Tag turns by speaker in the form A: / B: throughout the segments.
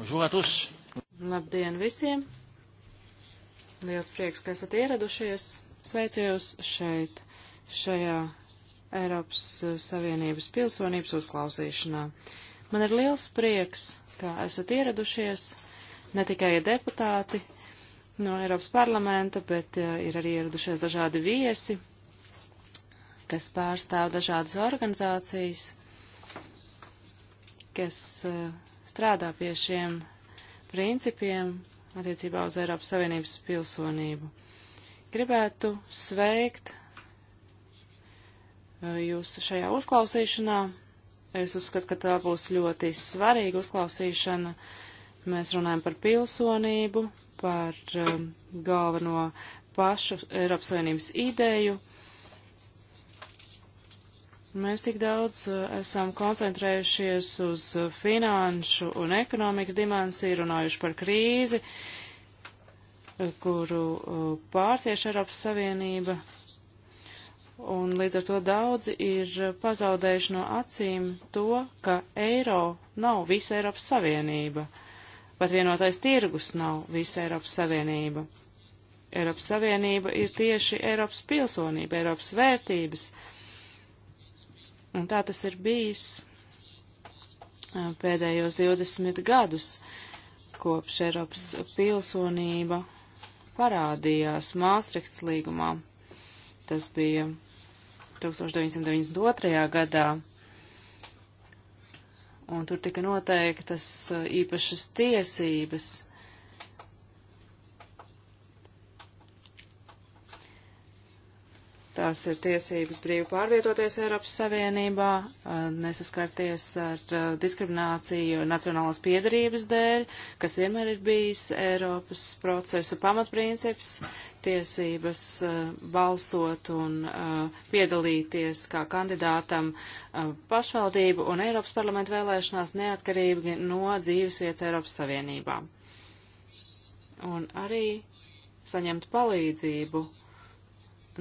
A: Bonjour à tous. Labdien visiem! Liels prieks, ka esat ieradušies. Sveicu jūs šeit, šajā Eiropas eh, Savienības pilsonības uzklausīšanā. Man ir liels prieks, ka esat ieradušies ne tikai deputāti no Eiropas parlamenta, bet eh, ir arī ieradušies dažādi viesi, kas pārstāv dažādas organizācijas, kas uh, strādā pie šiem principiem attiecībā uz Eiropas Savienības pilsonību. Gribētu sveikt uh, jūs šajā uzklausīšanā. Es uzskatu, ka tā būs ļoti svarīga uzklausīšana. Mēs runājam par pilsonību, par um, galveno pašu Eiropas Savienības ideju. Uh, Mēs tik daudz uh, esam koncentrējušies uz uh, finanšu un ekonomikas dimensiju, runājuši par krīzi, uh, kuru pārcieš Eiropas Savienība, un līdz ar to daudzi ir pazaudējuši no acīm to, ka eiro nav visa Eiropas Savienība, pat vienotais tirgus nav visa Eiropas Savienība. Eiropas Savienība ir tieši Eiropas pilsonība, Eiropas vērtības, uh, Un tā tas ir bijis pēdējos 20 gadus, kopš Eiropas pilsonība parādījās Māstrihts līgumā. Tas bija 1992. gadā, un tur tika noteiktas īpašas tiesības Tās ir tiesības brīvi pārvietoties Eiropas Savienībā, nesaskarties ar diskrimināciju nacionālās piedarības dēļ, kas vienmēr ir bijis Eiropas procesa pamatprincips, tiesības balsot un piedalīties kā kandidātam pašvaldību un Eiropas parlamentu vēlēšanās neatkarīgi no dzīves vietas Eiropas Savienībā. Un arī saņemt palīdzību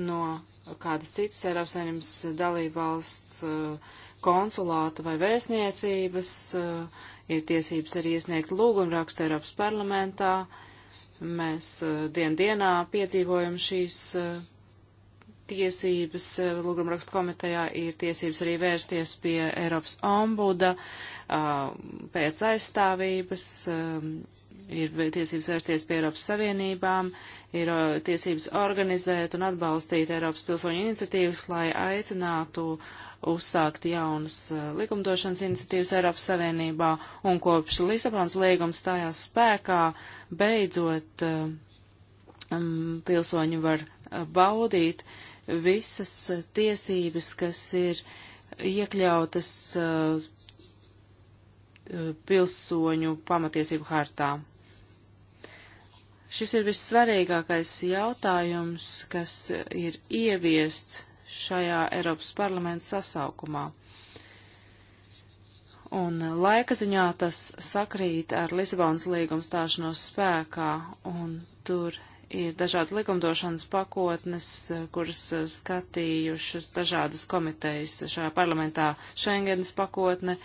A: no kādas citas Eiropas Savienības dalībvalsts eh, konsulāta vai vēstniecības, eh, ir tiesības arī iesniegt lūgumrakstu Eiropas parlamentā. Mēs eh, dien dienā piedzīvojam šīs tiesības, lūgumrakstu komitejā ir tiesības arī vērsties pie Eiropas ombuda pēc aizstāvības, ir tiesības vērsties pie Eiropas Savienībām, ir uh, tiesības organizēt un atbalstīt Eiropas pilsoņu iniciatīvas, lai aicinātu uzsākt jaunas uh, likumdošanas iniciatīvas Eiropas Savienībā, un kopš Lisabons līgums stājās spēkā, beidzot uh, um, pilsoņi var baudīt visas tiesības, kas ir iekļautas uh, pilsoņu pamatiesību hartā. Šis ir vissvarīgākais jautājums, kas ir ieviests šajā Eiropas parlamenta sasaukumā. Un laika ziņā tas sakrīt ar Lisabonas līgumu stāšanos spēkā, un tur ir dažādas likumdošanas pakotnes, kuras skatījušas dažādas komitejas šajā parlamentā - Schengenas pakotne,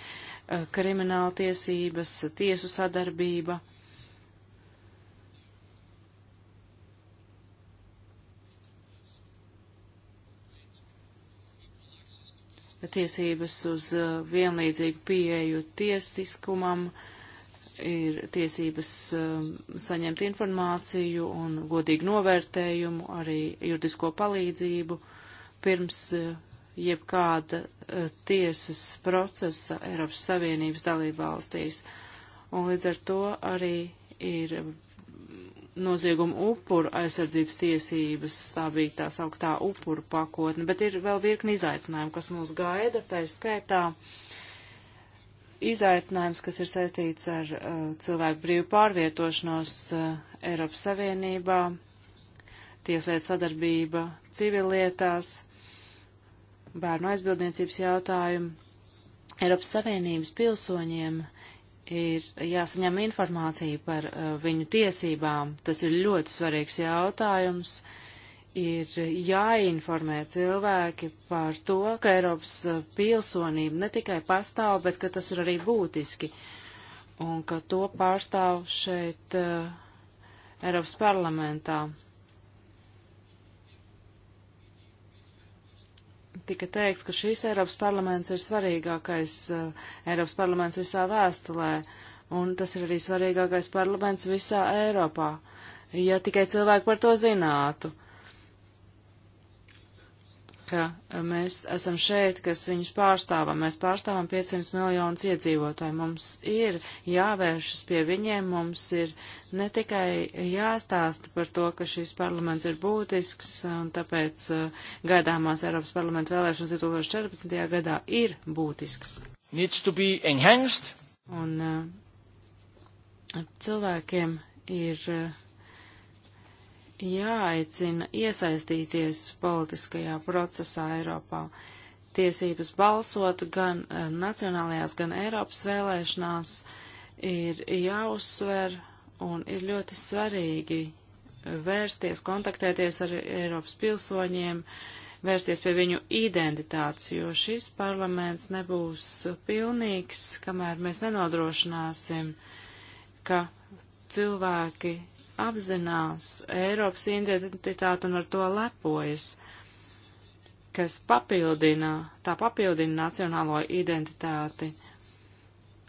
A: krimināla tiesības, tiesu sadarbība tiesības uz uh, vienlīdzīgu pieeju tiesiskumam, ir tiesības um, saņemt informāciju un godīgu novērtējumu, arī juridisko palīdzību pirms uh, jebkāda uh, tiesas procesa Eiropas Savienības dalība valstīs. Un līdz ar to arī ir noziegumu upuru aizsardzības tiesības, tā bija tā sauktā upuru pakotne, bet ir vēl virkni izaicinājumu, kas mūs gaida, tā ir skaitā izaicinājums, kas ir saistīts ar uh, cilvēku brīvu pārvietošanos uh, Eiropas Savienībā, tieslietu sadarbība civilietās, bērnu aizbildniecības jautājumu. Eiropas Savienības pilsoņiem ir jāsaņem informācija par uh, viņu tiesībām. Tas ir ļoti svarīgs jautājums. Ir jāinformē cilvēki par to, ka Eiropas uh, pilsonība ne tikai pastāv, bet ka tas ir arī būtiski un ka to pārstāv šeit uh, Eiropas parlamentā. tika teikts, ka šīs Eiropas parlaments ir svarīgākais uh, Eiropas parlaments visā vēstulē, un tas ir arī svarīgākais parlaments visā Eiropā, ja tikai cilvēki par to zinātu ka mēs esam šeit, kas viņus pārstāvam. Mēs pārstāvam 500 miljonus iedzīvotāju. Mums ir jāvēršas pie viņiem, mums ir ne tikai jāstāsta par to, ka šis parlaments ir būtisks, un tāpēc uh, gaidāmās Eiropas parlamenta vēlēšanas 2014. gadā ir būtisks. Un uh, cilvēkiem ir. Uh, jāaicina iesaistīties politiskajā procesā Eiropā. Tiesības balsot gan eh, nacionālajās, gan Eiropas vēlēšanās ir jāuzsver un ir ļoti svarīgi vērsties, kontaktēties ar Eiropas pilsoņiem, vērsties pie viņu identitātes, jo šis parlaments nebūs pilnīgs, kamēr mēs nenodrošināsim, ka cilvēki apzinās Eiropas identitāti un ar to lepojas, kas papildina, tā papildina nacionālo identitāti,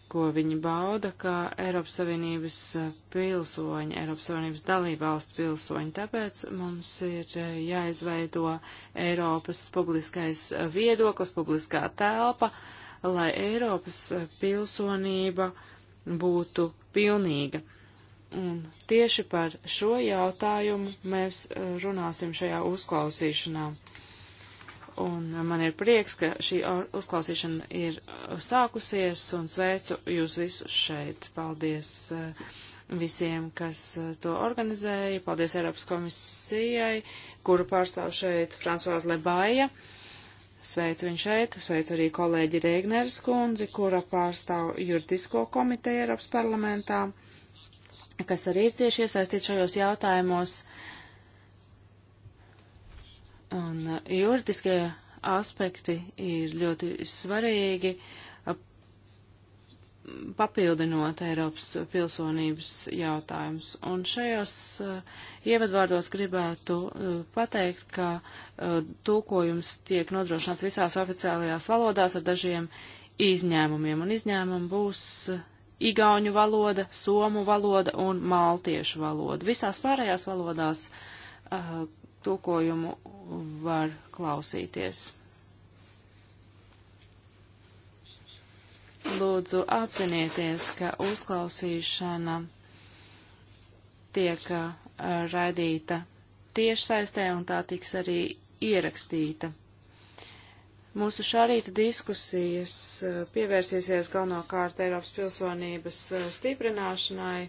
A: ko viņi bauda kā Eiropas Savienības eh, pilsoņi, Eiropas Savienības dalībvalsts pilsoņi. Tāpēc mums ir eh, jāizveido Eiropas publiskais eh, viedoklis, publiskā telpa, lai Eiropas pilsonība būtu pilnīga. Un tieši par šo jautājumu mēs e, runāsim šajā uzklausīšanā. Un man ir prieks, ka šī uzklausīšana ir e, sākusies un sveicu jūs visus šeit. Paldies e, visiem, kas to organizēja. Paldies Eiropas komisijai, kuru pārstāv šeit Francois Lebaija. Sveicu viņu šeit, sveicu arī kolēģi Rēgneres kundzi, kura pārstāv juridisko komiteju Eiropas parlamentā. Uh, kas arī ir cieši iesaistīti šajos jautājumos. Un uh, juridiskie aspekti ir ļoti svarīgi uh, papildinot Eiropas pilsonības jautājumus. Un šajos uh, ievadvārdos gribētu uh, pateikt, ka uh, tūkojums tiek nodrošināts visās oficiālajās valodās ar dažiem izņēmumiem, un izņēmumi būs uh, igauņu valoda, somu valoda un maltiešu valoda. Visās pārējās valodās uh, tulkojumu var klausīties. Lūdzu, apzinieties, ka uzklausīšana tiek uh, raidīta tiešsaistē un tā tiks arī ierakstīta. Mūsu šā rīta diskusijas eh, pievērsiesies galvenokārt Eiropas pilsonības eh, stiprināšanai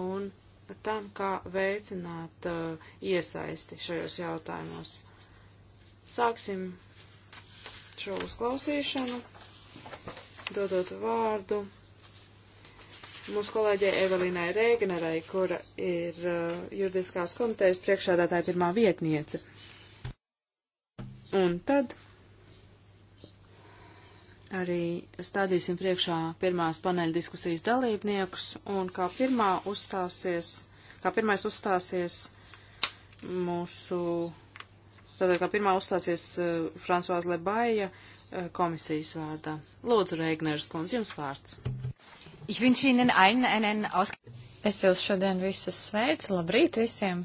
A: un tam, kā veicināt eh, iesaisti šajos jautājumos. Sāksim šo uzklausīšanu, dodot vārdu mūsu kolēģei Evelīnai Rēgnerai, kura ir juridiskās komitejas priekšādātāja pirmā vietniece. Un tad arī stādīsim priekšā pirmās paneļa diskusijas dalībniekus, un kā, pirmā uzstāsies, kā pirmais uzstāsies mūsu, tātad kā pirmā uzstāsies uh, Fransuāz Lebaija uh, komisijas vārdā. Lūdzu, Reigners kundz, jums vārds.
B: Es jums šodien visus sveicu, labrīt visiem!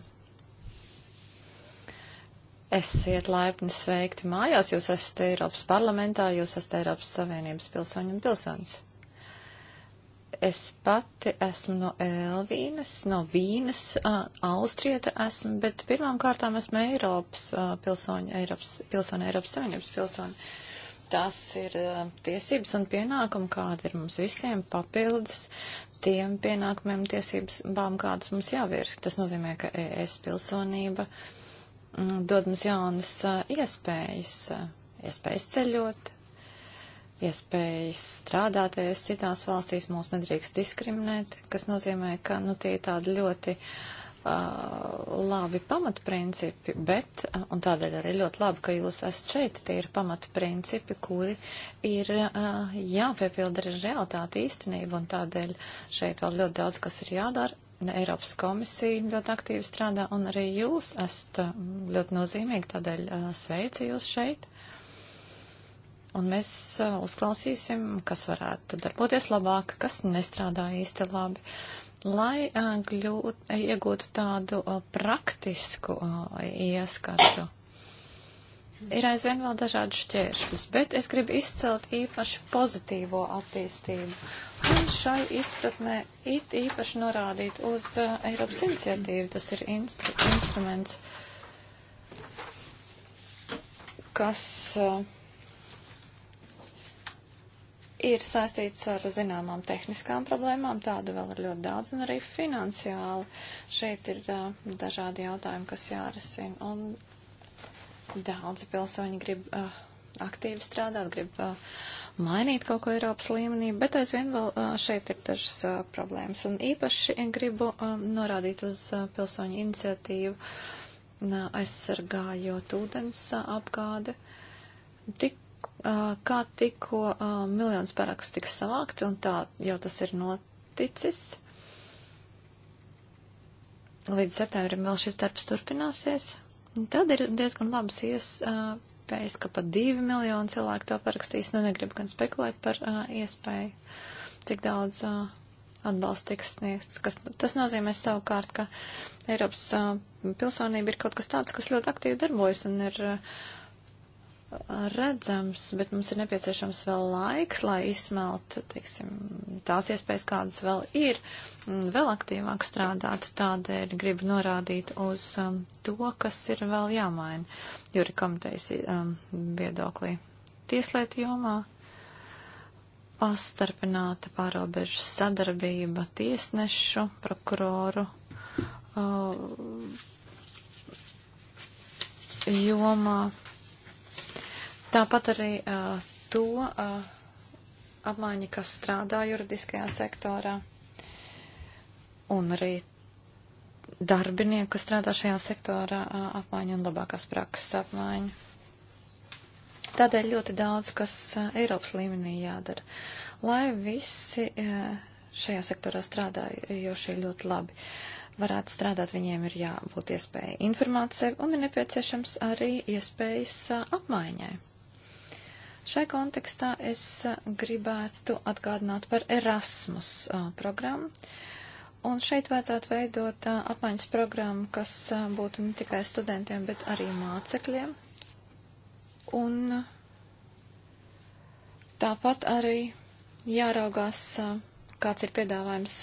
B: Esiet laipni sveikti mājās, jūs esat Eiropas parlamentā, jūs esat Eiropas Savienības pilsoņi un pilsoņas. Es pati esmu no Elvīnas, no Vīnas, uh, Austrieta esmu, bet pirmām kārtām esmu Eiropas uh, pilsoņi, Eiropas pilsoņi, Eiropas Savienības pilsoņi. Tas ir uh, tiesības un pienākumi, kāda ir mums visiem papildus tiem pienākumiem tiesībām, kādas mums jau ir. Tas nozīmē, ka ES pilsonība. Uh, Mm, dod mums jaunas iespējas, iespējas ceļot, iespējas strādāties citās valstīs, mūs nedrīkst diskriminēt, kas nozīmē, ka nu, tie ir tādi ļoti uh, labi pamatprincipi, bet, un tādēļ arī ļoti labi, ka jūs esat šeit, tie ir pamatprincipi, kuri ir uh, jāpiepilda ar realitāti īstenību, un tādēļ šeit vēl ļoti daudz, kas ir jādara, Eiropas komisija ļoti aktīvi strādā, un arī jūs esat mm, ļoti nozīmīgi, tādēļ sveicu jūs šeit. Un mēs uzklausīsim, kas varētu darboties labāk, kas nestrādā īsti labi, lai kļūt, iegūtu tādu praktisku ieskatu ir aizvien vēl dažādi šķēršļus, bet es gribu izcelt īpaši pozitīvo attīstību. Un šai izpratnē it īpaši norādīt uz uh, Eiropas iniciatīvu. Tas ir instru instruments, kas uh, ir saistīts ar zināmām tehniskām problēmām, tādu vēl ir ļoti daudz, un arī finansiāli. Šeit ir uh, dažādi jautājumi, kas jārisina. Un Daudzi pilsoņi grib uh, aktīvi strādāt, grib uh, mainīt kaut ko Eiropas līmenī, bet aizvien vēl uh, šeit ir dažas uh, problēmas. Un īpaši gribu uh, norādīt uz uh, pilsoņu iniciatīvu uh, aizsargājot ūdens uh, apgādi. Tik kā tikko miljons paraksts tiks savākti, un tā jau tas ir noticis. Līdz septembrim vēl šis darbs turpināsies. Tad ir diezgan labas iespējas, ka pat divi miljoni cilvēku to parakstīs. Nu, negribu gan spekulēt par uh, iespēju, cik daudz uh, atbalsta tiks sniegts. Kas, tas nozīmē savukārt, ka Eiropas uh, pilsonība ir kaut kas tāds, kas ļoti aktīvi darbojas un ir. Uh, redzams, bet mums ir nepieciešams vēl laiks, lai izsmeltu, teiksim, tās iespējas, kādas vēl ir, vēl aktīvāk strādāt. Tādēļ gribu norādīt uz um, to, kas ir vēl jāmaina. Juri komitejas um, viedoklī tieslietu jomā pastarpināta pārobežu sadarbība tiesnešu, prokuroru. Uh, jomā Tāpat arī uh, to uh, apmaiņa, kas strādā juridiskajā sektorā, un arī darbinieku, kas strādā šajā sektorā, uh, apmaiņa un labākās prakses apmaiņa. Tādēļ ļoti daudz, kas Eiropas līmenī jādara, lai visi šajā sektorā strādājošie ļoti labi varētu strādāt, viņiem ir jābūt iespēja informēt sevi un ir nepieciešams arī iespējas apmaiņai. Šai kontekstā es eh, gribētu atgādināt par Erasmus eh, programmu. Un šeit vajadzētu veidot eh, apmaiņas programmu, kas būtu ne tikai studentiem, bet arī mācekļiem. Un tāpat arī jāraugās, kāds ir piedāvājums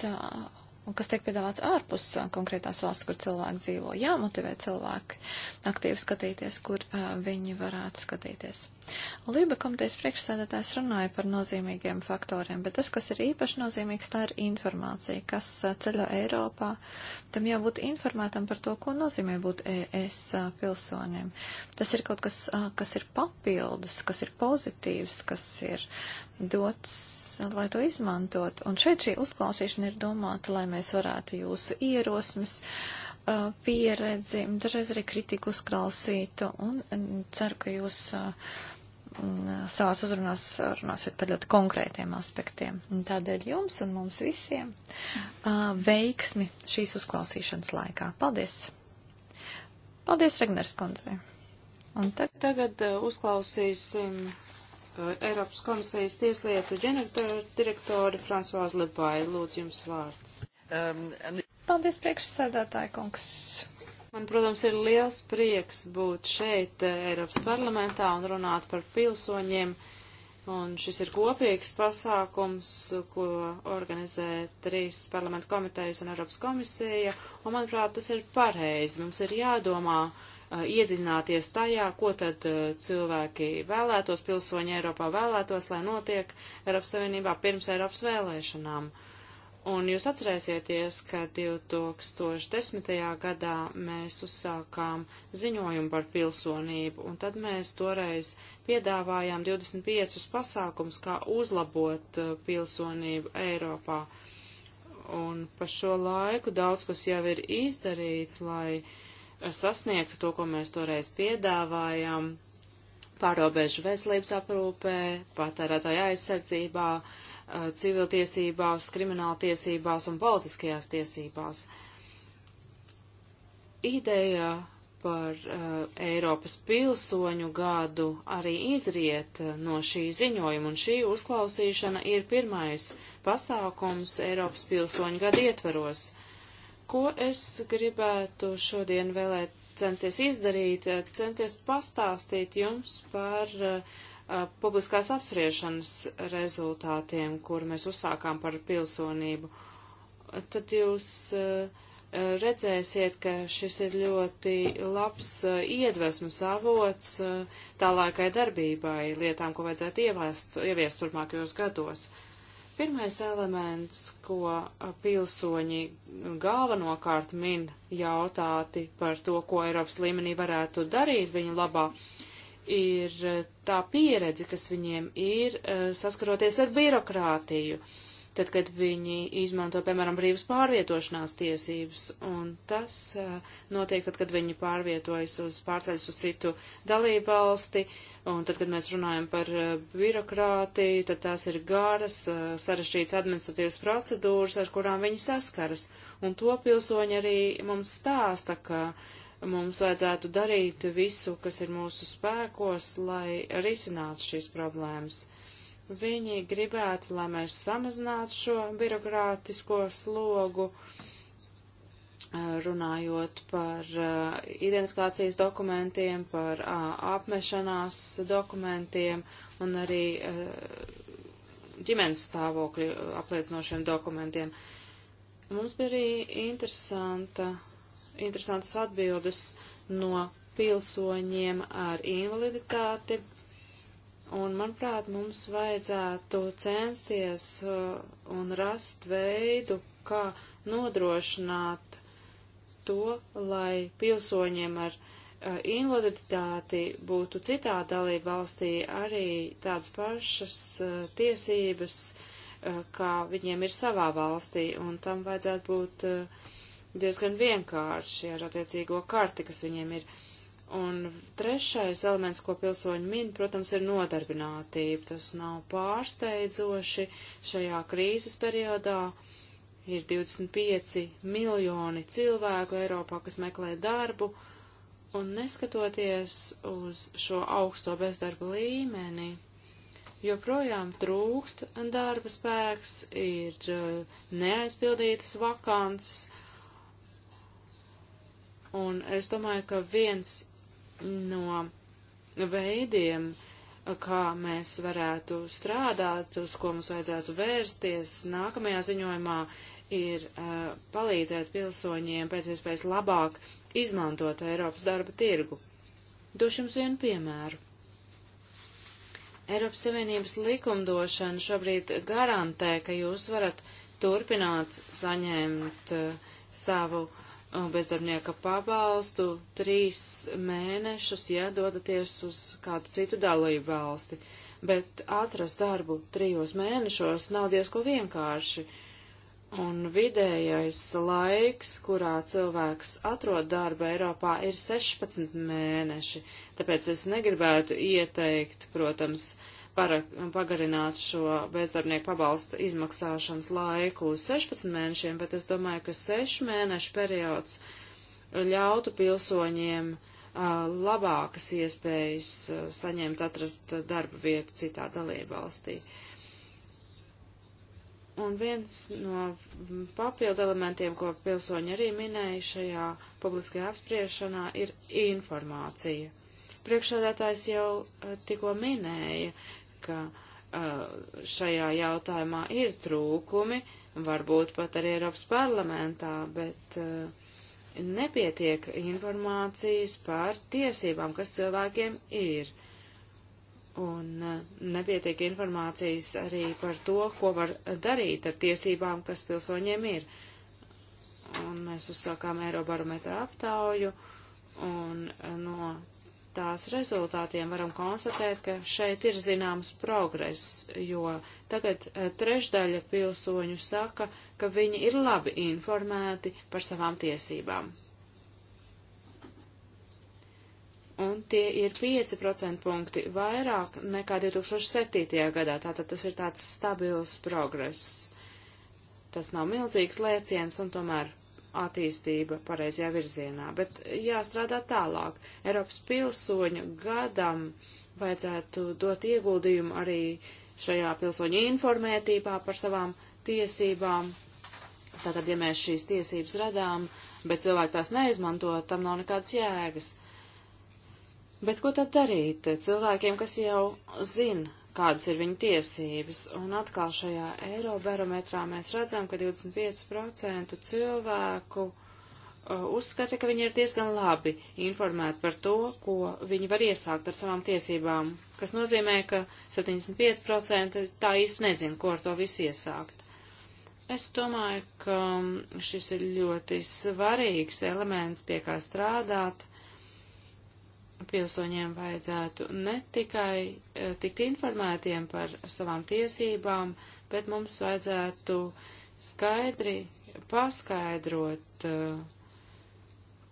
B: un kas tiek piedāvāts ārpus konkrētās valsts, kur cilvēki dzīvo. Jāmotivē cilvēki aktīvi skatīties, kur viņi varētu skatīties. Lība komitejas priekšsēdētājs runāja par nozīmīgiem faktoriem, bet tas, kas ir īpaši nozīmīgs, tā ir informācija, kas uh, ceļo Eiropā. Tam jābūt informētam par to, ko nozīmē būt ES uh, pilsonim. Tas ir kaut kas, uh, kas ir papildus, kas ir pozitīvs, kas ir dots, lai to izmantot. Un šeit šī uzklausīšana ir domāta, lai mēs varētu jūsu ierosmes pieredzi, dažreiz arī kritiku uzklausītu un ceru, ka jūs uh, savās uzrunās runāsiet par ļoti konkrētiem aspektiem. Un tādēļ jums un mums visiem uh, veiksmi šīs uzklausīšanas laikā. Paldies! Paldies, Regners Konzvei! Un
A: tag tagad uh, uzklausīsim uh, Eiropas komisijas tieslietu ģenerāldirektoru Fransuāzu Lebailu. Lūdzu, jums vārds. Um, and... Paldies, priekšsēdētāji kungs! Man, protams, ir liels prieks būt šeit eh, Eiropas parlamentā un runāt par pilsoņiem. Un šis ir kopīgs pasākums, ko organizē trīs parlamentu komitejas un Eiropas komisija. Un, manuprāt, tas ir pareizi. Mums ir jādomā eh, iedziļināties tajā, ko tad eh, cilvēki vēlētos, pilsoņi Eiropā vēlētos, lai notiek Eiropas Savienībā pirms Eiropas vēlēšanām. Uh, Un jūs atcerēsieties, ka 2010. gadā mēs uzsākām ziņojumu par pilsonību, un tad mēs toreiz piedāvājām 25 pasākums, kā uzlabot uh, pilsonību Eiropā. Un pa šo laiku daudz kas jau ir izdarīts, lai uh, sasniegtu to, ko mēs toreiz piedāvājām, pārobežu veselības aprūpē, patērētāju aizsardzībā, uh, Uh, civiltiesībās, krimināltiesībās un politiskajās tiesībās. Ideja par uh, Eiropas pilsoņu gadu arī izriet uh, no šī ziņojuma, un šī uzklausīšana ir pirmais pasākums Eiropas pilsoņu gadu ietvaros. Ko es gribētu šodien vēlēt censties izdarīt, uh, censties pastāstīt jums par uh, publiskās apspriešanas rezultātiem, kur mēs uzsākām par pilsonību, tad jūs redzēsiet, ka šis ir ļoti labs iedvesmas avots tālākai darbībai, lietām, ko vajadzētu ieviest, ieviest turpmākajos gados. Pirmais elements, ko pilsoņi galvenokārt min jautāti par to, ko Eiropas līmenī varētu darīt viņu labā, ir tā pieredze, kas viņiem ir eh, saskaroties ar birokrātiju, tad, kad viņi izmanto, piemēram, brīvas pārvietošanās tiesības, un tas eh, notiek tad, kad viņi pārvietojas uz pārceļas uz citu dalību valsti, un tad, kad mēs runājam par eh, birokrātiju, tad tās ir garas, sarežģītas administratīvas procedūras, ar kurām viņi saskaras, un to pilsoņi arī mums stāsta, ka uh, mums vajadzētu darīt visu, kas ir mūsu spēkos, lai risinātu šīs problēmas. Viņi gribētu, lai mēs samazinātu šo birokrātisko slogu, runājot par identifikācijas dokumentiem, par apmešanās dokumentiem un arī ģimenes stāvokļu apliecinošiem dokumentiem. Mums bija arī interesanta interesantas atbildes no pilsoņiem ar invaliditāti. Un, manuprāt, mums vajadzētu censties uh, un rast veidu, kā nodrošināt to, lai pilsoņiem ar uh, invaliditāti būtu citā dalība valstī arī tādas pašas uh, tiesības, kā viņiem ir savā valstī, un tam vajadzētu būt uh, diezgan vienkārši ar attiecīgo karti, kas viņiem ir. Un trešais elements, ko pilsoņi min, protams, ir nodarbinātība. Tas nav pārsteidzoši šajā krīzes periodā. Ir 25 miljoni cilvēku Eiropā, kas meklē darbu, un neskatoties uz šo augsto bezdarba līmeni, joprojām trūkst darba spēks, ir eh, neaizpildītas vakances, Un es domāju, ka viens no veidiem, kā mēs varētu strādāt, uz ko mums vajadzētu vērsties nākamajā ziņojumā, ir uh, palīdzēt pilsoņiem pēc iespējas labāk izmantot Eiropas darba tirgu. Došu jums vienu piemēru. Eiropas Savienības likumdošana šobrīd garantē, ka jūs varat turpināt saņemt uh, savu uh, bezdarbnieka pabalstu trīs mēnešus, ja dodaties uz kādu citu dalību valsti, bet atrast darbu trijos mēnešos nav diezko vienkārši. Un vidējais laiks, kurā cilvēks atrod darbu Eiropā, ir 16 mēneši, tāpēc es negribētu ieteikt, protams, uh, para, pagarināt šo bezdarbnieku pabalsta izmaksāšanas laiku uz 16 mēnešiem, bet es domāju, ka 6 mēnešu periods ļautu pilsoņiem uh, labākas iespējas uh, saņemt, atrast darba vietu citā dalībvalstī. Un viens no papildu elementiem, ko pilsoņi arī minēja šajā publiskajā apspriešanā, ir informācija priekšsēdētājs jau tikko minēja, ka uh, šajā jautājumā ir trūkumi, varbūt pat arī Eiropas parlamentā, bet uh, nepietiek informācijas par tiesībām, kas cilvēkiem ir. Un uh, nepietiek informācijas arī par to, ko var darīt ar tiesībām, kas pilsoņiem ir. Un mēs uzsākām Eirobarometra aptauju, un no tās rezultātiem varam konstatēt, ka šeit ir zināms progress, jo tagad eh, trešdaļa pilsoņu saka, ka viņi ir labi informēti par savām tiesībām. Un tie ir 5% punkti vairāk nekā 2007. gadā, tātad tas ir tāds stabils progress. Tas nav milzīgs lēciens un tomēr attīstība pareizajā virzienā, bet jāstrādā tālāk. Eiropas pilsoņu gadam vajadzētu dot ieguldījumu arī šajā pilsoņu informētībā par savām tiesībām. Tātad, ja mēs šīs tiesības radām, bet cilvēki tās neizmanto, tam nav nekādas jēgas. Bet ko tad darīt cilvēkiem, kas jau zina kādas ir viņu tiesības. Un atkal šajā eirobarometrā mēs redzam, ka 25% cilvēku uh, uzskata, ka viņi ir diezgan labi informēti par to, ko viņi var iesākt ar savām tiesībām, kas nozīmē, ka 75% tā īsti nezin, ko ar to visu iesākt. Es domāju, ka um, šis ir ļoti svarīgs elements, pie kā strādāt pilsoņiem vajadzētu ne tikai e, tikt informētiem par savām tiesībām, bet mums vajadzētu skaidri paskaidrot, e,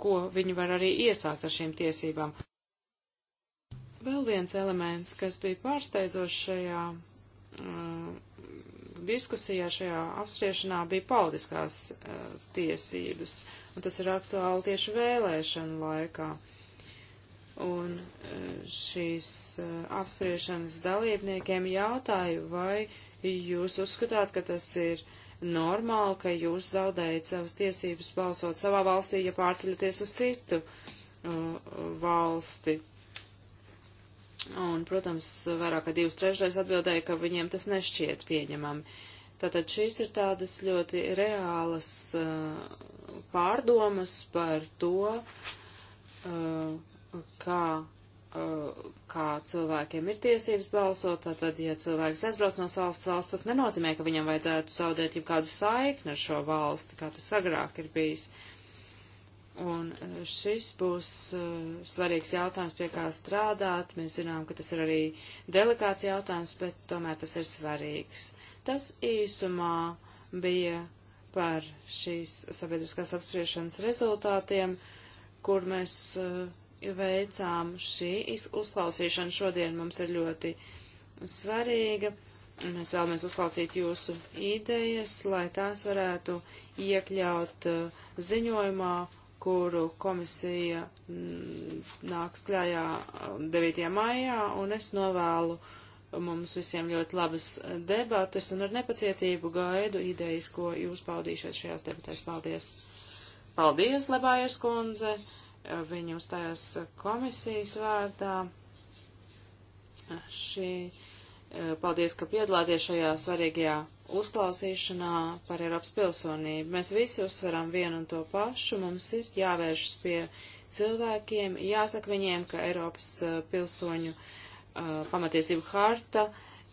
A: ko viņi var arī iesākt ar šīm tiesībām. Vēl viens elements, kas bija pārsteidzošs šajā uh, diskusijā, šajā apspriešanā, bija politiskās uh, tiesības, un tas ir aktuāli tieši vēlēšanu laikā. Uh, un eh, šīs eh, apspriešanas dalībniekiem jautāju, vai jūs uzskatāt, ka tas ir normāli, ka jūs zaudējat savas tiesības balsot savā valstī, ja pārceļaties uz citu uh, valsti. Un, protams, vairāk kā divas trešdaļas atbildēja, ka viņiem tas nešķiet pieņemami. Tātad šīs ir tādas ļoti reālas uh, pārdomas par to, uh, kā, uh, kā cilvēkiem ir tiesības balsot, tad, ja cilvēks aizbrauc no valsts valsts, tas nenozīmē, ka viņam vajadzētu zaudēt jau kādu saikni ar šo valsti, kā tas agrāk ir bijis. Un uh, šis būs uh, svarīgs jautājums, pie kā strādāt. Mēs zinām, ka tas ir arī delikāts jautājums, bet tomēr tas ir svarīgs. Tas īsumā bija par šīs sabiedriskās apspriešanas rezultātiem, kur mēs uh, veicām šī uzklausīšana. Šodien mums ir ļoti svarīga. Mēs vēlamies uzklausīt jūsu idejas, lai tās varētu iekļaut uh, ziņojumā, kuru komisija mm, nāks kļājā 9. Uh, maijā, un es novēlu mums visiem ļoti labas debatas, un ar nepacietību gaidu idejas, ko jūs paudīšat šajās debatēs. Paldies! Paldies, Lebājas kundze! Viņa uzstājās komisijas vārdā. Šī, e, paldies, ka piedalāties šajā svarīgajā uzklausīšanā par Eiropas pilsonību. Mēs visi uzsveram vienu un to pašu. Mums ir jāvēršas pie cilvēkiem, jāsaka viņiem, ka Eiropas e, pilsoņu uh, pamatiesību harta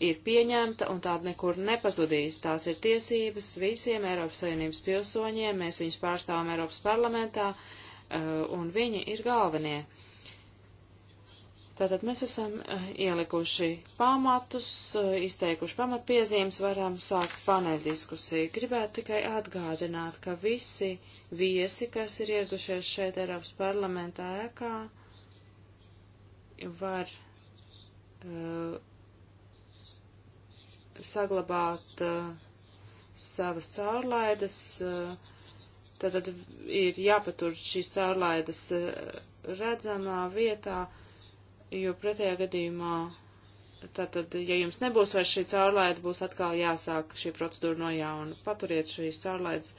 A: ir pieņemta un tāda nekur nepazudīs. Tās ir tiesības visiem Eiropas Savienības pilsoņiem, mēs viņus pārstāvam Eiropas parlamentā, Eh, un viņi ir galvenie. Tātad mēs esam eh, ielikuši pamatus, eh, izteikuši pamatpiezīmes, varam sākt paneldiskusiju. Gribētu tikai atgādināt, ka visi viesi, kas ir ieradušies šeit Eiropas parlamentā ēkā, var uh, saglabāt uh, savas caurlaidas. Uh, Tad ir jāpatur šīs caurlaidas eh, redzamā vietā, jo pretējā gadījumā, tātad, ja jums nebūs vairs šī caurlaida, būs atkal jāsāk šī procedūra no jauna. Paturiet šīs caurlaidas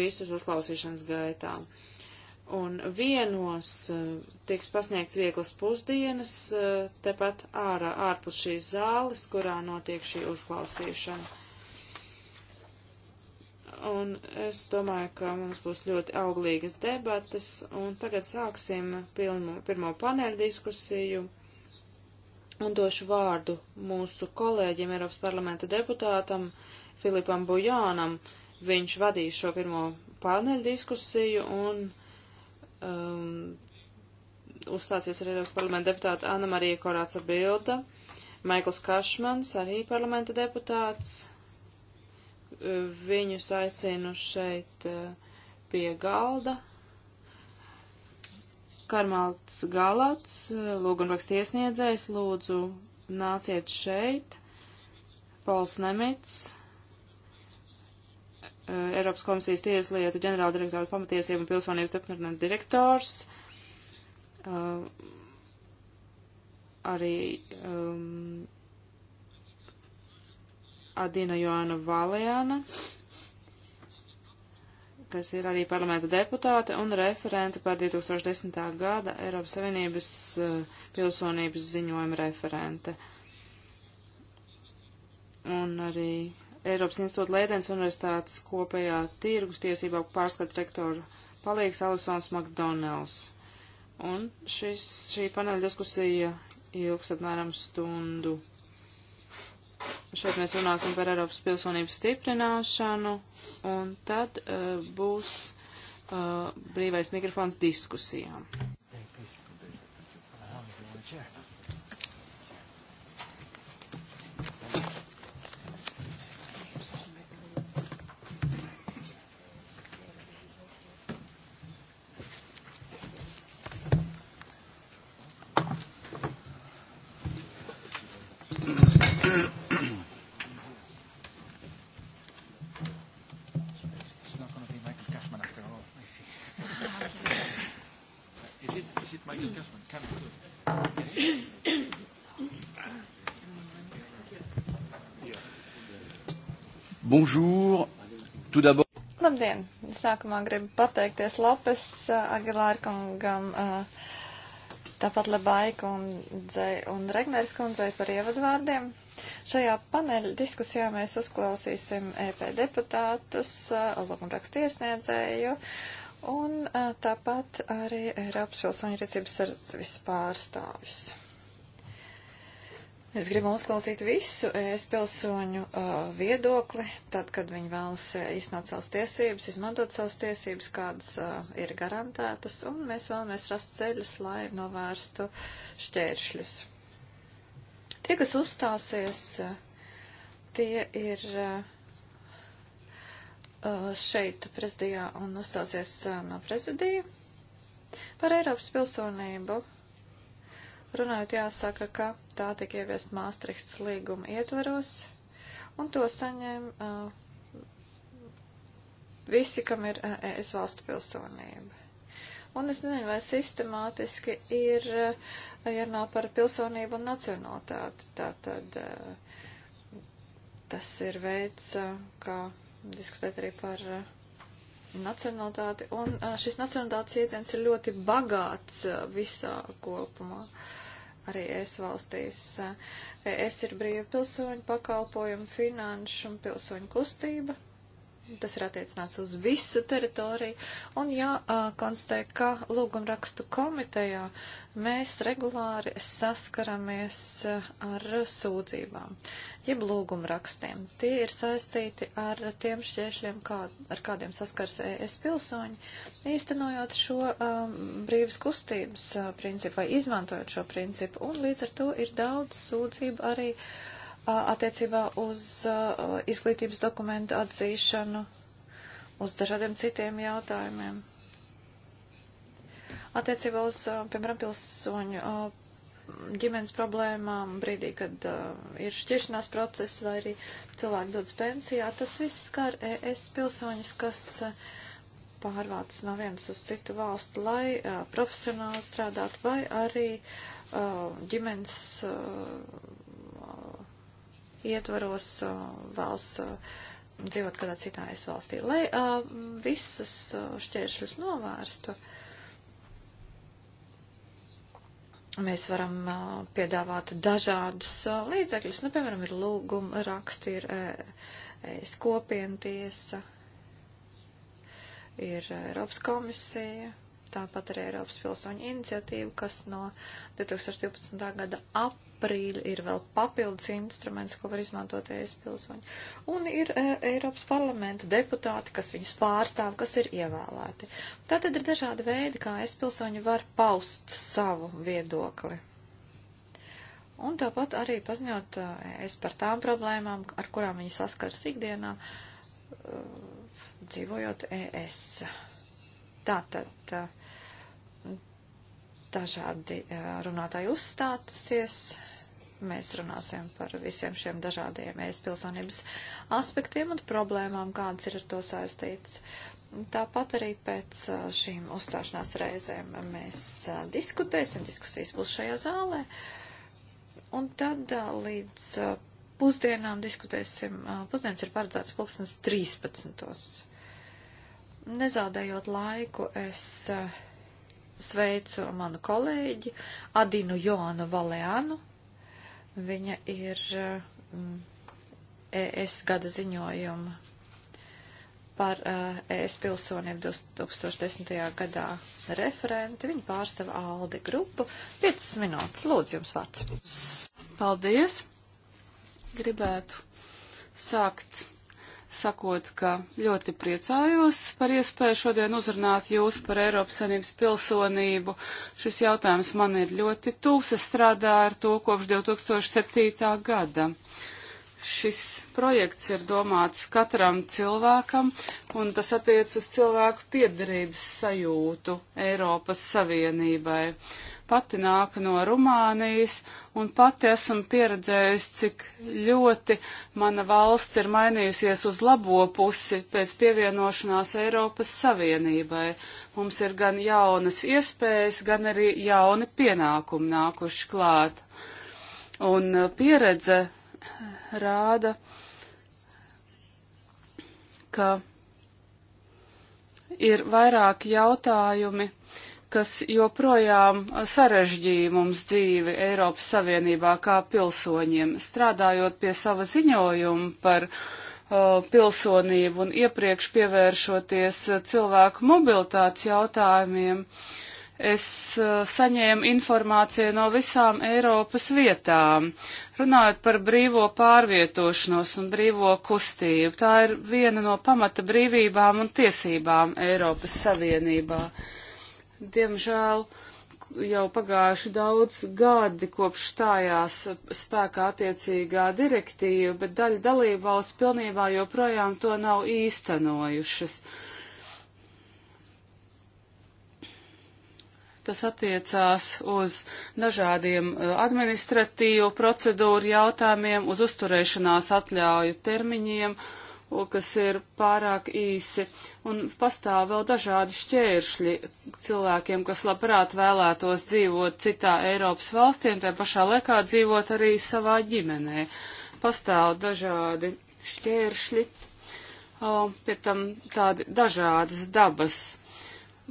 A: visas uzklausīšanas gaitā. Un vienos eh, tiks pasniegts vieglas pusdienas eh, tepat ārā, ārpus šīs zāles, kurā notiek šī uzklausīšana un es domāju, ka mums būs ļoti auglīgas debatas, un tagad sāksim pilnu, pirmo paneļu diskusiju, un došu vārdu mūsu kolēģim Eiropas parlamenta deputātam Filipam Bujānam. Viņš vadīs šo pirmo paneļu diskusiju, un um, uzstāsies arī Eiropas parlamenta deputāta Anna Marija Korāca Bilda, Maikls Kašmans, arī parlamenta deputāts viņus aicinu šeit eh, pie galda. Karmalts Galats, eh, lūgunraksta iesniedzējs, lūdzu nāciet šeit. Pols Nemits, eh, Eiropas komisijas tieslietu ģenerāldirektora pamatiesību un pilsonības departamenta direktors. Arī um, Adina Joana Valēna, kas ir arī parlamenta deputāte un referente par 2010. gada Eiropas Savienības eh, pilsonības ziņojuma referente. Un arī Eiropas institūta Leidens universitātes kopējā tirgus tiesībā pārskatu rektoru palīgs Alisons Makdonels. Un šis, šī paneļa diskusija ilgs apmēram stundu. Šeit mēs runāsim par Eiropas pilsonības stiprināšanu, un tad uh, būs uh, brīvais mikrofons diskusijām.
B: Bonjour. Tout d'abord. Labdien! Sākumā gribu pateikties Lopes Agilāra kungam, tāpat Labai kundzei un Regners kundzei par ievadvārdiem. Šajā paneļa diskusijā mēs uzklausīsim EP deputātus, logumrakstu iesniedzēju un tāpat arī Eiropas pilsoņu rīcības sardzes vispārstāvjus. Es gribu uzklausīt visu es pilsoņu uh, viedokli, tad, kad viņi vēlas iznākt savas tiesības, izmantot savas tiesības, kādas uh, ir garantētas, un mēs vēlamies rast ceļus, lai novērstu šķēršļus. Tie, kas uzstāsies, tie ir šeit prezidijā un uzstāsies no prezidija par Eiropas pilsonību runājot, jāsaka, ka tā tika ieviest Māstrihts līguma ietvaros, un to saņēma uh, visi, kam ir uh, ES valstu pilsonība. Un es nezinu, vai sistemātiski ir uh, jārunā par pilsonību un nacionalitāti. Tātad uh, tas ir veids, uh, kā diskutēt arī par. Uh, nacionalitāti, un šis nacionalitātes jēdziens ir ļoti bagāts visā kopumā. Arī es valstīs. Es ir brīva pilsoņu pakalpojumu, finanšu un pilsoņu kustība. Tas ir attiecināts uz visu teritoriju. Un jākonstatē, ka lūgumrakstu komitejā mēs regulāri saskaramies ar sūdzībām, jeb lūgumrakstiem. Tie ir saistīti ar tiem šķēršļiem, kā, ar kādiem saskars ES pilsoņi, īstenojot šo um, brīvas kustības uh, principu vai izmantojot šo principu. Un līdz ar to ir daudz sūdzību arī. Uh, attiecībā uz izglītības dokumentu atzīšanu, uz dažādiem citiem jautājumiem. Attiecībā uz, piemēram, pilsoņu ģimenes problēmām, brīdī, kad uh, ir šķiršanās process vai arī cilvēki dodas pensijā, tas viss skar ES pilsoņus, kas uh, pārvāc no vienas uz citu valstu, lai uh, profesionāli strādātu vai arī uh, ģimenes uh, ietvaros uh, valsts uh, dzīvot kādā citā es valstī. Lai uh, visus uh, šķēršļus novērstu, mēs varam uh, piedāvāt dažādus uh, līdzekļus. Nu, piemēram, ir lūguma raksti, ir uh, kopientiesa, ir Eiropas komisija, tāpat arī Eiropas pilsoņu iniciatīva, kas no 2012. gada ap aprīļa ir vēl papildus instruments, ko var izmantot ES pilsoņi. Un ir e, Eiropas parlamenta deputāti, kas viņus pārstāv, kas ir ievēlēti. Tātad ir dažādi veidi, kā ES pilsoņi var paust savu viedokli. Un tāpat arī paziņot e, ES par tām problēmām, ar kurām viņi saskars ikdienā, e, dzīvojot ES. Tātad. E, dažādi e, runātāji uzstāties, mēs runāsim par visiem šiem dažādiem e-pilsonības aspektiem un problēmām, kādas ir ar to saistītas. Tāpat arī pēc šīm uzstāšanās reizēm mēs diskutēsim, diskusijas būs šajā zālē. Un tad līdz pusdienām diskutēsim, pusdienas ir paredzēts pulkstens 13. Nezādējot laiku, es sveicu manu kolēģi Adinu Joanu Valēnu, Viņa ir mm, ES gada ziņojuma par ES pilsonību 2010. gadā referenti. Viņa pārstāv Aldi grupu. 5 minūtes, lūdzu, jums
C: vārds. Paldies! Gribētu sākt sakot, ka ļoti priecājos par iespēju šodien uzrunāt jūs par Eiropas Savienības pilsonību. Šis jautājums man ir ļoti tūs, es strādāju ar to kopš 2007. gada. Šis projekts ir domāts katram cilvēkam, un tas attiec uz cilvēku piedarības sajūtu Eiropas Savienībai pati nāk no Rumānijas un pati esmu pieredzējis, cik ļoti mana valsts ir mainījusies uz labo pusi pēc pievienošanās Eiropas Savienībai. Mums ir gan jaunas iespējas, gan arī jauni pienākumi nākuši klāt. Un uh, pieredze eh, rāda, ka ir vairāki jautājumi kas joprojām sarežģīja mums dzīvi Eiropas Savienībā kā pilsoņiem. Strādājot pie sava ziņojuma par uh, pilsonību un iepriekš pievēršoties uh, cilvēku mobilitātes jautājumiem, es uh, saņēmu informāciju no visām Eiropas vietām. Runājot par brīvo pārvietošanos un brīvo kustību, tā ir viena no pamata brīvībām un tiesībām Eiropas Savienībā. Uh, diemžēl, jau pagājuši daudz gadi kopš stājās spēkā attiecīgā direktīva, bet daļa dalībvalsts pilnībā joprojām to nav īstenojušas. Tas attiecās uz dažādiem eh, administratīvu procedūru jautājumiem, uz uzturēšanās atļauju termiņiem, uh, kas ir pārāk īsi, un pastāv vēl dažādi šķēršļi cilvēkiem, kas labprāt vēlētos dzīvot citā Eiropas valstī, un tajā pašā laikā dzīvot arī savā ģimenē. Pastāv dažādi šķēršļi, o, pie tam tādi dažādas dabas.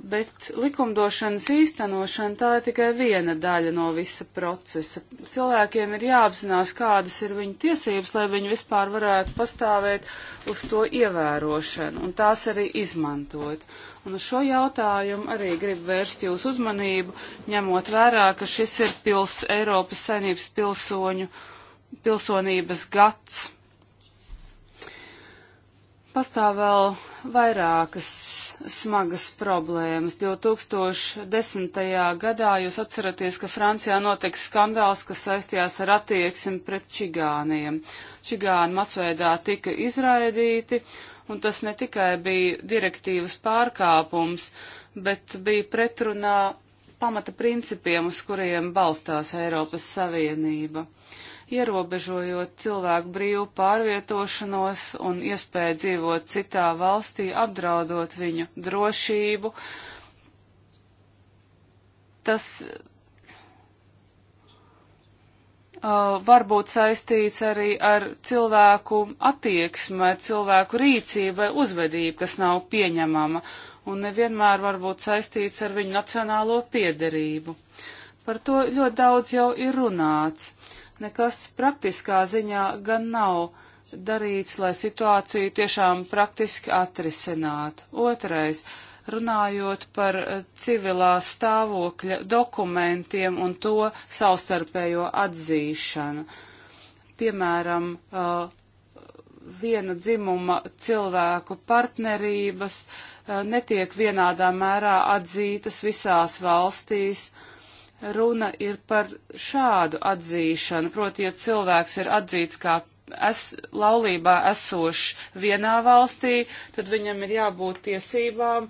C: Bet likumdošanas īstenošana tā ir tikai viena daļa no visa procesa. Cilvēkiem ir jāapzinās, kādas ir viņu tiesības, lai viņi vispār varētu pastāvēt uz to ievērošanu un tās arī izmantot. Un uz šo jautājumu arī gribu vērst jūsu uzmanību, ņemot vērā, ka šis ir pils, Eiropas saimnības pilsoņu pilsonības gads. Pastāv vēl vairākas smagas problēmas. 2010. gadā jūs atceraties, ka Francijā notika skandāls, kas saistījās ar attieksmi pret čigāniem. Čigāni masveidā tika izraidīti, un tas ne tikai bija direktīvas pārkāpums, bet bija pretrunā pamata principiem, uz kuriem balstās Eiropas Savienība. Uh, ierobežojot cilvēku brīvu pārvietošanos un iespēju dzīvot citā valstī, apdraudot viņu drošību. Tas Uh, var būt saistīts arī ar cilvēku attieksmē, cilvēku rīcībai, uzvedību, kas nav pieņemama un nevienmēr var būt saistīts ar viņu nacionālo piederību. Par to ļoti daudz jau ir runāts. Nekas praktiskā ziņā gan nav darīts, lai situāciju tiešām praktiski atrisinātu. Otrais runājot par eh, civilā stāvokļa dokumentiem un to savstarpējo atzīšanu. Piemēram, eh, viena dzimuma cilvēku partnerības eh, netiek vienādā mērā atzītas visās valstīs, runa ir par šādu atzīšanu. Proti, ja cilvēks ir atzīts kā es, laulībā esošs vienā valstī, tad viņam ir jābūt tiesībām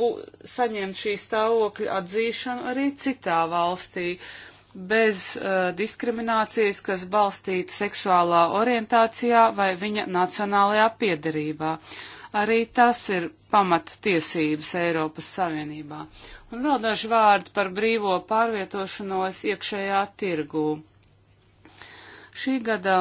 C: bu, saņemt šī stāvokļa atzīšanu arī citā valstī. Bez uh, diskriminācijas, kas balstīta seksuālā orientācijā vai viņa nacionālajā piedarībā. Uh, Arī tas ir pamattiesības Eiropas Savienībā. Un vēl daži vārdi par brīvo pārvietošanos iekšējā tirgū. Šī gada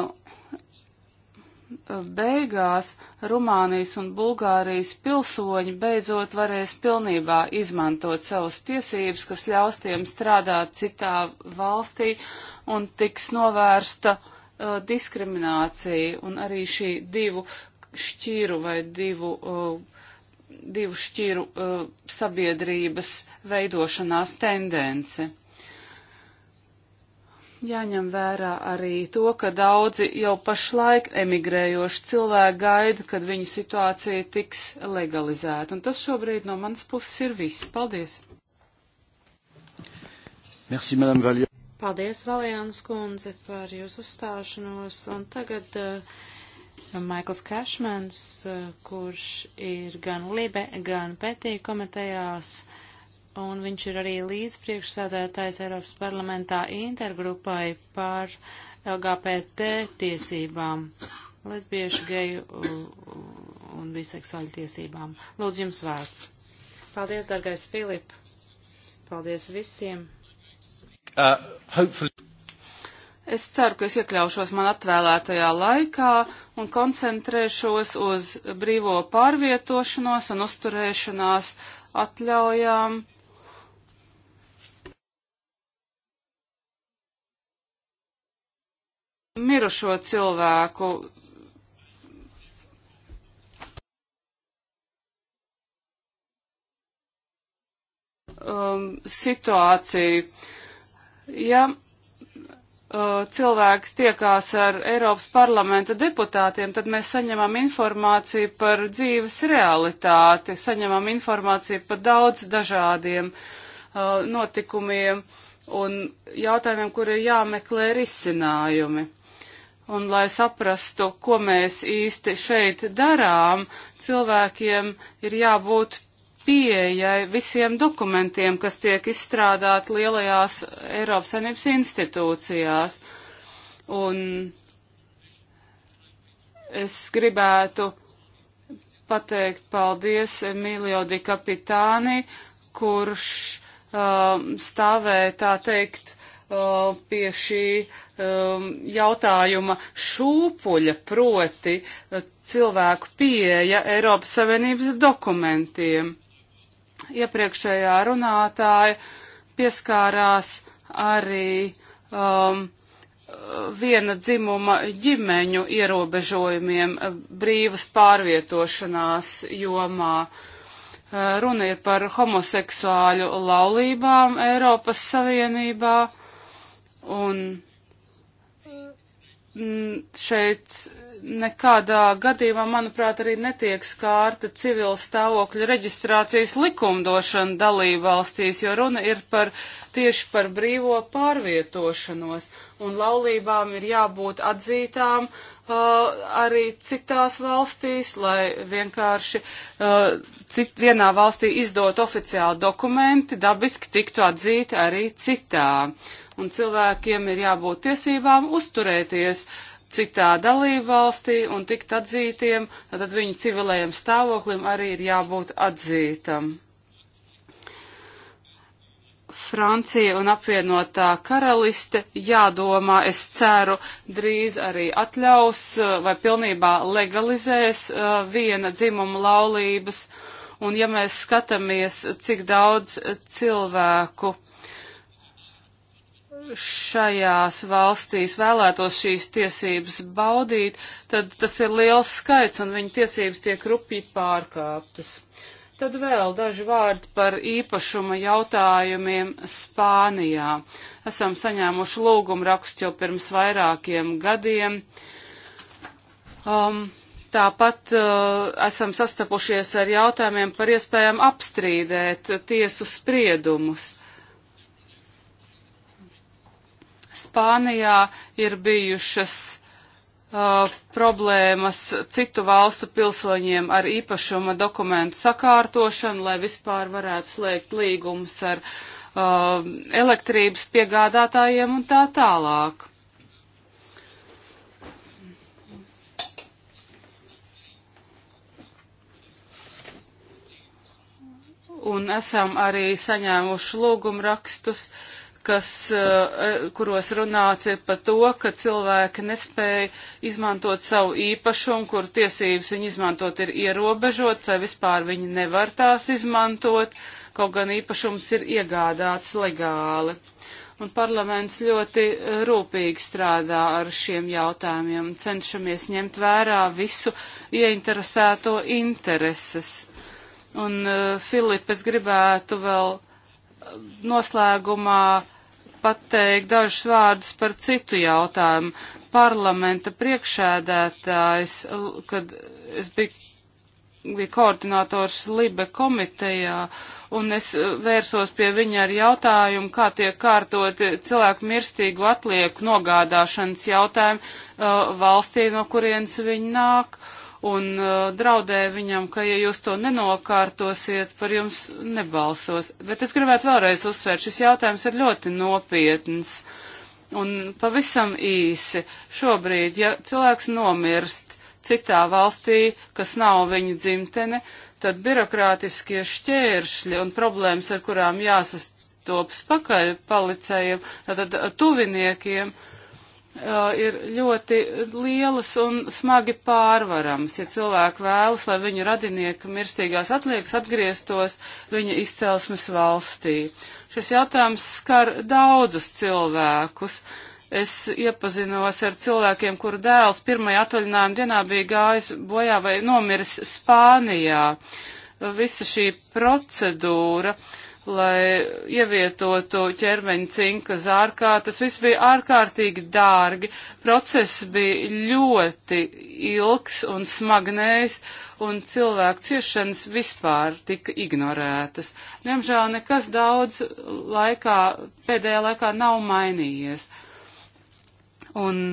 C: beigās Rumānijas un Bulgārijas pilsoņi beidzot varēs pilnībā izmantot savas tiesības, kas ļaus tiem strādāt citā valstī un tiks novērsta uh, diskriminācija un arī šī divu šķiru vai divu, uh, divu šķiru uh, sabiedrības veidošanās tendence. Jāņem vērā arī to, ka daudzi jau pašlaik emigrējoši cilvēki gaida, kad viņu situācija tiks legalizēta. Un tas šobrīd no manas puses ir viss. Paldies!
B: Merci, Madame Valjā.
C: Paldies, Valjāns
A: kundze, par jūsu uzstāšanos. Un tagad uh, Maikls Kašmans, eh, kurš ir gan Libe, gan Petī komitejās, un viņš ir arī līdzpriekšsādētājs Eiropas parlamentā intergrupai par LGBT tiesībām, lesbiešu, geju un biseksuāļu tiesībām. Lūdzu, jums vārds. Paldies, dargais Filip.
C: Paldies visiem.
A: Uh, hopefully...
C: Es ceru, ka es iekļaušos man atvēlētajā laikā un koncentrēšos uz brīvo pārvietošanos un uzturēšanās atļaujām. Mirušo cilvēku um, situāciju. Ja Uh, cilvēks tiekās ar Eiropas parlamenta deputātiem, tad mēs saņemam informāciju par dzīves realitāti, saņemam informāciju par daudz dažādiem uh, notikumiem un jautājumiem, kur ir jāmeklē risinājumi. Un lai saprastu, ko mēs īsti šeit darām, cilvēkiem ir jābūt pieejai visiem dokumentiem, kas tiek izstrādāti lielajās Eiropas Savienības institūcijās. Un es gribētu pateikt paldies Emilio Di Capitāni, kurš uh, stāvēja tā teikt uh, pie šī um, jautājuma šūpuļa, proti uh, cilvēku pieeja Eiropas Savienības dokumentiem iepriekšējā runātāja pieskārās arī um, viena dzimuma ģimeņu ierobežojumiem uh, brīvas pārvietošanās jomā. Uh, runa ir par homoseksuāļu laulībām Eiropas Savienībā un šeit nekādā gadījumā, manuprāt, arī netiek skārta civila stāvokļa reģistrācijas likumdošana dalībvalstīs, jo runa ir par tieši par brīvo pārvietošanos, un laulībām ir jābūt atzītām uh, arī citās valstīs, lai vienkārši uh, cit, vienā valstī izdot oficiāli dokumenti, dabiski tiktu atzīti arī citā. Uh, un cilvēkiem ir jābūt tiesībām uzturēties citā dalībvalstī un tikt atzītiem, tad viņu civilējiem stāvoklim arī ir jābūt atzītam. Francija un apvienotā karaliste jādomā, es ceru, drīz arī atļaus eh, vai pilnībā legalizēs eh, viena dzimuma laulības. Un ja mēs skatāmies, cik daudz eh, cilvēku uh, šajās valstīs vēlētos šīs tiesības baudīt, tad tas ir liels skaits un viņu tiesības tiek rupji pārkāptas. Tad vēl daži vārdi par īpašuma jautājumiem Spānijā. Esam saņēmuši lūgumu rakstu jau pirms vairākiem gadiem. Um, tāpat uh, esam sastapušies ar jautājumiem par iespējām apstrīdēt tiesu spriedumus. Uh, Spānijā ir bijušas uh, problēmas citu valstu pilsoņiem ar īpašuma dokumentu sakārtošanu, lai vispār varētu slēgt līgumus ar uh, elektrības piegādātājiem un tā tālāk. Un esam arī saņēmuši lūgumrakstus rakstus kas, eh, kuros runāts ir par to, ka cilvēki nespēja izmantot savu īpašumu, kur tiesības viņi izmantot ir ierobežotas, vai vispār viņi nevar tās izmantot, kaut gan īpašums ir iegādāts legāli. Un parlaments ļoti eh, rūpīgi strādā ar šiem jautājumiem un cenšamies ņemt vērā visu ieinteresēto intereses. Un, eh, Filip, es gribētu vēl noslēgumā pateikt dažus vārdus par citu jautājumu. Parlamenta priekšēdētājs, kad es biju, biju koordinators Libe komitejā, un es e, vērsos pie viņa ar jautājumu, kā tiek kārtot cilvēku mirstīgu atlieku nogādāšanas jautājumu uh, valstī, no kurienes viņi nāk. Uh, un uh, draudēja viņam, ka ja jūs to nenokārtosiet, par jums nebalsos. Bet es gribētu vēlreiz uzsvērt, šis jautājums ir ļoti nopietns. Un pavisam īsi, šobrīd, ja cilvēks nomirst citā valstī, kas nav viņa dzimtene, tad birokrātiskie šķēršļi un problēmas, ar kurām jāsastops pakaļ palicējiem, tad tuviniekiem, uh, Uh, ir ļoti lielas un smagi pārvaramas. Ja cilvēki vēlas, lai viņu radinieki mirstīgās atliekas atgrieztos viņa izcelsmes valstī. Šis jautājums skar daudzus cilvēkus. Es iepazinos ar cilvēkiem, kuru dēls pirmajā atvaļinājuma dienā bija gājis bojā vai nomiris Spānijā. Visa šī procedūra uh, lai ievietotu ķermeņa cinka zārkā. Tas viss bija ārkārtīgi dārgi. Process bija ļoti ilgs un smagnējs, un cilvēku ciešanas vispār tika ignorētas. Diemžēl nekas daudz laikā, pēdējā laikā nav mainījies. Un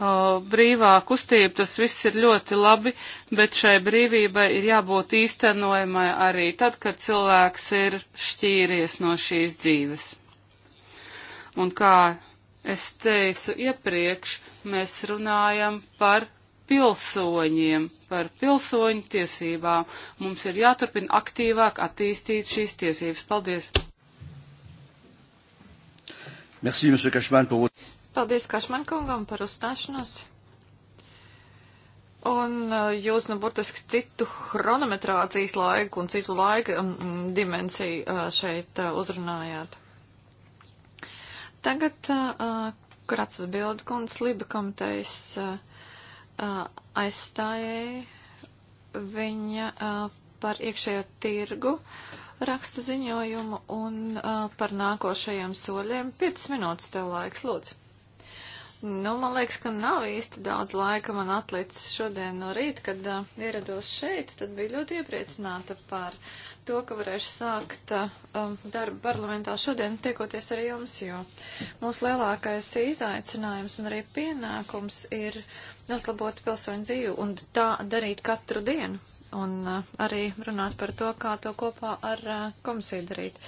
C: o, brīvā kustība, tas viss ir ļoti labi, bet šai brīvībai ir jābūt īstenojamai arī tad, kad cilvēks ir šķīries no šīs dzīves. Un kā es teicu iepriekš, mēs runājam par pilsoņiem, par pilsoņu tiesībām. Mums ir jāturpina aktīvāk attīstīt šīs tiesības. Paldies!
B: Merci, Monsieur Cashman, pour votre... Paldies Kašmankungam par uzstāšanos. Un uh, jūs nu burtiski citu chronometrācijas laiku un citu laika mm, mm, dimensiju uh, šeit uh, uzrunājāt. Tagad Kratsas bildu kundas Liba komitejas aizstājēja viņa par iekšējo tirgu raksta ziņojumu un par nākošajiem soļiem. 5 minūtes tev laiks, lūdzu. Nu, man liekas, ka nav īsti daudz laika man atlicis šodien no rīta, kad uh, ierados šeit, tad biju ļoti iepriecināta par to, ka varēšu sākt uh, darbu parlamentā šodien, tiekoties ar jums, jo mūsu lielākais izaicinājums un arī pienākums ir uzlabot pilsoņu dzīvi un tā darīt katru dienu un uh, arī runāt par to, kā to kopā ar uh, komisiju darīt.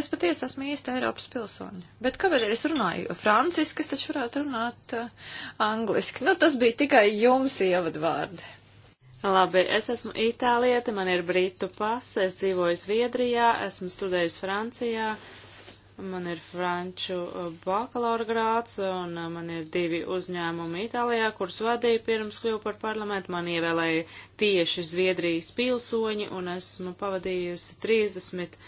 B: Es patiesi esmu īsta Eiropas pilsoni, bet kāpēc es runāju franciski, es taču varētu
A: runāt uh, angliski. Nu, tas bija tikai jums ievadvārdi. Labi, es esmu itālieti, man ir britu pasa, es dzīvoju Zviedrijā, esmu studējusi Francijā, Man ir franču uh, bakalaura grāts un uh, man ir divi uzņēmumi Itālijā, kurus vadīju pirms kļuvu par parlamentu. Man ievēlēja tieši Zviedrijas pilsoņi un esmu pavadījusi 30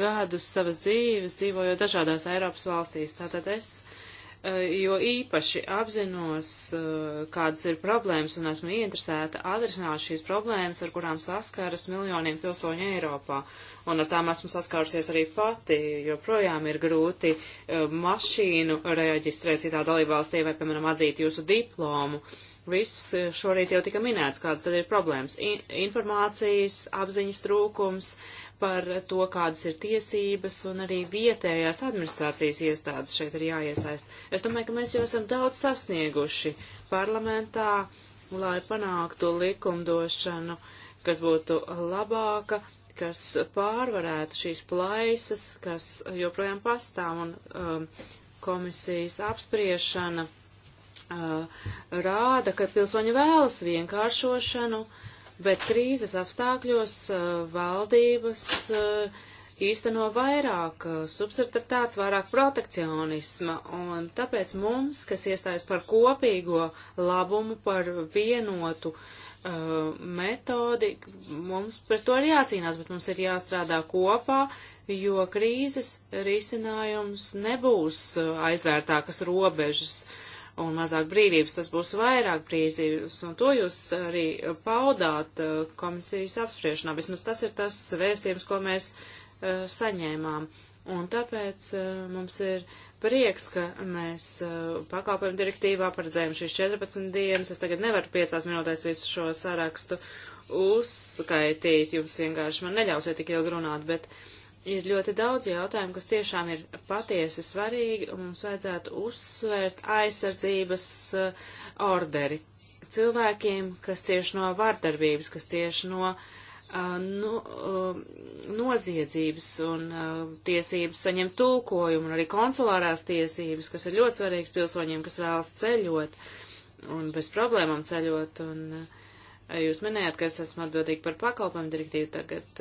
A: gadus savas dzīves, dzīvojot dažādās Eiropas valstīs. Tātad es uh, jo īpaši apzinos, kādas ir problēmas un esmu ieinteresēta atrisināt šīs problēmas, ar kurām saskaras miljoniem pilsoņu Eiropā. Uh, un ar tām esmu saskārusies arī pati, jo projām ir grūti e, mašīnu reģistrēt citā dalībvalstī vai, piemēram, atzīt jūsu diplomu. Viss e, šorīt jau tika minēts, kādas tad ir problēmas. In informācijas, apziņas trūkums par to, kādas ir tiesības un arī vietējās administrācijas iestādes šeit ir jāiesaist. Es domāju, ka mēs jau esam daudz sasnieguši parlamentā, lai panāktu likumdošanu, kas būtu labāka kas pārvarētu šīs plaisas, kas joprojām pastāv un um, komisijas apspriešana uh, rāda, ka pilsoņi vēlas vienkāršošanu, bet krīzes apstākļos uh, valdības uh, īsteno vairāk uh, subsertartāts, vairāk protekcionisma, un tāpēc mums, kas iestājas par kopīgo labumu, par vienotu uh, uh, metodi, mums par to ir jācīnās, bet mums ir jāstrādā kopā, jo krīzes risinājums nebūs uh, aizvērtākas robežas un mazāk brīvības, tas būs vairāk brīvības, un to jūs arī paudāt uh, komisijas apspriešanā. Vismaz tas ir tas vēstījums, ko mēs uh, saņēmām. Un tāpēc uh, mums ir prieks, ka mēs uh, pakalpojumu direktīvā paredzējām šīs 14 dienas. Es tagad nevaru piecās minūtēs visu šo sarakstu uzskaitīt, jums vienkārši man neļausiet tik ilgi runāt, bet ir ļoti daudz jautājumu, kas tiešām ir patiesi svarīgi, un mums vajadzētu uzsvērt aizsardzības uh, orderi cilvēkiem, kas cieši no vardarbības, kas cieši no uh, Uh, no, nu, uh, noziedzības un uh, tiesības saņemt tulkojumu, un arī konsulārās tiesības, kas ir ļoti svarīgas pilsoņiem, kas vēlas ceļot un bez problēmām ceļot. Un, jūs minējāt, ka es esmu atbildīgi par pakalpojumu direktīvu tagad.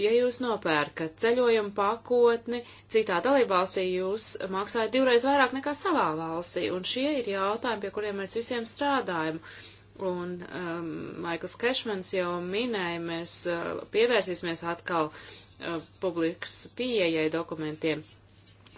A: Ja jūs nopērkat ceļojumu pakotni citā dalībvalstī, jūs maksājat divreiz vairāk nekā savā valstī, un šie ir jautājumi, pie kuriem mēs visiem strādājam. Uh, Un um, Maikls Kešmans jau minēja, mēs uh, pievērsīsimies atkal uh, publikas pieejai dokumentiem.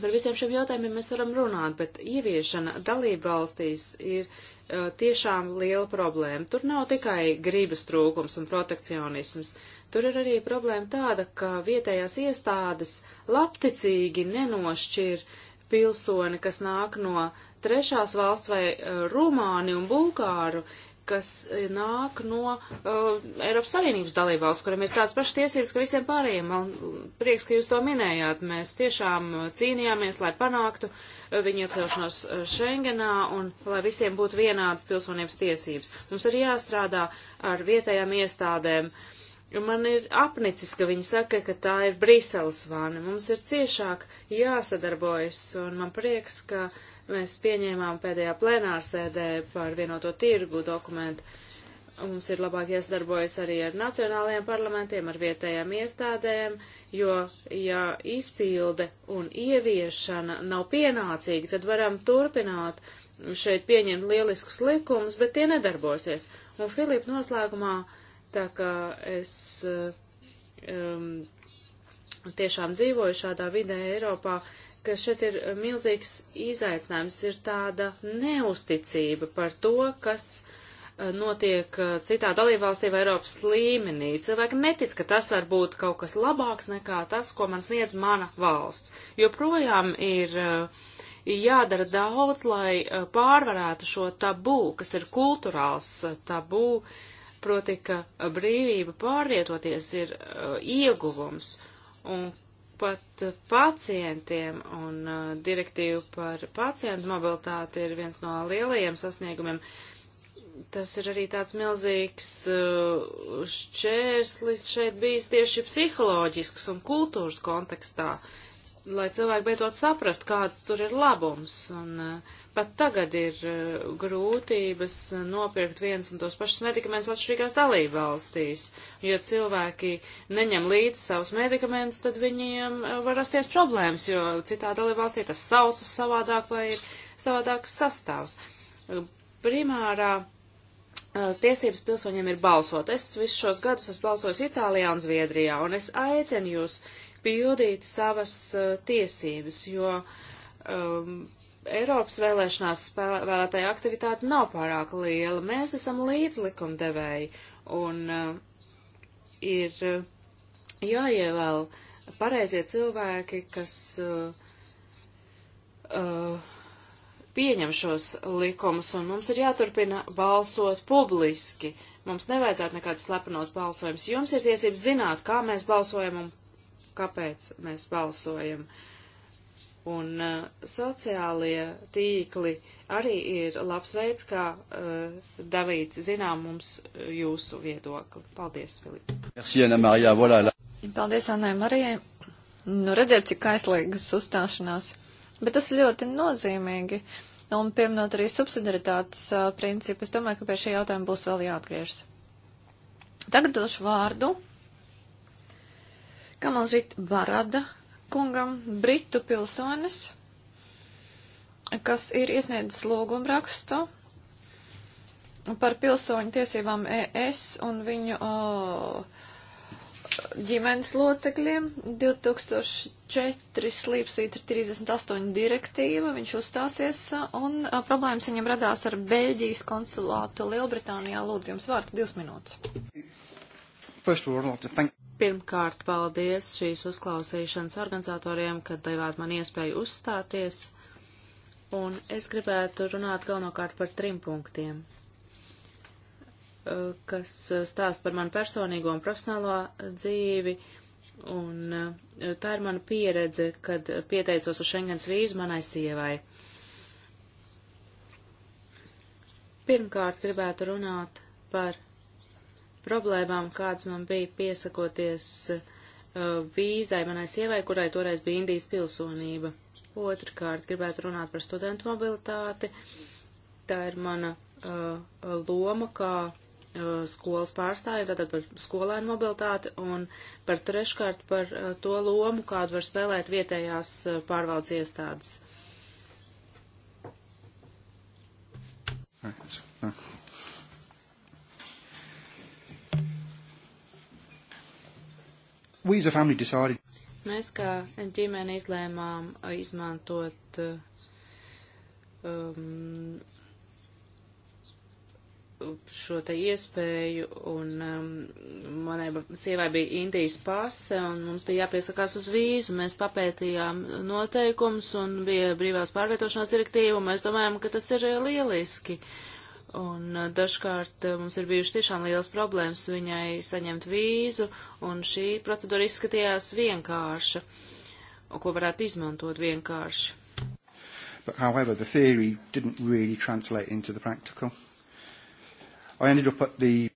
A: Par visiem šiem jautājumiem mēs varam runāt, bet ieviešana dalība valstīs ir uh, tiešām liela problēma. Tur nav tikai gribas trūkums un protekcionisms. Tur ir arī problēma tāda, ka vietējās iestādes labticīgi nenošķir pilsoni, kas nāk no trešās valsts vai uh, rumāni un bulgāru kas e, nāk no uh, Eiropas Savienības dalībvalsts, kuram ir tāds pašs tiesības, ka visiem pārējiem. Man prieks, ka jūs to minējāt. Mēs tiešām e, cīnījāmies, lai panāktu viņu iekļaušanos Schengenā un lai visiem būtu vienādas pilsonības tiesības. Mums ir jāstrādā ar vietējām iestādēm. Man ir apnicis, ka viņi saka, ka tā ir Briseles vāna. Mums ir ciešāk jāsadarbojas, un man prieks, ka uh, Mēs pieņēmām pēdējā plenārsēdē par vienoto tirgu dokumentu. Mums ir labāk jāsadarbojas arī ar nacionālajiem parlamentiem, ar vietējām iestādēm, jo, ja izpilde un ieviešana nav pienācīga, tad varam turpināt šeit pieņemt lieliskus likumus, bet tie nedarbosies. Un Filipa noslēgumā, tā kā es um, tiešām dzīvoju šādā vidē Eiropā, ka šeit ir milzīgs izaicinājums, ir tāda neusticība par to, kas eh, notiek eh, citā dalībvalstī vai Eiropas līmenī. Cilvēki netic, ka tas var būt kaut kas labāks nekā tas, ko man sniedz mana valsts. Jo projām ir eh, jādara daudz, lai pārvarētu šo tabū, kas ir kulturāls tabū, proti, ka brīvība pārvietoties ir ieguvums un pat pacientiem, un uh, direktīva par pacientu mobilitāti ir viens no lielajiem sasniegumiem. Tas ir arī tāds milzīgs uh, šķērslis šeit bijis tieši psiholoģisks un kultūras kontekstā. Uh, lai cilvēki beidzot saprast, kāds tur ir labums. Un uh, pat tagad ir uh, grūtības eh, nopirkt viens un tos pašus medikamentus atšķirīgās dalība valstīs. Jo cilvēki neņem līdzi savus medikamentus, tad viņiem uh, var rasties problēmas, jo citā dalība valstī tas saucas savādāk vai ir savādāks sastāvs. Primārā tiesības pilsoņiem ir balsot. Es visus šos gadus esmu balsojis Itālijā un Zviedrijā, un es aicinu jūs pildīt savas uh, tiesības, jo um, Eiropas vēlēšanās vēlētāja aktivitāte nav pārāk liela. Mēs esam līdzlikumdevēji un uh, ir uh, jāievēl pareizie cilvēki, kas uh, uh, pieņem šos likumus, un mums ir jāturpina balsot publiski. Mums nevajadzētu nekādas slepenos balsojumus. Jums ir tiesības zināt, kā mēs balsojam un kāpēc mēs balsojam. Un uh, sociālie tīkli arī ir labs veids, kā uh, dalīt zinām mums jūsu viedokli. Paldies, Filip.
B: Voilà, la...
A: Paldies, Anai Marijai.
B: Nu, redziet, cik aizliegas uzstāšanās. Bet tas ļoti nozīmīgi. Un pieminot arī subsidiaritātes uh, principu, es domāju, ka pie šī jautājuma būs vēl jāatgriežas. Tagad došu vārdu Kamalžit Barada kungam, Britu pilsonis, kas ir iesniedzis lūgumrakstu par pilsoņu tiesībām ES un viņu o, ģimenes locekļiem 2004 slīpsvītra 38 direktīva, viņš uzstāsies, un a, problēmas viņam radās ar Beļģijas konsulātu Lielbritānijā. Lūdzu, jums vārds divas minūtes.
C: First of all, I want to thank
A: Pirmkārt, paldies šīs uzklausīšanas organizatoriem, kad devāt man iespēju uzstāties, un es gribētu runāt galvenokārt par trim punktiem, eh, kas eh, stāst par manu personīgo un profesionālo eh, dzīvi, un tā ir mana pieredze, kad pieteicos uz Schengens vīzu manai sievai. Pirmkārt, gribētu runāt par problēmām, kāds man bija piesakoties uh, vīzai manai sievai, kurai toreiz bija Indijas pilsonība. Otrkārt, gribētu runāt par studentu mobilitāti. Tā ir mana uh, loma kā uh, skolas pārstāvja, tātad par skolēnu mobilitāti un par treškārt par uh, to lomu, kādu var spēlēt vietējās uh, pārvaldes iestādes.
C: Thanks. We as a family decided.
A: Mēs kā ģimene izlēmām izmantot um, šo te iespēju, un um, manai sievai bija Indijas pase, un mums bija jāpiesakās uz vīzu, mēs papētījām noteikums, un bija brīvās pārvietošanās direktīva, un mēs domājām, ka tas ir eh, lieliski. Uh, Un eh, dažkārt eh, mums ir bijušas tiešām liels problēmas viņai saņemt vīzu, un šī procedūra izskatījās vienkārša, ko varētu izmantot vienkārši.
C: But, however, the theory didn't
B: really translate into the practical. I ended up at the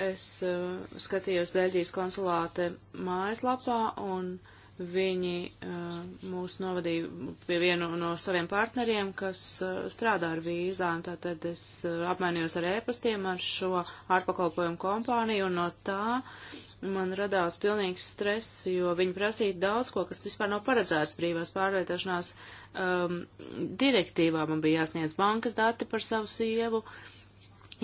A: Es uh, skatījos Beļģijas konsulāte mājaslapā un uh, Viņi uh, mūs novadīja pie vienu no saviem partneriem, kas uh, strādā ar vīzām. Tātad es uh, apmainījos ar ēpastiem ar šo ārpakalpojumu kompāniju, un no tā man radās pilnīgs stress, jo viņi prasīja daudz ko, kas vispār nav paredzēts brīvās pārvietošanās um, direktīvā. Man bija jāsniedz bankas dati par savu sievu. Uh,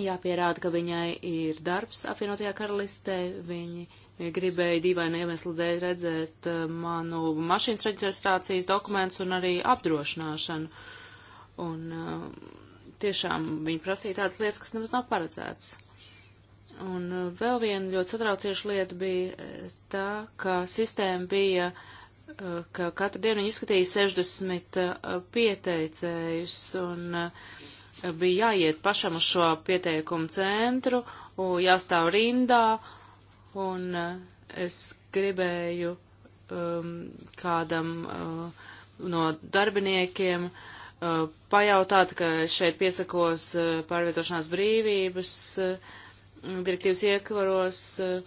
A: jāpierāda, ka viņai ir darbs apvienotajā karalistē. Viņi gribēja dīvainu iemeslu dēļ redzēt eh, manu mašīnas reģistrācijas dokumentus un arī apdrošināšanu. Un eh, tiešām viņi prasīja tādas lietas, kas nemaz nav paredzētas. Un eh, vēl viena ļoti satraucieša lieta bija tā, ka sistēma bija ka katru dienu viņi izskatīja 60 pieteicējus, un uh, bija jāiet pašam uz šo pieteikumu centru, jāstāv rindā, un e, es gribēju um, kādam uh, no darbiniekiem uh, pajautāt, ka šeit piesakos uh, pārvietošanās brīvības uh, direktīvas iekvaros. Uh,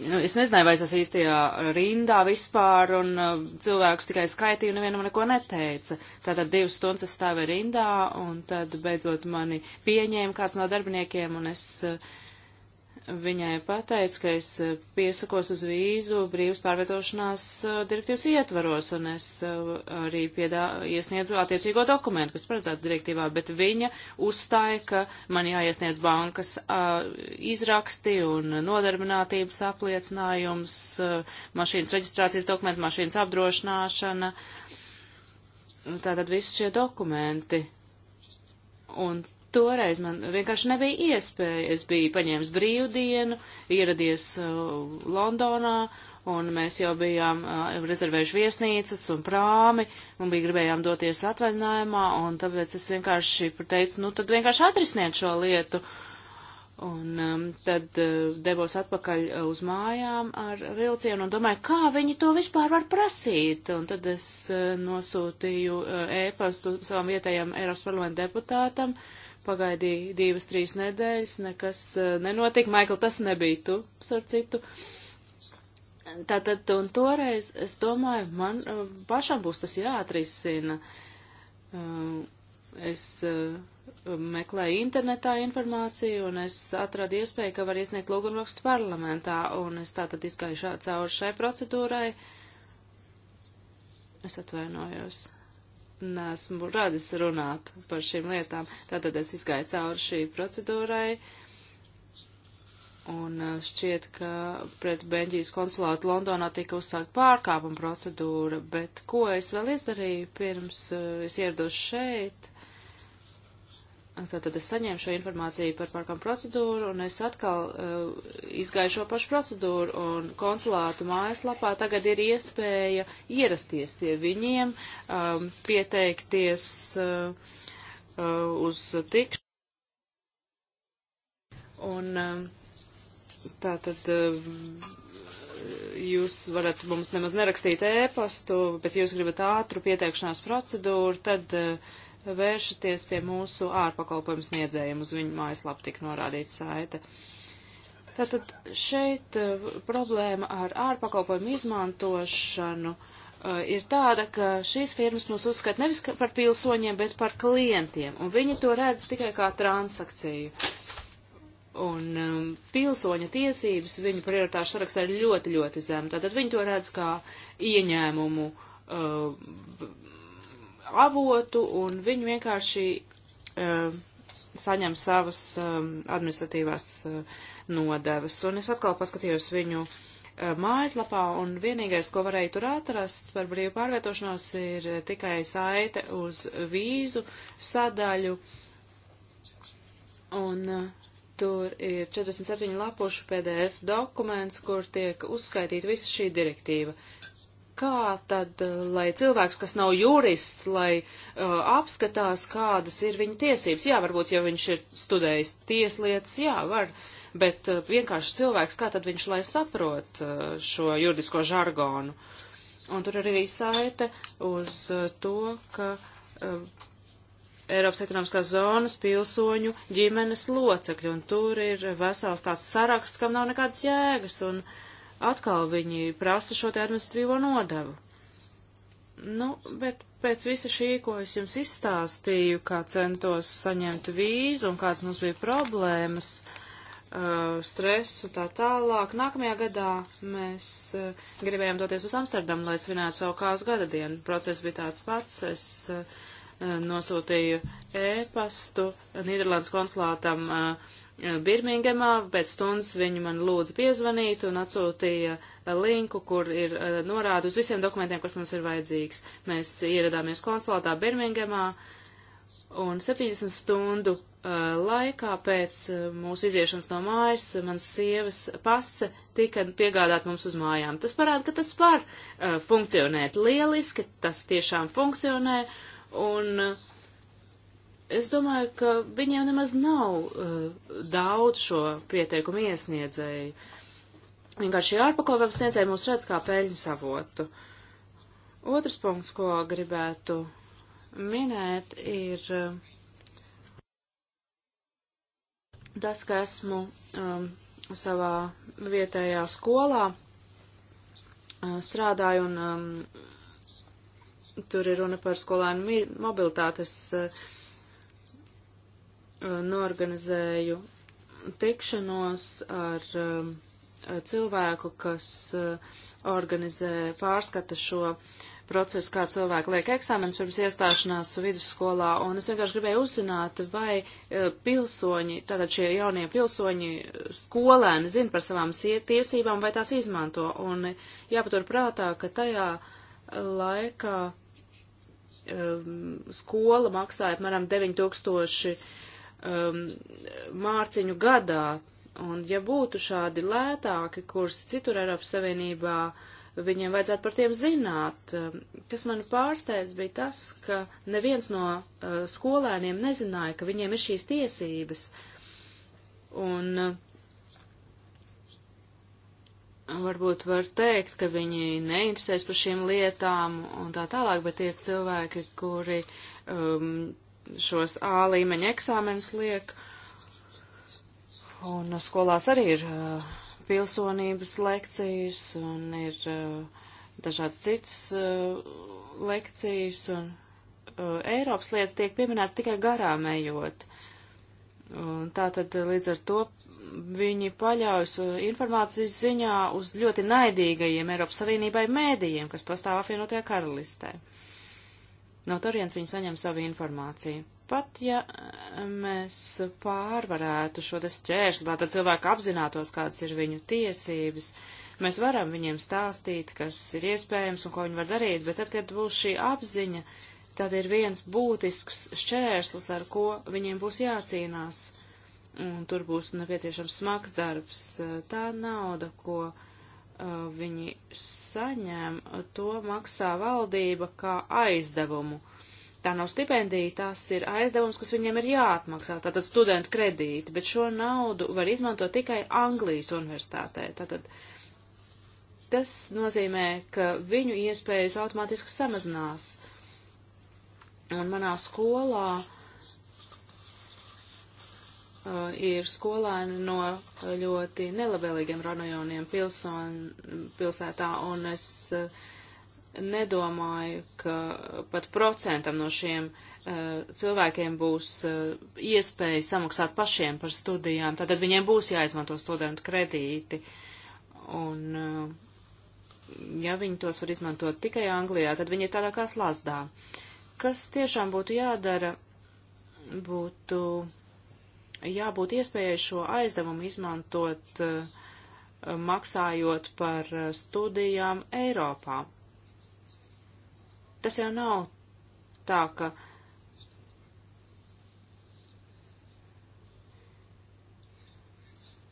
A: Nu, es nezināju, vai es esmu īstajā rindā vispār, un uh, cilvēkus tikai skaitīju, nevienam neko neteica. Tātad divas stundas es stāvēju rindā, un tad beidzot mani pieņēma kāds no darbiniekiem, un es uh, viņai pateicu, ka es eh, piesakos uz vīzu brīvas pārvietošanās eh, direktīvas ietvaros, un es eh, arī piedā, iesniedzu attiecīgo dokumentu, kas paredzēts direktīvā, bet viņa uzstāja, ka man jāiesniedz bankas izraksti un nodarbinātības apliecinājums, mašīnas reģistrācijas dokumenti, mašīnas apdrošināšana. Tātad visi šie dokumenti. Un Toreiz man vienkārši nebija iespēja. Es biju paņēmis brīvdienu, ieradies uh, Londonā, un mēs jau bijām uh, rezervējuši viesnīcas un prāmi, un bija gribējām doties atvaļinājumā, un tāpēc es vienkārši teicu, nu tad vienkārši atrisniet šo lietu. Un um, tad uh, devos atpakaļ uh, uz mājām ar vilcienu un domāju, kā viņi to vispār var prasīt. Un tad es uh, nosūtīju uh, e-pastu savam vietējam Eiropas parlamenta deputātam, uh, pagaidīja divas, trīs nedēļas, nekas eh, nenotika. Maikl, tas nebija tu, starp citu. Tātad, un toreiz, es domāju, man eh, pašam būs tas jāatrisina. Eh, es meklēju internetā informāciju, un es atradu iespēju, ka var iesniegt lūgumrakstu parlamentā, un es tātad izgāju šā, cauri šai procedūrai. Es atvainojos nesmu radis runāt par šīm lietām. Tātad es izgāju cauri šī procedūrai. Un eh, šķiet, ka pret Beļģijas konsulātu Londonā tika uzsākt pārkāpuma procedūra, bet ko es vēl izdarīju pirms eh, es ierados šeit? Tātad es saņēmu šo informāciju par pārkam procedūru, un es atkal uh, izgāju šo pašu procedūru, un konsulātu mājaslapā tagad ir iespēja ierasties pie viņiem, um, pieteikties uh, uh, uz tikšanu. Un um, tātad. Uh, jūs varat mums nemaz nerakstīt ēpastu, bet jūs gribat ātru pieteikšanās procedūru, tad uh, vēršaties pie mūsu ārpakalpojumu sniedzējiem, uz viņu mājaslapu tika norādīta saita. Tātad šeit eh, problēma ar ārpakalpojumu izmantošanu eh, ir tāda, ka šīs firmas mūs uzskata nevis par pilsoņiem, bet par klientiem, un viņi to redz tikai kā transakciju. Un um, pilsoņa tiesības viņu prioritāšu sarakstā ir ļoti, ļoti zem. Tātad viņi to redz kā ieņēmumu uh, avotu un viņi vienkārši uh, saņem savas um, administratīvās uh, nodevas. Un es atkal paskatījos viņu uh, mājaslapā, un vienīgais, ko varēju tur atrast par brīvu pārvietošanos, ir tikai saite uz vīzu sadaļu. Un uh, tur ir 47 lapušu PDF dokuments, kur tiek uzskaitīta visa šī direktīva kā tad, eh, lai cilvēks, kas nav jurists, lai uh, apskatās, kādas ir viņa tiesības. Jā, varbūt, ja viņš ir studējis tieslietas, jā, var, bet uh, vienkārši cilvēks, kā tad viņš, lai saprot uh, šo juridisko žargonu. Un tur ir arī saite uz uh, to, ka. Uh, Eiropas ekonomiskās zonas pilsoņu ģimenes locekļi, un tur ir vesels tāds saraksts, kam nav nekādas jēgas, un uh, atkal viņi prasa šo te administrīvo nodevu. Nu, bet pēc visa šī, ko es jums izstāstīju, kā centos saņemt vīzu un kāds mums bija problēmas, uh, stresu tā tālāk, nākamajā gadā mēs uh, gribējām doties uz Amsterdamu, lai svinētu savu kāzu gada dienu. Process bija tāds pats. Es uh, nosūtīju ēpastu e Nīderlandes konsulātam uh, Eh, Birmingemā, pēc stundas viņi man lūdza piezvanīt un atsūtīja eh, linku, kur ir eh, norāda uz visiem dokumentiem, kas mums ir vajadzīgs. Mēs ieradāmies konsulātā Birmingemā un 70 stundu laikā pēc mūsu iziešanas no mājas mans sievas pase tika piegādāt mums uz mājām. Tas parāda, ka tas var funkcionēt lieliski, tas tiešām funkcionē un uh, Es domāju, ka viņiem nemaz nav uh, daudz šo pieteikumu iesniedzēju. Vienkārši ārpakalpojumu sniedzēju mūs redz kā peļņu savotu. Otrs punkts, ko gribētu minēt, ir uh, tas, ka esmu um, savā vietējā skolā uh, strādāju un um, tur ir runa par skolēnu mobilitātes. Uh, Uh, norganizēju tikšanos ar um, cilvēku, kas uh, organizē pārskata šo procesu, kā cilvēki liek eksāmenis pirms iestāšanās vidusskolā, un es vienkārši gribēju uzzināt, vai uh, pilsoņi, tātad šie jaunie pilsoņi, skolēni zina par savām tiesībām, vai tās izmanto, un jāpatur prātā, ka tajā laikā um, skola maksāja apmēram 9000 um, mārciņu gadā. Un ja būtu šādi lētāki kursi citur Eiropas Savienībā, viņiem vajadzētu par tiem zināt. Um, kas mani pārsteidz bija tas, ka neviens no uh, skolēniem nezināja, ka viņiem ir šīs tiesības. Un uh, varbūt var teikt, ka viņi neinteresēs par šīm lietām un tā tālāk, bet ir cilvēki, kuri um, šos A līmeņa eksāmenus liek. Un skolās arī ir uh, pilsonības lekcijas un ir uh, dažādas citas uh, lekcijas un Eiropas lietas tiek pieminētas tikai garām ejot. Un tā tad līdz ar to viņi paļaujas informācijas ziņā uz ļoti naidīgajiem Eiropas Savienībai mēdījiem, kas pastāv apvienotajā karalistē. Uh, No turienes viņi saņem savu informāciju. Pat ja eh, mēs pārvarētu šo šķēršļu, lai tad cilvēki apzinātos, kādas ir viņu tiesības, mēs varam viņiem stāstīt, kas ir iespējams un ko viņi var darīt, bet tad, kad būs šī apziņa, tad ir viens būtisks šķērslis, ar ko viņiem būs jācīnās, un tur būs nepieciešams smags darbs. Eh, tā nauda, ko Uh, viņi saņem, to maksā valdība kā aizdevumu. Tā nav stipendija, tas ir aizdevums, kas viņiem ir jāatmaksā, tātad studentu kredīti, bet šo naudu var izmantot tikai Anglijas universitātē. Tātad tas nozīmē, ka viņu iespējas automātiski samazinās. Un manā skolā uh, uh, ir skolēni no ļoti nelabvēlīgiem rajoniem pilsētā, un es uh, nedomāju, ka pat procentam no šiem uh, cilvēkiem būs uh, iespēja samaksāt pašiem par studijām. Tātad viņiem būs jāizmanto studentu kredīti. Un, uh, ja viņi tos var izmantot tikai Anglijā, tad viņi ir tādā kā slazdā. Kas tiešām būtu jādara, būtu. Uh, jābūt iespējai šo aizdevumu izmantot, eh, maksājot par eh, studijām Eiropā. Tas jau nav tā, ka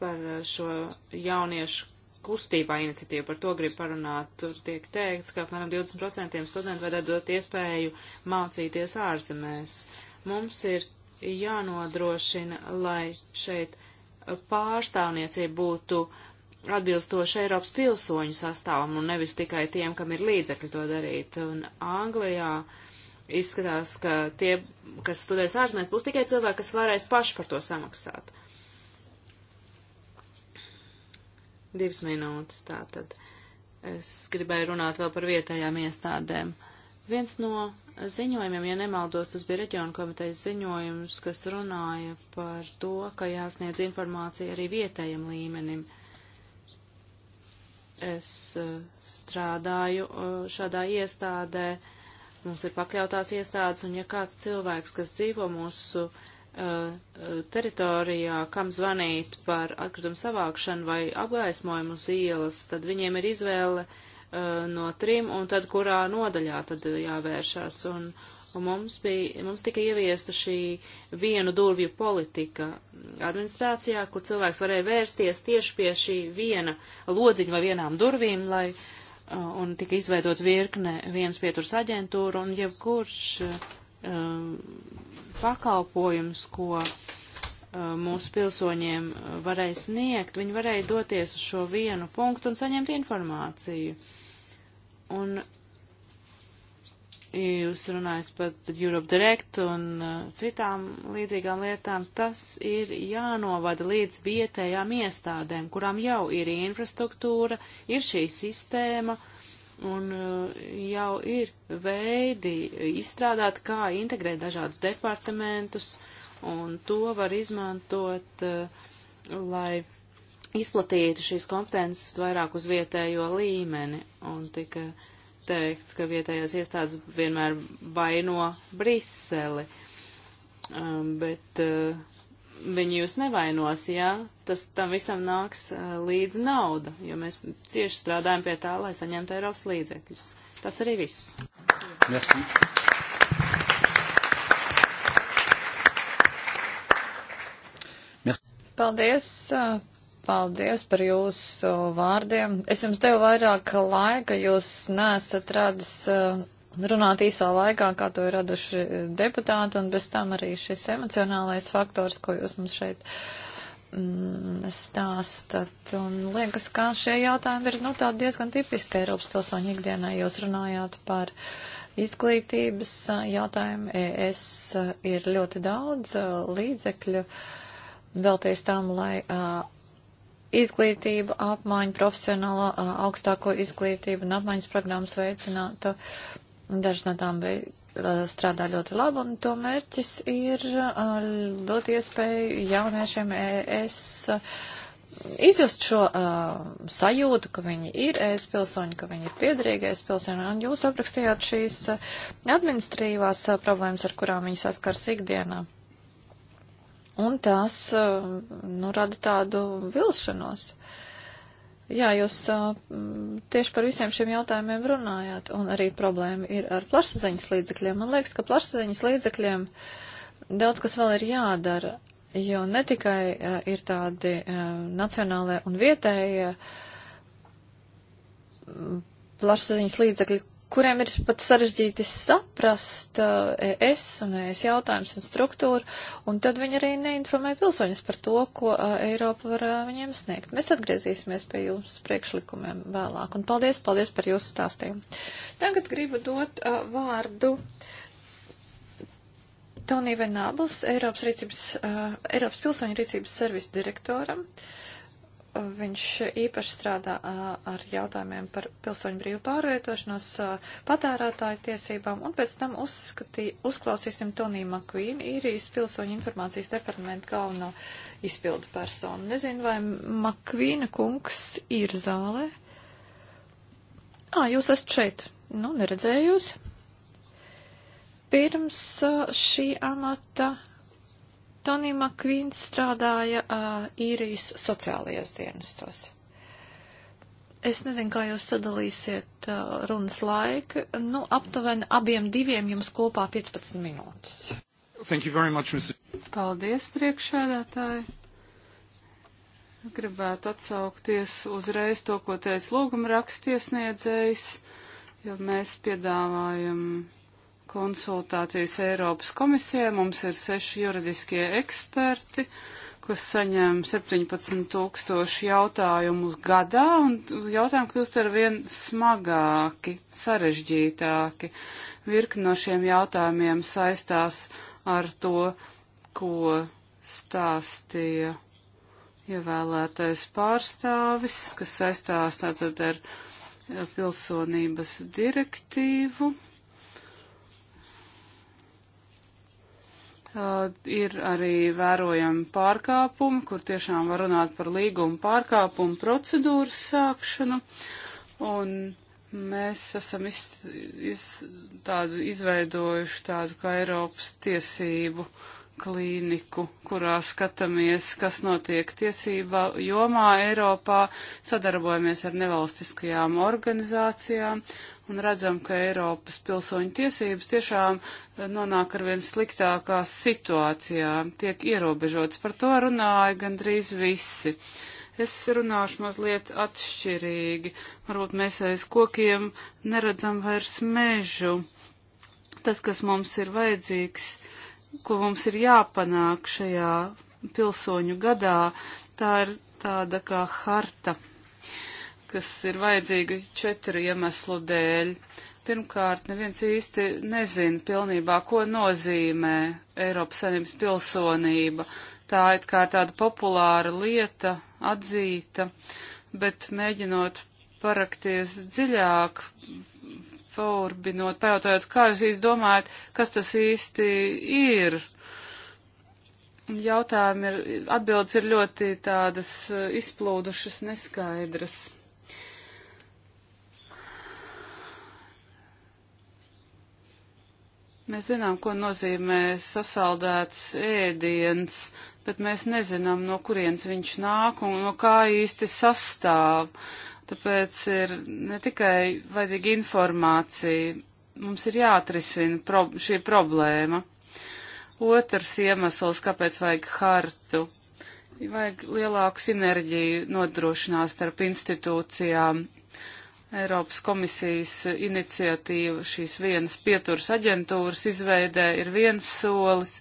A: par eh, šo jauniešu kustībā iniciatīvu, par to grib parunāt. Tur tiek teikts, ka apmēram 20% studentu vajadzētu dot iespēju mācīties ārzemēs. Mums ir jānodrošina, lai šeit pārstāvniecība būtu atbilstoši Eiropas pilsoņu sastāvam un nevis tikai tiem, kam ir līdzekļi to darīt. Un Anglijā izskatās, ka tie, kas studēs ārzemēs, būs tikai cilvēki, kas varēs paši par to samaksāt. Divas minūtes tātad. Es gribēju runāt vēl par vietējām iestādēm. Uh, Viens no ziņojumiem, ja nemaldos, tas bija reģiona komitejas ziņojums, kas runāja par to, ka jāsniedz informācija arī vietējiem līmenim. Es eh, strādāju eh, šādā iestādē, mums ir pakļautās iestādes, un ja kāds cilvēks, kas dzīvo mūsu eh, teritorijā, kam zvanīt par atkritumu savākšanu vai apgaismojumu uz ielas, tad viņiem ir izvēle Eh, no trim, un tad kurā nodaļā tad jāvēršas. Un, un mums, bija, mums tika ieviesta šī vienu durvju politika administrācijā, kur cilvēks varēja vērsties tieši pie šī viena lodziņa vai vienām durvīm, lai, eh, un tika izveidot virkne viens pieturs aģentūru, un jebkurš um, pakalpojums, ko um, mūsu pilsoņiem varēja sniegt, viņi varēja doties uz šo vienu punktu un saņemt informāciju. Uh, Un jūs runājat par Europe Direct un uh, citām līdzīgām lietām, tas ir jānovada līdz vietējām iestādēm, kurām jau ir infrastruktūra, ir šī sistēma un uh, jau ir veidi izstrādāt, kā integrēt dažādus departamentus, un to var izmantot, uh, lai izplatītu šīs kompetences vairāk uz vietējo līmeni un tika teikts, ka vietējās iestādes vienmēr vaino Briseli, um, bet uh, viņi jūs nevainos, ja tas tam visam nāks uh, līdz nauda, jo mēs cieši strādājam pie tā, lai saņemtu Eiropas līdzekļus. Tas arī viss.
C: Merci.
B: Paldies uh, Paldies par jūsu vārdiem. Es jums devu vairāk laika, jūs nesat radis eh, runāt īsā laikā, kā to ir raduši eh, deputāti, un bez tam arī šis emocionālais faktors, ko jūs mums šeit mm, stāstat. Un liekas, kā šie jautājumi ir, nu, tādi diezgan tipiski Eiropas pilsoņu ikdienai. Jūs runājāt par izglītības eh, jautājumu. ES ir ļoti daudz līdzekļu velties tam, lai uh, izglītību, apmaiņu, profesionālo augstāko izglītību un apmaiņas programmas veicinātu. Dažas no tām strādā ļoti labi, un to mērķis ir dot iespēju jauniešiem ES izjust šo uh, sajūtu, ka viņi ir ēs e pilsoņi, ka viņi ir piederīgi ēs e pilsoņi, un jūs aprakstījāt šīs administrīvās uh, problēmas, ar kurām viņi saskars ikdienā. Uh, un tās eh, nu, rada tādu vilšanos. Jā, jūs eh, tieši par visiem šiem jautājumiem runājāt, un arī problēma ir ar plašsaziņas līdzekļiem. Man liekas, ka plašsaziņas līdzekļiem daudz kas vēl ir jādara, jo ne tikai eh, ir tādi nacionālie un vietējie plašsaziņas līdzekļi, kuriem ir pat sarežģīti saprast uh, ES un ES jautājums un struktūru, un tad viņi arī neinformē pilsoņus par to, ko uh, Eiropa var uh, viņiem sniegt. Mēs atgriezīsimies pie jūsu priekšlikumiem vēlāk, un paldies, paldies par jūsu stāstījumu. Tagad gribu dot uh, vārdu. Tonija Venābls, Eiropas, rīcības, uh, Eiropas pilsoņu rīcības servisa direktoram. Uh, viņš īpaši strādā ar jautājumiem par pilsoņu brīvu pārvietošanos, patērētāju tiesībām, un pēc tam uzskatī, uzklausīsim Toniju Makvīnu, īrijas pilsoņu informācijas departamentu galveno izpildu personu. Nezinu, vai Makvīna kungs ir zālē. Ā, jūs esat šeit. Nu, neredzēju jūs. Pirms šī amata Tonija Makvīns strādāja uh, īrijas sociālajos dienestos. Es nezinu, kā jūs sadalīsiet uh, runas laiku. Nu, aptuveni abiem diviem jums kopā 15 minūtes. Thank you very much, Mr.
C: Paldies, priekšsēdētāji. Gribētu atsaukties uzreiz to, ko teica lūguma rakstiesniedzējs, jo mēs piedāvājam konsultācijas Eiropas komisijai. Mums ir seši juridiskie eksperti, kas saņem 17 tūkstoši jautājumu gadā, un jautājumi kļūst ar vien smagāki, sarežģītāki. Virkni no šiem jautājumiem saistās ar to, ko stāstīja ievēlētais pārstāvis, kas saistās tātad ar pilsonības direktīvu Uh, ir arī vērojami pārkāpumi, kur tiešām var runāt par līguma pārkāpumu procedūras sākšanu. Un mēs esam iz, iz, tādu izveidojuši tādu kā Eiropas tiesību klīniku, kurā skatāmies, kas notiek tiesībā jomā Eiropā, sadarbojamies ar nevalstiskajām organizācijām un redzam, ka Eiropas pilsoņu tiesības tiešām eh, nonāk ar vien sliktākā situācijā, tiek ierobežotas. Par to runāja gandrīz visi. Es runāšu mazliet atšķirīgi. Varbūt mēs aiz kokiem neredzam vairs mežu. Tas, kas mums ir vajadzīgs, ir ko mums ir jāpanāk šajā pilsoņu gadā, tā ir tāda kā harta, kas ir vajadzīga četru iemeslu dēļ. Pirmkārt, neviens īsti nezina pilnībā, ko nozīmē Eiropas Savienības pilsonība. Tā it kā ir tāda populāra lieta, atzīta, bet mēģinot parakties dziļāk, šaurbinot, pajautājot, kā jūs īsti domājat, kas tas īsti ir. Jautājumi ir, atbildes ir ļoti tādas eh, izplūdušas, neskaidras. Mēs zinām, ko nozīmē sasaldēts ēdiens, bet mēs nezinām, no kurienes viņš nāk un no kā īsti sastāv. Uh, Tāpēc ir ne tikai vajadzīga informācija, mums ir jāatrisina pro šī problēma. Otrs iemesls, kāpēc vajag hartu, vajag lielāku sinerģiju nodrošināt starp institūcijām. Eiropas komisijas iniciatīva šīs vienas pieturas aģentūras izveidē ir viens solis,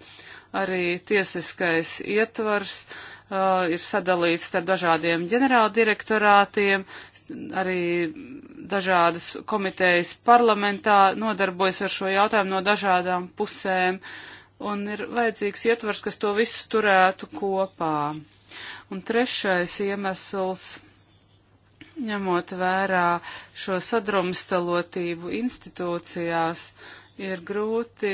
C: arī tiesiskais ietvars uh, ir sadalīts starp dažādiem ģenerāldirektorātiem arī dažādas komitejas parlamentā nodarbojas ar šo jautājumu no dažādām pusēm, un ir vajadzīgs ietvars, kas to visu turētu kopā. Un trešais iemesls, ņemot vērā šo sadrumstalotību institūcijās, ir grūti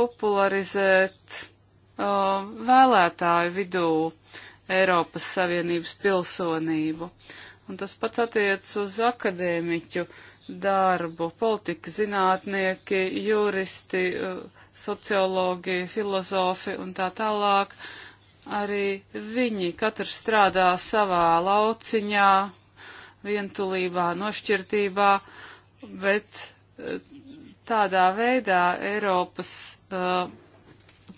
C: popularizēt uh, vēlētāju vidū Eiropas Savienības pilsonību. Un tas pats attiec uz akadēmiķu darbu, politika zinātnieki, juristi, uh, sociologi, filozofi un tā tālāk. Arī viņi katrs strādā savā lauciņā, vientulībā, nošķirtībā, bet uh, Tādā veidā Eiropas uh,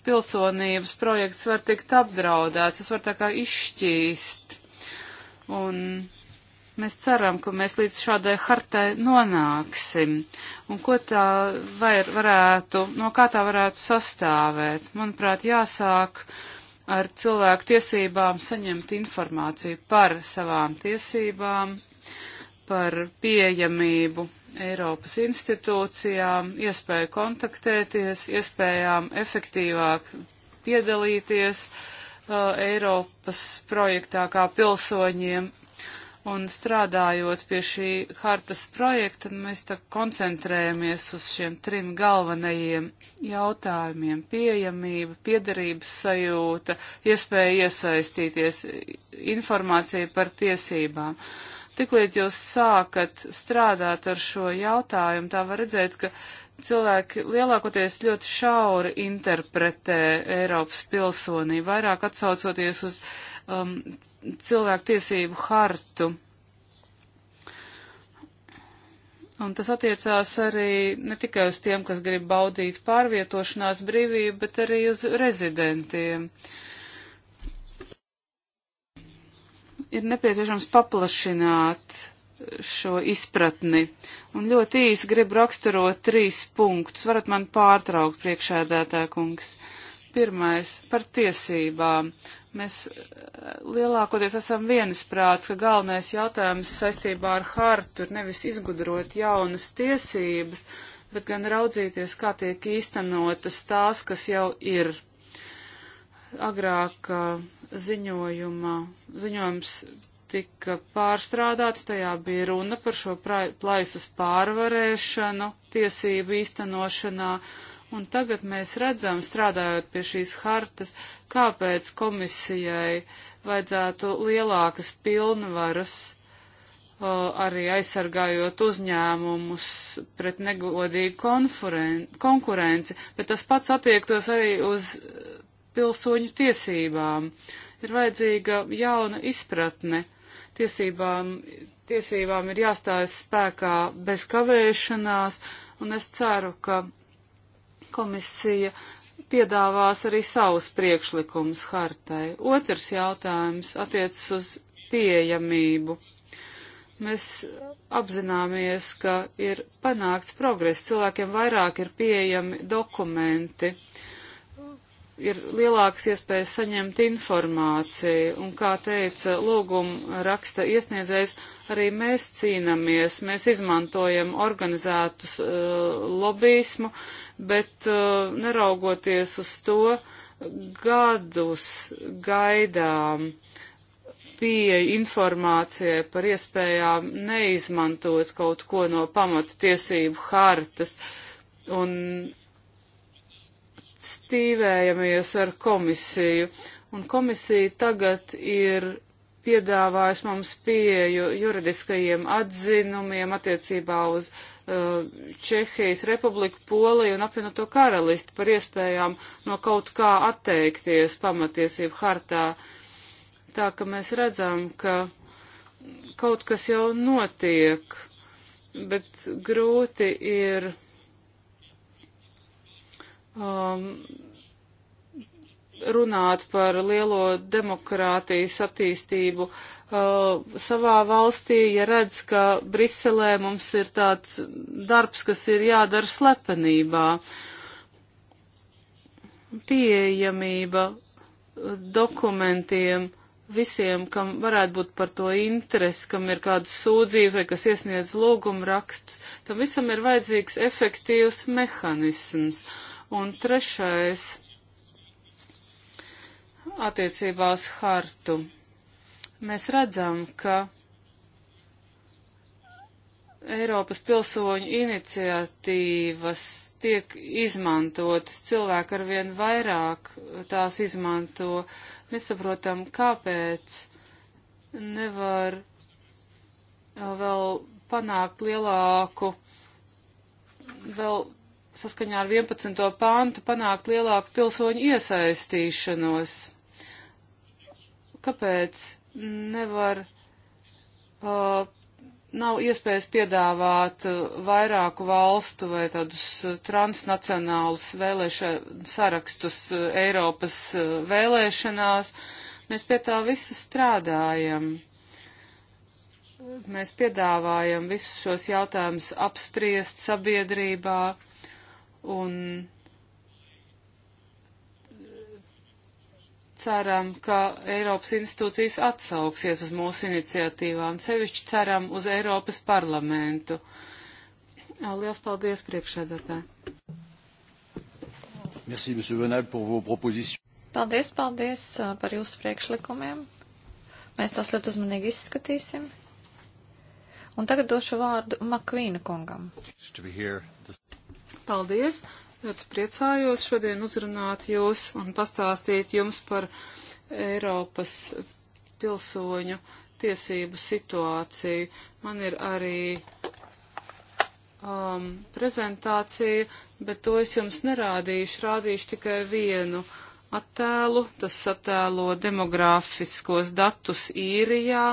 C: pilsonības projekts var tikt apdraudēts, tas var tā kā izšķīst. Un mēs ceram, ka mēs līdz šādai hartai nonāksim. Un ko tā var, varētu, no kā tā varētu sastāvēt? Manuprāt, jāsāk ar cilvēku tiesībām saņemt informāciju par savām tiesībām, par pieejamību Eiropas institūcijām, iespēju kontaktēties, iespējām efektīvāk piedalīties uh, Eiropas projektā kā pilsoņiem. Un strādājot pie šī hartas projekta, mēs tā koncentrējamies uz šiem trim galvenajiem jautājumiem - pieejamība, piederības sajūta, iespēja iesaistīties, informācija par tiesībām. Uh, Tiklīdz jūs sākat strādāt ar šo jautājumu, tā var redzēt, ka cilvēki lielākoties ļoti šauri interpretē Eiropas pilsonību, vairāk atsaucoties uz um, cilvēku tiesību hartu. Un tas attiecās arī ne tikai uz tiem, kas grib baudīt pārvietošanās brīvību, bet arī uz rezidentiem. Uh, ir nepieciešams paplašināt šo izpratni. Un ļoti īsi gribu raksturot trīs punktus. Varat man pārtraukt priekšēdētā kungs. Pirmais - par tiesībām. Mēs eh, lielākoties esam viensprāts, ka galvenais jautājums saistībā ar hartu ir nevis izgudrot jaunas tiesības, bet gan raudzīties, kā tiek īstenotas tās, kas jau ir. Agrāk uh, ziņojumā. Ziņojums tika pārstrādāts, tajā bija runa par šo plaisas pārvarēšanu, tiesību īstenošanā, un tagad mēs redzam, strādājot pie šīs hartas, kāpēc komisijai vajadzētu lielākas pilnvaras, o, arī aizsargājot uzņēmumus pret negodīgu konkurenci, bet tas pats attiektos arī uz pilsoņu tiesībām. Ir vajadzīga jauna izpratne. Tiesībām, tiesībām ir jāstājas spēkā bez kavēšanās, un es ceru, ka komisija piedāvās arī savus priekšlikumus hartai. Otrs jautājums attiecas uz pieejamību. Mēs apzināmies, ka ir panākts progress, cilvēkiem vairāk ir pieejami dokumenti. Uh, ir lielāks iespējas saņemt informāciju. Un, kā teica lūguma raksta iesniedzējs, arī mēs cīnāmies, mēs izmantojam organizētus uh, lobbyismu, bet uh, neraugoties uz to, gadus gaidām pieeja informācijai par iespējām neizmantot kaut ko no pamata tiesību hartas. Un stīvējamies ar komisiju, un komisija tagad ir piedāvājis mums pieju juridiskajiem atzinumiem attiecībā uz uh, Čehijas republiku, Poliju un apvienoto karalisti par iespējām no kaut kā atteikties pamatiesību hartā. Tā ka mēs redzam, ka kaut kas jau notiek, bet grūti ir um, runāt par lielo demokrātijas attīstību uh, savā valstī, ja redz, ka Briselē mums ir tāds darbs, kas ir jādara slepenībā. Pieejamība dokumentiem visiem, kam varētu būt par to interesi, kam ir kādas sūdzības vai kas iesniedz lūgumu rakstus, tam visam ir vajadzīgs efektīvs mehanisms. Uh, Un trešais attiecībā uz hartu. Mēs redzam, ka Eiropas pilsoņu iniciatīvas tiek izmantotas, cilvēki arvien vairāk tās izmanto. Nesaprotam, kāpēc nevar vēl panākt lielāku, vēl saskaņā ar 11. pāntu panākt lielāku pilsoņu iesaistīšanos. Kāpēc nevar, uh, nav iespējas piedāvāt uh, vairāku valstu vai tādus uh, transnacionālus vēlēšanu sarakstus uh, Eiropas vēlēšanās? Mēs pie tā visi strādājam mēs piedāvājam visus šos jautājumus apspriest sabiedrībā, un ceram, ka Eiropas institūcijas atsauksies uz mūsu iniciatīvām, sevišķi ceram uz Eiropas parlamentu. Liels paldies priekšēdētāji! Merci, Monsieur Venal, pour vos propositions.
B: Paldies, paldies par jūsu priekšlikumiem. Mēs tos ļoti uzmanīgi izskatīsim. Un tagad došu vārdu Makvīna kungam. Paldies!
C: Ļoti priecājos šodien uzrunāt jūs un pastāstīt jums par Eiropas pilsoņu tiesību situāciju. Man ir arī um, prezentācija, bet to es jums nerādīšu. Rādīšu tikai vienu attēlu. Tas attēlo demografiskos datus īrijā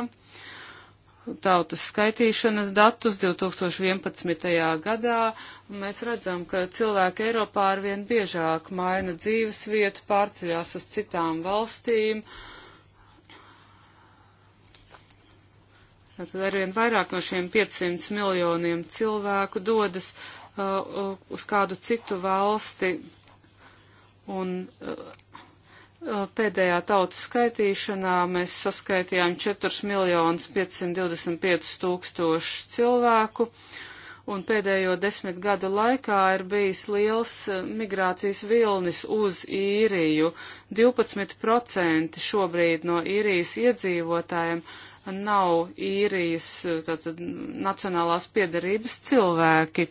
C: tautas skaitīšanas datus 2011. gadā, un mēs redzam, ka cilvēki Eiropā arvien biežāk maina dzīves vietu, pārceļās uz citām valstīm. Tad arvien vairāk no šiem 500 miljoniem cilvēku dodas uh, uh, uz kādu citu valsti. Un, uh, Uh, pēdējā tautas skaitīšanā mēs saskaitījām 4 miljonus 525 tūkstošu cilvēku, un pēdējo desmit gadu laikā ir bijis liels uh, migrācijas vilnis uz īriju. 12% šobrīd no īrijas iedzīvotājiem nav īrijas tātad, nacionālās piedarības cilvēki.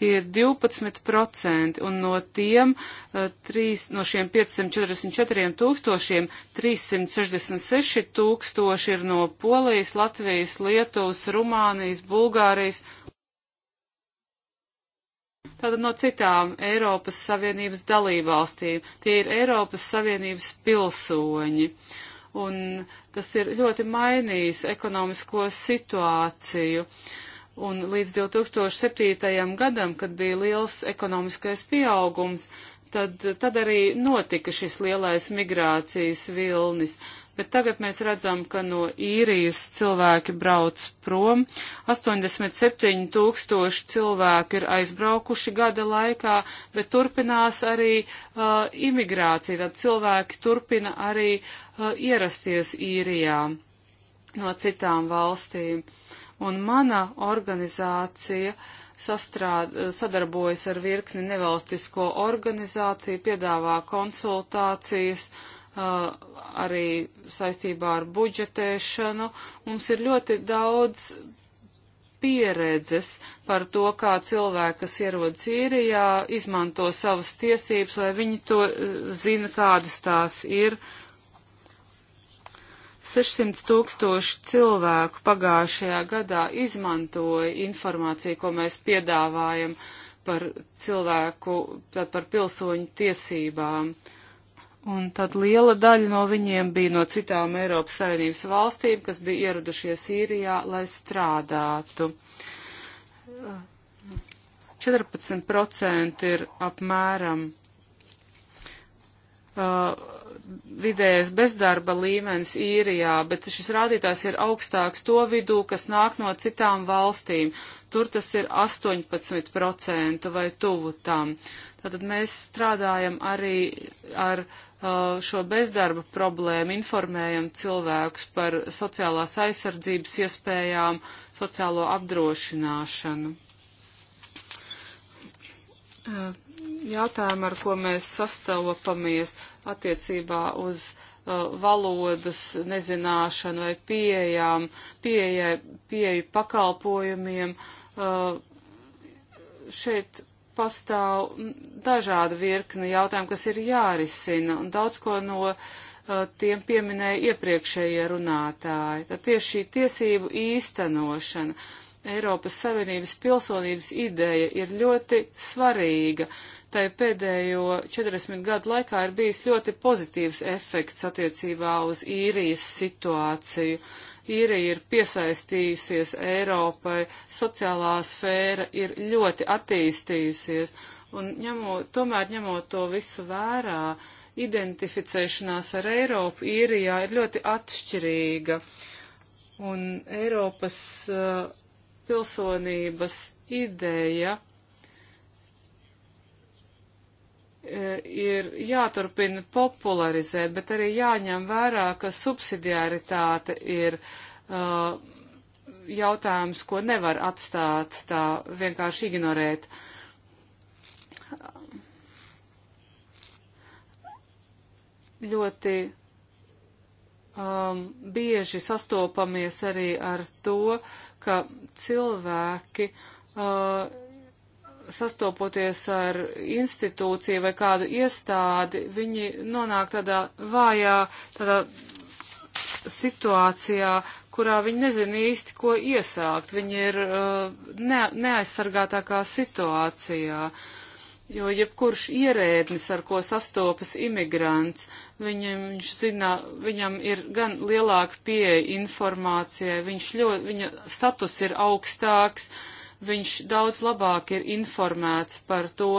C: Tie ir 12%, un no tiem, eh, trīs, no šiem 544 tūkstošiem, 366 tūkstoši ir no Polijas, Latvijas, Lietuvas, Rumānijas, Bulgārijas. Tātad no citām Eiropas Savienības dalībvalstīm. Tie ir Eiropas Savienības pilsoņi. Uh, un tas ir ļoti mainījis ekonomisko situāciju. Un līdz 2007. gadam, kad bija liels ekonomiskais pieaugums, tad, tad arī notika šis lielais migrācijas vilnis bet tagad mēs redzam, ka no īrijas cilvēki brauc prom. 87 tūkstoši cilvēki ir aizbraukuši gada laikā, bet turpinās arī uh, imigrācija, tad cilvēki turpina arī uh, ierasties īrijā no citām valstīm. Un mana organizācija sastrād, uh, sadarbojas ar virkni nevalstisko organizāciju, piedāvā konsultācijas, uh, Uh, arī saistībā ar budžetēšanu. Mums ir ļoti daudz pieredzes par to, kā cilvēki, kas ierod Sīrijā, izmanto savas tiesības, lai viņi to uh, zina, kādas tās ir. 600 tūkstoši cilvēku pagājušajā gadā izmantoja informāciju, ko mēs piedāvājam par cilvēku, tad par pilsoņu tiesībām. Uh, Un tad liela daļa no viņiem bija no citām Eiropas Savienības valstīm, kas bija ieradušies īrijā, lai strādātu. 14% ir apmēram uh, vidējais bezdarba līmenis īrijā, bet šis rādītājs ir augstāks to vidū, kas nāk no citām valstīm. Tur tas ir 18% vai tuvu tam. Uh, Tātad mēs strādājam arī ar uh, šo bezdarba problēmu, informējam cilvēkus par sociālās aizsardzības iespējām, sociālo apdrošināšanu. Uh, Jautājumu, ar ko mēs sastopamies attiecībā uz uh, valodas nezināšanu vai pieejām, pieeja, pieeju pakalpojumiem. Uh, šeit pastāv dažāda virkne jautājumu, kas ir jārisina, un daudz ko no uh, tiem pieminēja iepriekšējie runātāji. Tad tieši šī tiesību īstenošana Eiropas Savienības pilsonības ideja ir ļoti svarīga. Tai pēdējo 40 gadu laikā ir bijis ļoti pozitīvs efekts attiecībā uz īrijas situāciju. Īrija ir piesaistījusies Eiropai, sociālā sfēra ir ļoti attīstījusies, un ņemot, tomēr ņemot to visu vērā, identificēšanās ar Eiropu īrijā ir ļoti atšķirīga. Un Eiropas uh, pilsonības ideja e, ir jāturpina popularizēt, bet arī jāņem vērā, ka subsidiaritāte ir uh, jautājums, ko nevar atstāt tā vienkārši ignorēt. Ļoti um, bieži sastopamies arī ar to, uh, ka cilvēki uh, sastopoties ar institūciju vai kādu iestādi, viņi nonāk tādā vājā, tādā situācijā, kurā viņi nezina īsti, ko iesākt. Viņi ir uh, ne, neaizsargātākā situācijā. Uh, Jo jebkurš ierēdnis, ar ko sastopas imigrants, viņam, viņš zina, viņam ir gan lielāka pieeja informācijai, viņš ļoti, viņa status ir augstāks, viņš daudz labāk ir informēts par to,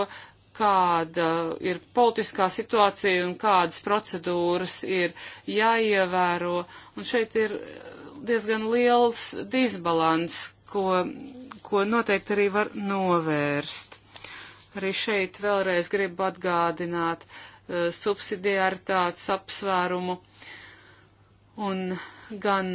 C: kāda ir politiskā situācija un kādas procedūras ir jāievēro. Un šeit ir diezgan liels disbalans, ko, ko noteikti arī var novērst. Arī šeit vēlreiz gribu atgādināt uh, subsidiaritātes apsvērumu. Un gan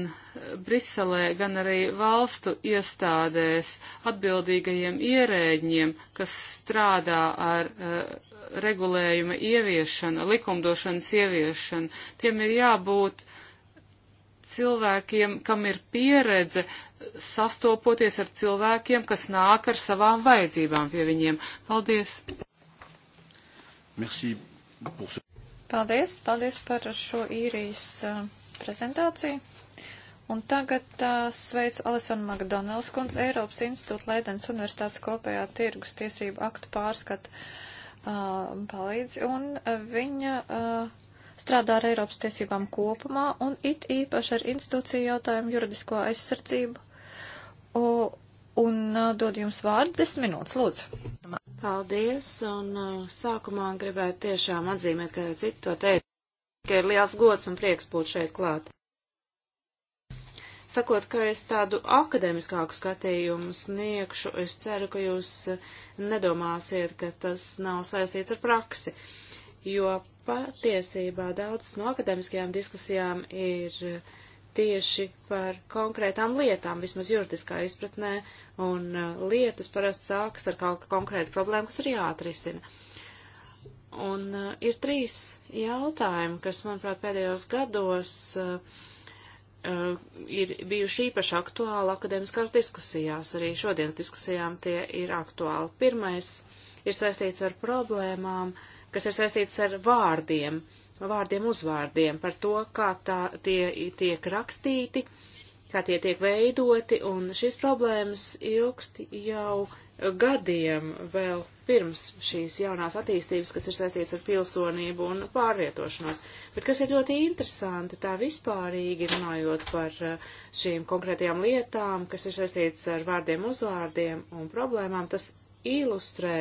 C: Briselē, gan arī valstu iestādēs atbildīgajiem ierēģiem, kas strādā ar uh, regulējuma ieviešana, likumdošanas ieviešana, tiem ir jābūt uh, cilvēkiem, kam ir pieredze sastopoties ar cilvēkiem, kas nāk ar savām vajadzībām pie viņiem. Paldies! Merci.
B: Paldies, paldies par šo īrijas uh, prezentāciju. Un tagad uh, sveicu Alisonu Magdonels kundz Eiropas institūta Leidens universitātes kopējā tirgus tiesību aktu pārskata uh, palīdzi. Un uh, viņa uh, strādā ar Eiropas tiesībām kopumā un it īpaši ar institūciju jautājumu juridisko aizsardzību. O, un uh, dod jums vārdu desmit minūtes, lūdzu.
A: Paldies, un uh, sākumā gribētu tiešām atzīmēt, ka citu to teikt, ka ir liels gods un prieks būt šeit klāt. Sakot, ka es tādu akadēmiskāku skatījumu sniegšu, es ceru, ka jūs nedomāsiet, ka tas nav saistīts ar praksi, jo Patiesībā daudzas no akadēmiskajām diskusijām ir tieši par konkrētām lietām, vismaz juridiskā izpratnē, un uh, lietas parasti sākas ar kaut konkrētu problēmu, kas ir jāatrisina. Un uh, ir trīs jautājumi, kas, manuprāt, pēdējos gados uh, uh, ir bijuši īpaši aktuāli akadēmiskās diskusijās. Arī šodienas diskusijām tie ir aktuāli. Pirmais ir saistīts ar problēmām, uh, kas ir saistīts ar vārdiem, vārdiem uzvārdiem, par to, kā tā, tie tiek rakstīti, kā tie tiek veidoti, un šīs problēmas ilgst jau gadiem vēl pirms šīs jaunās attīstības, kas ir saistīts ar pilsonību un pārvietošanos. Bet kas ir ļoti interesanti, tā vispārīgi runājot par eh, šīm konkrētajām lietām, kas ir saistīts ar vārdiem, uzvārdiem un problēmām, tas ilustrē,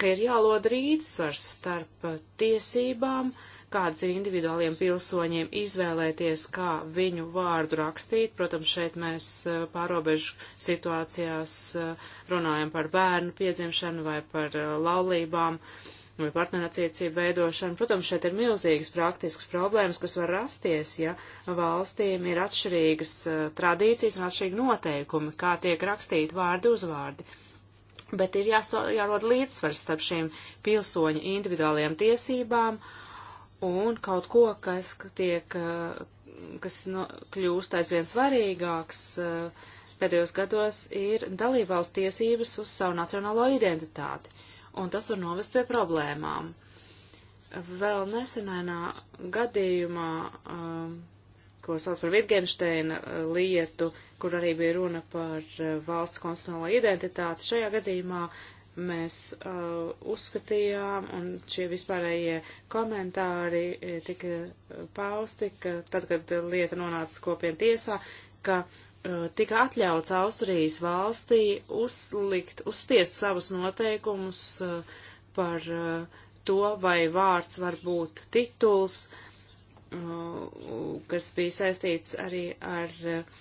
A: ka ir jālod rīdsvars starp tiesībām, kādas ir individuāliem pilsoņiem izvēlēties, kā viņu vārdu rakstīt. Protams, šeit mēs pārobežu situācijās runājam par bērnu piedzimšanu vai par laulībām vai partnerattiecību veidošanu. Protams, šeit ir milzīgas praktiskas problēmas, kas var rasties, ja valstīm ir atšķirīgas tradīcijas un atšķirīgi noteikumi, kā tiek rakstīti vārdi uzvārdi. vārdi bet ir jāso, jārod līdzsvars starp šīm pilsoņu individuālajām tiesībām un kaut ko, kas tiek, eh, kas no, kļūst aizvien svarīgāks eh, pēdējos gados, ir dalībvalsts tiesības uz savu nacionālo identitāti, un tas var novest pie problēmām. Vēl nesenainā gadījumā um, ko sauc par Vitgensteina eh, lietu, kur arī bija runa par eh, valsts konstitucionālo identitāti. Šajā gadījumā mēs uh, uzskatījām, un šie vispārējie komentāri tika pausti, ka tad, kad lieta nonāca kopien tiesā, ka uh, tika atļauts Austrijas valstī uzlikt, uzspiest savus noteikumus uh, par uh, to, vai vārds var būt tituls, uh, Uh, kas bija saistīts arī ar uh,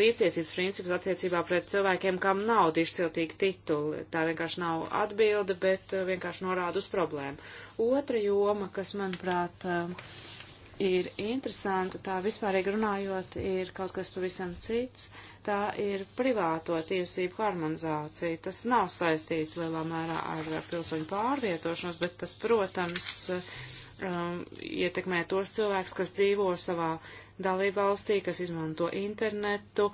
A: līdziesības principus attiecībā pret cilvēkiem, kam nav dišciltīgi tituli. Tā vienkārši nav atbilde, bet uh, vienkārši norāda uz problēmu. Otra joma, kas, manuprāt, ir interesanta, tā vispārīgi runājot, ir kaut kas pavisam cits. Tā ir privāto tiesību harmonizācija. Tas nav saistīts lielā mērā ar pilsoņu pārvietošanos, bet tas, protams, um, ietekmē tos cilvēkus, kas dzīvo savā dalībvalstī, kas izmanto internetu,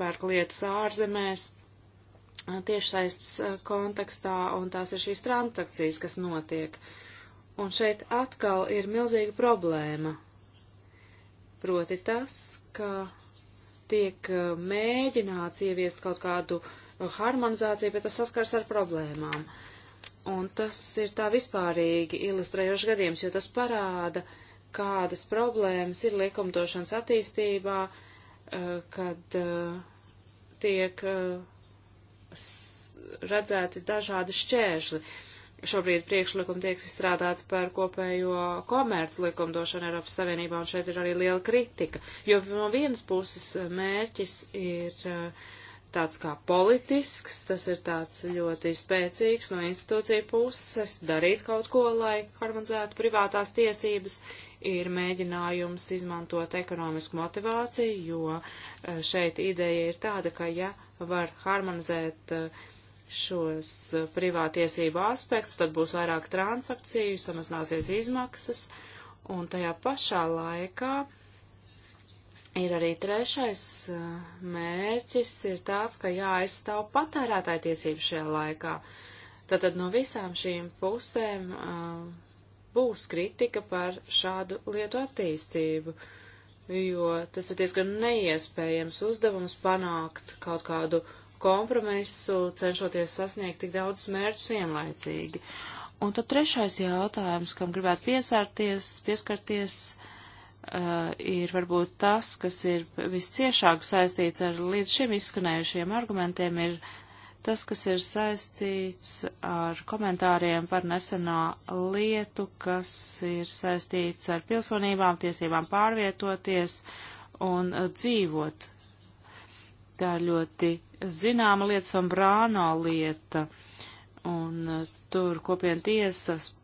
A: pērk lietas ārzemēs uh, tiešsaistes uh, kontekstā, un tās ir šīs transakcijas, kas notiek. Un šeit atkal ir milzīga problēma. Proti tas, ka tiek uh, mēģināts ieviest kaut kādu harmonizāciju, bet tas saskars ar problēmām. Uh, Un tas ir tā vispārīgi ilustrējošs gadījums, jo tas parāda, kādas problēmas ir likumdošanas attīstībā, eh, kad eh, tiek eh, redzēti dažādi šķēršļi. Šobrīd priekšlikumi tiek izstrādāti par kopējo komerci likumdošanu Eiropas Savienībā, un šeit ir arī liela kritika, jo no vienas puses mērķis ir uh, tāds kā politisks, tas ir tāds ļoti spēcīgs no institūcija puses darīt kaut ko, lai harmonizētu privātās tiesības, ir mēģinājums izmantot ekonomisku motivāciju, jo eh, šeit ideja ir tāda, ka ja var harmonizēt eh, šos eh, privātiesību aspektus, tad būs vairāk transakciju, samazināsies izmaksas, un tajā pašā laikā uh, Ir arī trešais mērķis ir tāds, ka jāaizstāv patērētāja tiesības šajā laikā. Tātad no visām šīm pusēm uh, būs kritika par šādu lietu attīstību, jo tas ir diezgan neiespējams uzdevums panākt kaut kādu kompromisu, cenšoties sasniegt tik daudz mērķus vienlaicīgi. Un tad trešais jautājums, kam gribētu piesārties, pieskarties, pieskarties Uh, ir varbūt tas, kas ir visciešāk saistīts ar līdz šim izskanējušiem argumentiem, ir tas, kas ir saistīts ar komentāriem par nesenā lietu, kas ir saistīts ar pilsonībām, tiesībām pārvietoties un uh, dzīvot. Tā ir ļoti zināma lieta, Sombrāno lieta, un uh, tur kopiena tiesas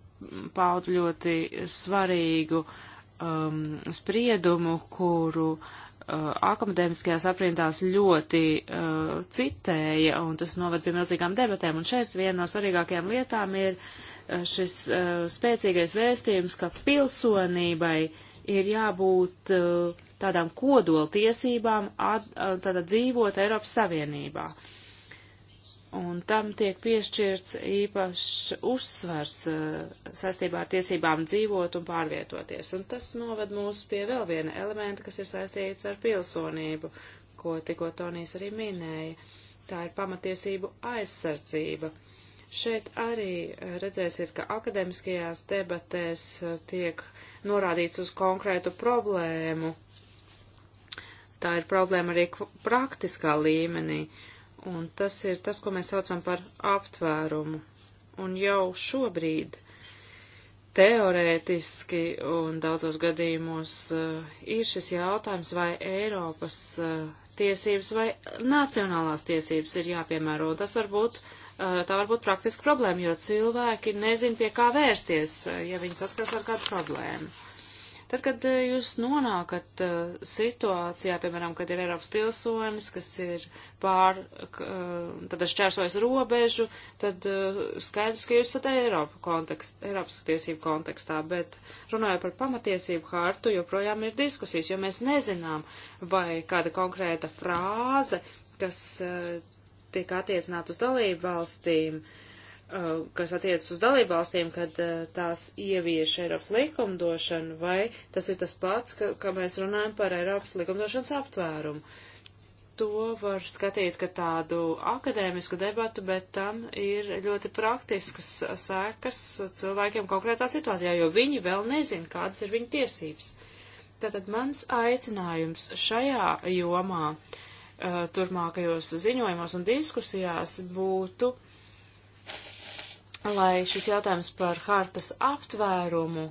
A: pauda ļoti svarīgu uh, um, spriedumu, kuru uh, akadēmiskajās aprindās ļoti uh, citēja, un tas noved pie milzīgām debatēm. Un šeit viena no svarīgākajām lietām ir uh, šis uh, spēcīgais vēstījums, ka pilsonībai ir jābūt uh, tādām kodoltiesībām, uh, tātad dzīvot Eiropas Savienībā. Uh, un tam tiek piešķirts īpašs uzsvars eh, saistībā ar tiesībām dzīvot un pārvietoties. Un tas noved mūs pie vēl viena elementa, kas ir saistīts ar pilsonību, ko tikko Tonijs arī minēja. Tā ir pamatiesību aizsardzība. Šeit arī redzēsiet, ka akademiskajās debatēs eh, tiek norādīts uz konkrētu problēmu. Tā ir problēma arī praktiskā līmenī. Uh, un tas ir tas, ko mēs saucam par aptvērumu. Un jau šobrīd teorētiski un daudzos gadījumos uh, ir šis jautājums, vai Eiropas uh, tiesības vai nacionālās tiesības ir jāpiemēro. Tas var būt, uh, tā var būt praktiska problēma, jo cilvēki nezin, pie kā vērsties, ja viņi saskars ar kādu problēmu. Tad, kad eh, jūs nonākat eh, situācijā, piemēram, kad ir Eiropas pilsonis, kas ir pār, eh, tad šķērsojas robežu, tad skaidrs, ka jūs esat Eiropa kontekst, Eiropas tiesību kontekstā, bet runājot par pamatiesību hārtu, joprojām ir diskusijas, jo mēs nezinām, vai kāda konkrēta frāze, kas tiek attiecināta uz dalību valstīm, uh, Uh, kas attiecas uz dalībvalstīm, kad uh, tās ievieš Eiropas likumdošanu, vai tas ir tas pats, ka, ka mēs runājam par Eiropas likumdošanas aptvērumu. To var skatīt, ka tādu akadēmisku debatu, bet tam ir ļoti praktiskas sēkas cilvēkiem konkrētā situācijā, jo viņi vēl nezin, kādas ir viņu tiesības. Tātad mans aicinājums šajā jomā uh, turpmākajos ziņojumos un diskusijās būtu uh, lai šis jautājums par hartas aptvērumu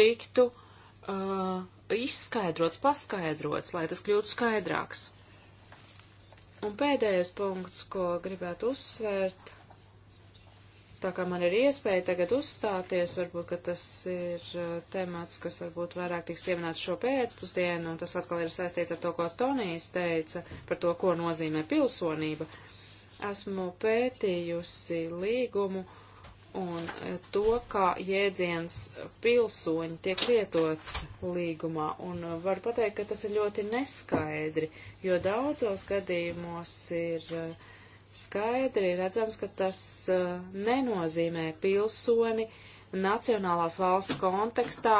A: tiktu uh, izskaidrots, paskaidrots, lai tas kļūtu skaidrāks. Un pēdējais punkts, ko gribētu uzsvērt, tā kā man ir iespēja tagad uzstāties, varbūt, ka tas ir uh, temats, kas varbūt vairāk tiks pieminēts šo pēcpusdienu, un tas atkal ir saistīts ar to, ko Tonijs teica par to, ko nozīmē pilsonība. Esmu pētījusi līgumu uh, un e, to, kā jēdziens pilsoņi tiek lietots līgumā. Un e, var pateikt, ka tas ir ļoti neskaidri, jo daudzos gadījumos ir e, skaidri redzams, ka tas nenozīmē pilsoni nacionālās valsts kontekstā,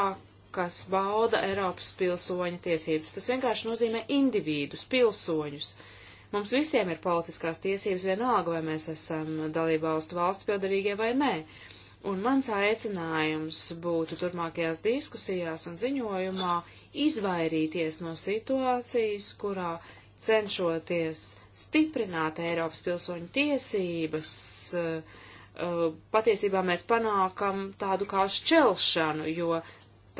A: kas bauda Eiropas pilsoņa tiesības. Tas vienkārši nozīmē individus, pilsoņus. Uh, Mums visiem ir politiskās tiesības vienalga, vai mēs esam dalībvalstu valsts piedarīgie vai nē. Un mans aicinājums būtu turpmākajās diskusijās un ziņojumā izvairīties no situācijas, kurā cenšoties stiprināt Eiropas pilsoņu tiesības, eh, eh, patiesībā mēs panākam tādu kā šķelšanu, jo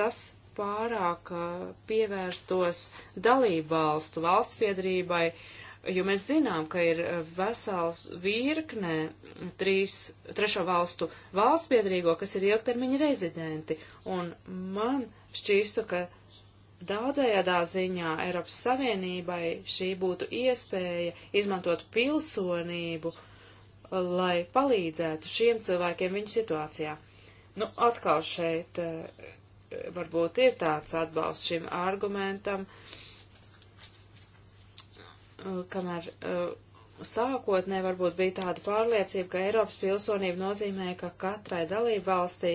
A: tas pārāk eh, pievērstos dalību valstu valsts piedrībai uh, jo mēs zinām, ka ir eh, vesels virknē trīs, trešo valstu valsts piedrīgo, kas ir ilgtermiņa rezidenti. Un man šķīstu, ka daudzējādā ziņā Eiropas Savienībai šī būtu iespēja izmantot pilsonību, lai palīdzētu šiem cilvēkiem viņu situācijā. Nu, atkal šeit eh, varbūt ir tāds atbalsts šim argumentam. Uh, Eh, kamēr eh, sākotnē varbūt bija tāda pārliecība, ka Eiropas pilsonība nozīmē, ka katrai dalību valstī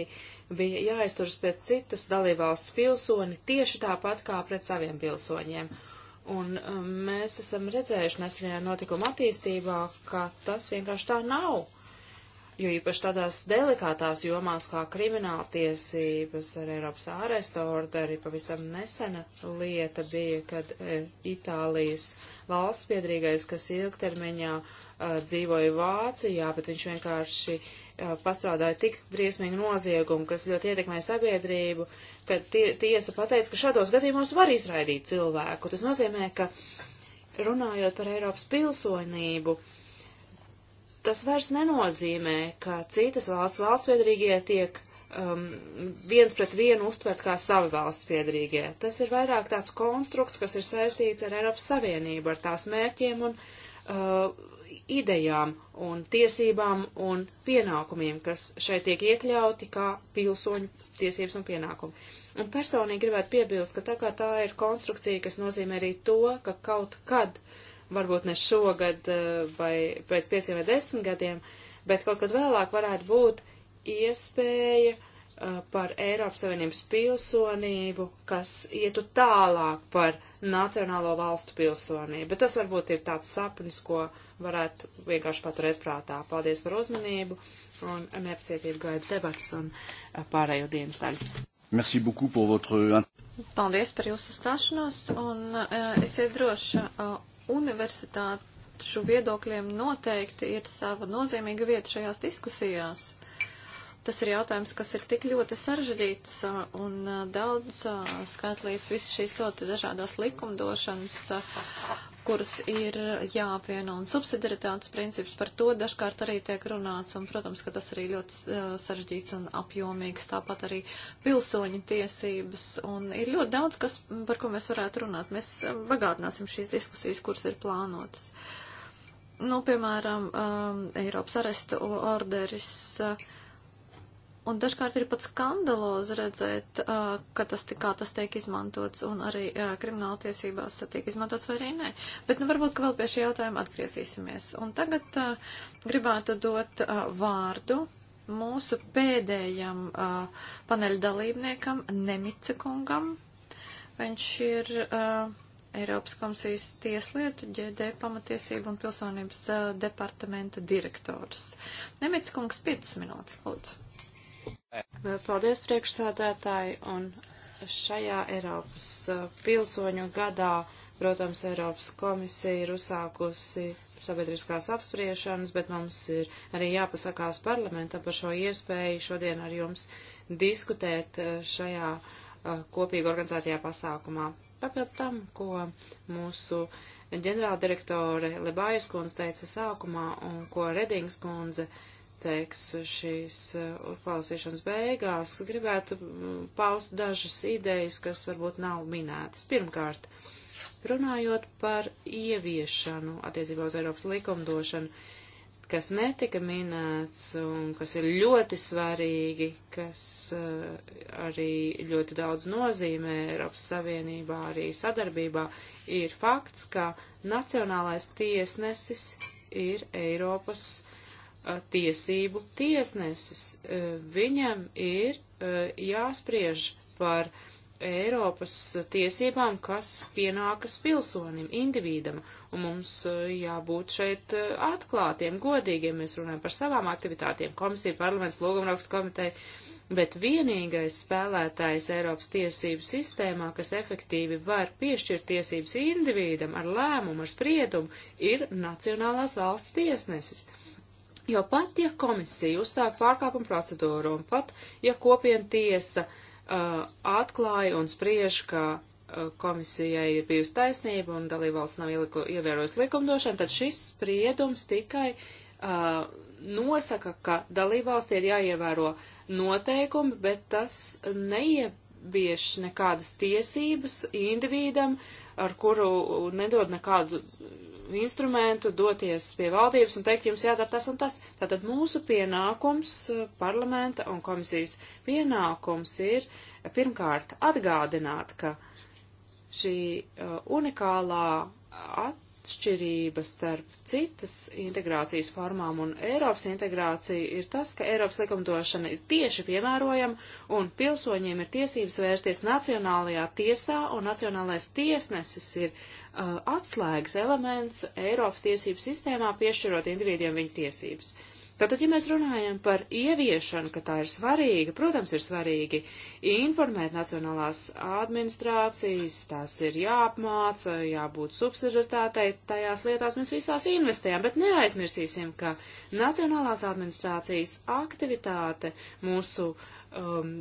A: bija jāizturas pret citas dalību valsts pilsoni tieši tāpat kā pret saviem pilsoņiem. Un eh, mēs esam redzējuši nesenajā notikuma attīstībā, ka tas vienkārši tā nav jo īpaši tādās delikātās jomās kā krimināla tiesības ar Eiropas ārestu orderi, pavisam nesena lieta bija, kad e, Itālijas valsts piedrīgais, kas ilgtermiņā e, dzīvoja Vācijā, bet viņš vienkārši e, pastrādāja tik briesmīgu noziegumu, kas ļoti ietekmē sabiedrību, ka tie, tiesa pateica, ka šādos gadījumos var izraidīt cilvēku. Tas nozīmē, ka runājot par Eiropas pilsonību, uh, tas vairs nenozīmē, ka citas valsts valstsviedrīgie tiek um, viens pret vienu uztvert kā savi valstsviedrīgie. Tas ir vairāk tāds konstrukts, kas ir saistīts ar Eiropas Savienību, ar tās mērķiem un uh, idejām un tiesībām un pienākumiem, kas šeit tiek iekļauti kā pilsoņu tiesības un pienākumi. Un personīgi gribētu piebilst, ka tā kā tā ir konstrukcija, kas nozīmē arī to, ka kaut kad uh, varbūt ne šogad eh, vai pēc pieciem vai desmit gadiem, bet kaut kad vēlāk varētu būt iespēja eh, par Eiropas Savienības pilsonību, kas ietu tālāk par nacionālo valstu pilsonību. Bet tas varbūt ir tāds sapnis, ko varētu vienkārši paturēt prātā. Paldies par uzmanību un nepacietību gaidu debats un eh, pārējo dienas daļu.
B: Merci beaucoup pour votre.
A: Paldies par jūsu stāšanos un uh, esiet
B: droši. Uh, universitāšu viedokļiem noteikti ir sava nozīmīga vieta šajās diskusijās. Tas ir jautājums, kas ir tik ļoti sarežģīts uh, un uh, daudz uh, skaitlīts visas šīs ļoti dažādās likumdošanas kuras ir jāapvieno, un subsidiaritātes princips par to dažkārt arī tiek runāts, un, protams, ka tas arī ļoti uh, sarežģīts un apjomīgs, tāpat arī pilsoņu tiesības, un ir ļoti daudz, kas, par ko mēs varētu runāt. Mēs eh, bagātināsim šīs diskusijas, kuras ir plānotas. Nu, piemēram, um, Eiropas arestu orderis. Uh, Un dažkārt ir pat skandalozi redzēt, uh, ka tas tik kā tas tiek izmantots un arī uh, krimināla tiesībās tiek izmantots vai arī nē. Bet nu varbūt, ka vēl pie šī jautājuma atgriezīsimies. Un tagad uh, gribētu dot uh, vārdu mūsu pēdējam uh, paneļa dalībniekam, Nemica kungam. Viņš ir. Uh, Eiropas komisijas tieslietu ģēdē pamatiesību un pilsonības uh, departamenta direktors.
A: Nemits kungs, 5 minūtes, lūdzu. Lielas paldies priekšsādētāji un šajā Eiropas uh, pilsoņu gadā, protams, Eiropas komisija ir uzsākusi sabiedriskās apspriešanas, bet mums ir arī jāpasakās parlamentam par šo iespēju šodien ar jums diskutēt uh, šajā uh, kopīgi organizētajā pasākumā. Papildus tam, ko mūsu ģenerāldirektore Lebājas kundze teica sākumā un ko Redings kundze uh, izteiks šīs uh, uzklausīšanas beigās, gribētu mm, paust dažas idejas, kas varbūt nav minētas. Pirmkārt, runājot par ieviešanu attiecībā uz Eiropas likumdošanu, kas netika minēts un kas ir ļoti svarīgi, kas uh, arī ļoti daudz nozīmē Eiropas Savienībā, arī sadarbībā, ir fakts, ka Nacionālais tiesnesis ir Eiropas tiesību tiesnesis. E, viņam ir e, jāspriež par Eiropas tiesībām, kas pienākas pilsonim, individam, un mums e, jābūt šeit atklātiem, godīgiem. Mēs runājam par savām aktivitātiem, komisija, parlaments, logumrakstu komiteja, bet vienīgais spēlētājs Eiropas tiesību sistēmā, kas efektīvi var piešķirt tiesības individam ar lēmumu, ar spriedumu, ir Nacionālās valsts tiesnesis. Jo pat, ja komisija uzsāk pārkāpumu procedūru un pat, ja kopiena tiesa uh, atklāja un spriež, ka uh, komisijai ir bijusi taisnība un dalībvalsts nav ieliku, ievērojusi likumdošanu, tad šis spriedums tikai uh, nosaka, ka dalībvalstī ir jāievēro noteikumi, bet tas neievieš nekādas tiesības individam uh, ar kuru nedod nekādu instrumentu doties pie valdības un teikt, jums jādara tas un tas. Tātad mūsu pienākums, eh, parlamenta un komisijas pienākums ir eh, pirmkārt atgādināt, ka šī eh, unikālā at atšķirība starp citas integrācijas formām un Eiropas integrāciju ir tas, ka Eiropas likumdošana ir tieši piemērojama un pilsoņiem ir tiesības vērsties Nacionālajā tiesā un Nacionālais tiesnesis ir uh, atslēgas elements Eiropas tiesību sistēmā, piešķirot individiem viņu tiesības. Uh, Tātad, ja mēs runājam par ieviešanu, ka tā ir svarīga, protams, ir svarīgi informēt nacionālās administrācijas, tās ir jāapmāca, jābūt subsidiaritātei, tajās lietās mēs visās investējam, bet neaizmirsīsim, ka nacionālās administrācijas aktivitāte mūsu um,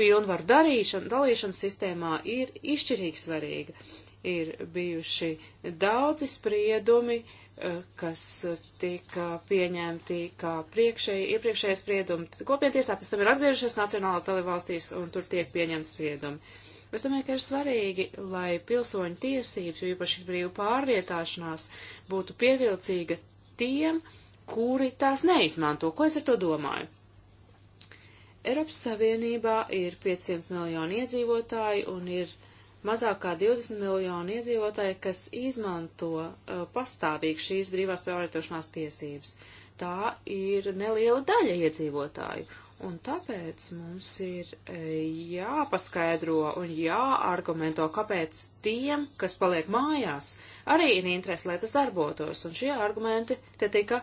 A: pilnvaru darīšana, dalīšanas sistēmā ir izšķirīgi svarīga. Ir bijuši daudzi spriedumi, uh, kas tika pieņemti kā priekšēji, iepriekšējie spriedumi. Kopietiesā pēc tam ir atgriežušies nacionālās dalībvalstīs un tur tiek pieņemti spriedumi. Es domāju, ka ir svarīgi, lai pilsoņu tiesības, jo īpaši brīvu pārvietāšanās, būtu pievilcīga tiem, kuri tās neizmanto. Ko es ar to domāju? Eiropas Savienībā ir 500 miljoni iedzīvotāji un ir mazāk kā 20 miljoni iedzīvotāji, kas izmanto uh, pastāvīgi šīs brīvās pārvietošanās tiesības. Tā ir neliela daļa iedzīvotāju, un tāpēc mums ir uh, jāpaskaidro un jāargumento, kāpēc tiem, kas paliek mājās, arī ir interesi, lai tas darbotos, un šie argumenti te tika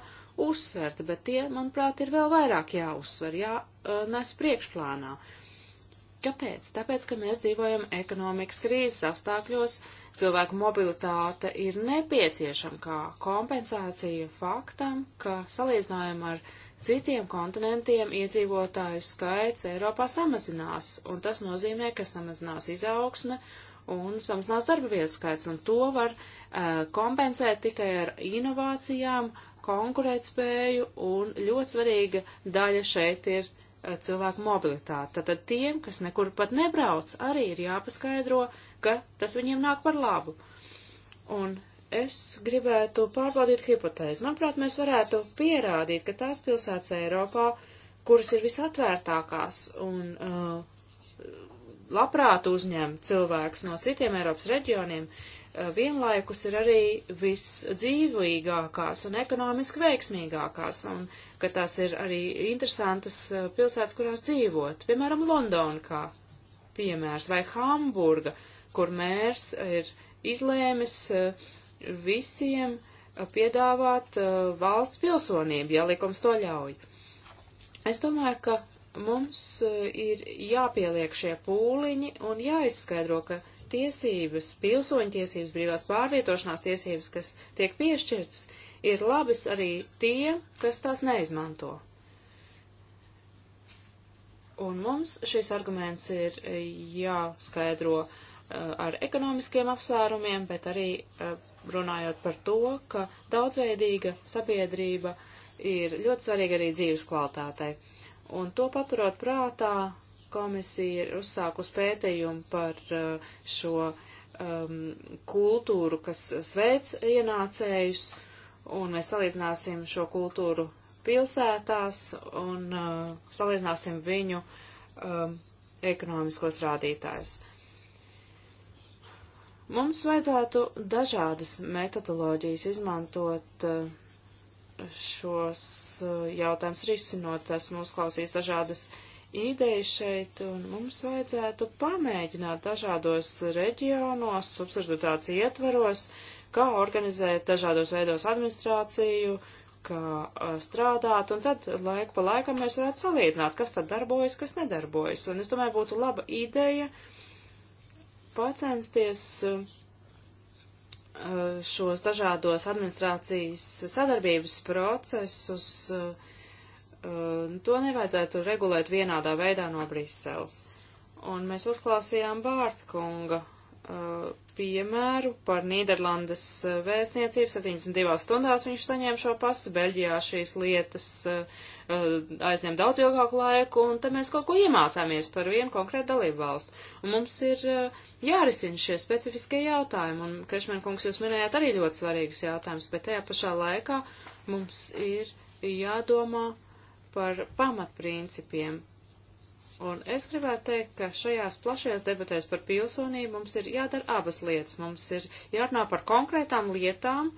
A: uzsverti, bet tie, manuprāt, ir vēl vairāk jāuzsver, jānes uh, priekšplānā. Uh, Kāpēc? Tāpēc, ka mēs dzīvojam ekonomikas krīzes apstākļos, cilvēku mobilitāte ir nepieciešama kā kompensācija faktam, ka salīdzinājumā ar citiem kontinentiem iedzīvotāju skaits Eiropā samazinās, un tas nozīmē, ka samazinās izaugsme un samazinās darba vietu skaits, un to var uh, kompensēt tikai ar inovācijām, konkurētspēju, un ļoti svarīga daļa šeit ir cilvēku mobilitāti. Tātad tiem, kas nekur pat nebrauc, arī ir jāpaskaidro, ka tas viņiem nāk par labu. Un es gribētu pārbaudīt hipotēzi. Manuprāt, mēs varētu pierādīt, ka tās pilsētas Eiropā, kuras ir visatvērtākās un uh, labprāt uzņem cilvēkus no citiem Eiropas reģioniem, uh, vienlaikus ir arī visdzīvīgākās un ekonomiski veiksmīgākās. Un uh, ka tās ir arī interesantas eh, pilsētas, kurās dzīvot. Piemēram, Londona kā piemērs vai Hamburga, kur mērs ir izlēmis eh, visiem eh, piedāvāt valsts pilsonību, ja likums to ļauj. Es domāju, ka mums ir jāpieliek šie pūliņi un jāizskaidro, ka tiesības, pilsoņu tiesības, brīvās pārvietošanās tiesības, kas tiek piešķirtas, uh, ir labas arī tiem, kas tās neizmanto. Un mums šis arguments ir eh, jāskaidro uh, ar ekonomiskiem apsvērumiem, bet arī uh, runājot par to, ka daudzveidīga sabiedrība ir ļoti svarīga arī dzīves kvalitātei. Un to paturot prātā, komisija ir uzsākus pētījumu par uh, šo um, kultūru, kas sveic ienācējus, un mēs salīdzināsim šo kultūru pilsētās un uh, salīdzināsim viņu um, ekonomiskos rādītājus. Mums vajadzētu dažādas metodoloģijas izmantot uh, šos uh, jautājumus risinot. Esmu uzklausījis dažādas idejas šeit, un mums vajadzētu pamēģināt dažādos reģionos, subsidiotāts ietvaros, uh, kā organizēt dažādos veidos administrāciju, kā strādāt, un tad laiku pa laikam mēs varētu salīdzināt, kas tad darbojas, kas nedarbojas. Un es domāju, būtu laba ideja pacensties šos dažādos administrācijas sadarbības procesus, to nevajadzētu regulēt vienādā veidā no Briseles. Un mēs uzklausījām Bārta kunga Uh, piemēru par Nīderlandes uh, vēstniecību. 72 stundās viņš saņēma šo pasu. Beļģijā šīs lietas uh, aizņem daudz ilgāku laiku, un tad mēs kaut ko iemācāmies par vienu konkrētu dalību valstu. Un mums ir jārisina šie specifiskie jautājumi, un Krešmen kungs jūs minējāt arī ļoti svarīgus jautājumus, bet tajā pašā laikā mums ir jādomā par pamatprincipiem, Un es gribētu teikt, ka šajās plašajās debatēs par pilsonību mums ir jādara abas lietas. Mums ir jārunā par konkrētām lietām,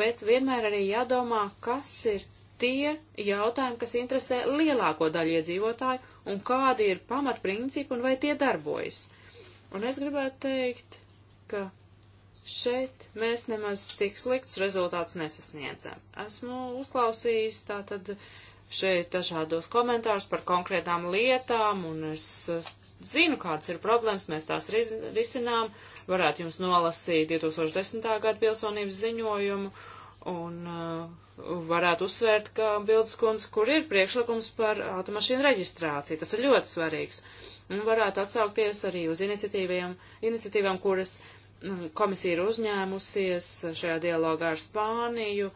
A: bet vienmēr arī jādomā, kas ir tie jautājumi, kas interesē lielāko daļu iedzīvotāju un kādi ir pamatprincipi un vai tie darbojas. Un es gribētu teikt, ka šeit mēs nemaz tik sliktus rezultātus nesasniedzam. Esmu uzklausījis tātad šeit dažādos komentārus par konkrētām lietām, un es eh, zinu, kādas ir problēmas, mēs tās risinām. Varētu jums nolasīt 2010. gada pilsonības ziņojumu, un uh, varētu uzsvērt, ka Bildes kundze, kur ir priekšlikums par automašīnu reģistrāciju, tas ir ļoti svarīgs. Un varētu atsaukties arī uz iniciatīviem, iniciatīvām, kuras mm, komisija ir uzņēmusies šajā dialogā ar Spāniju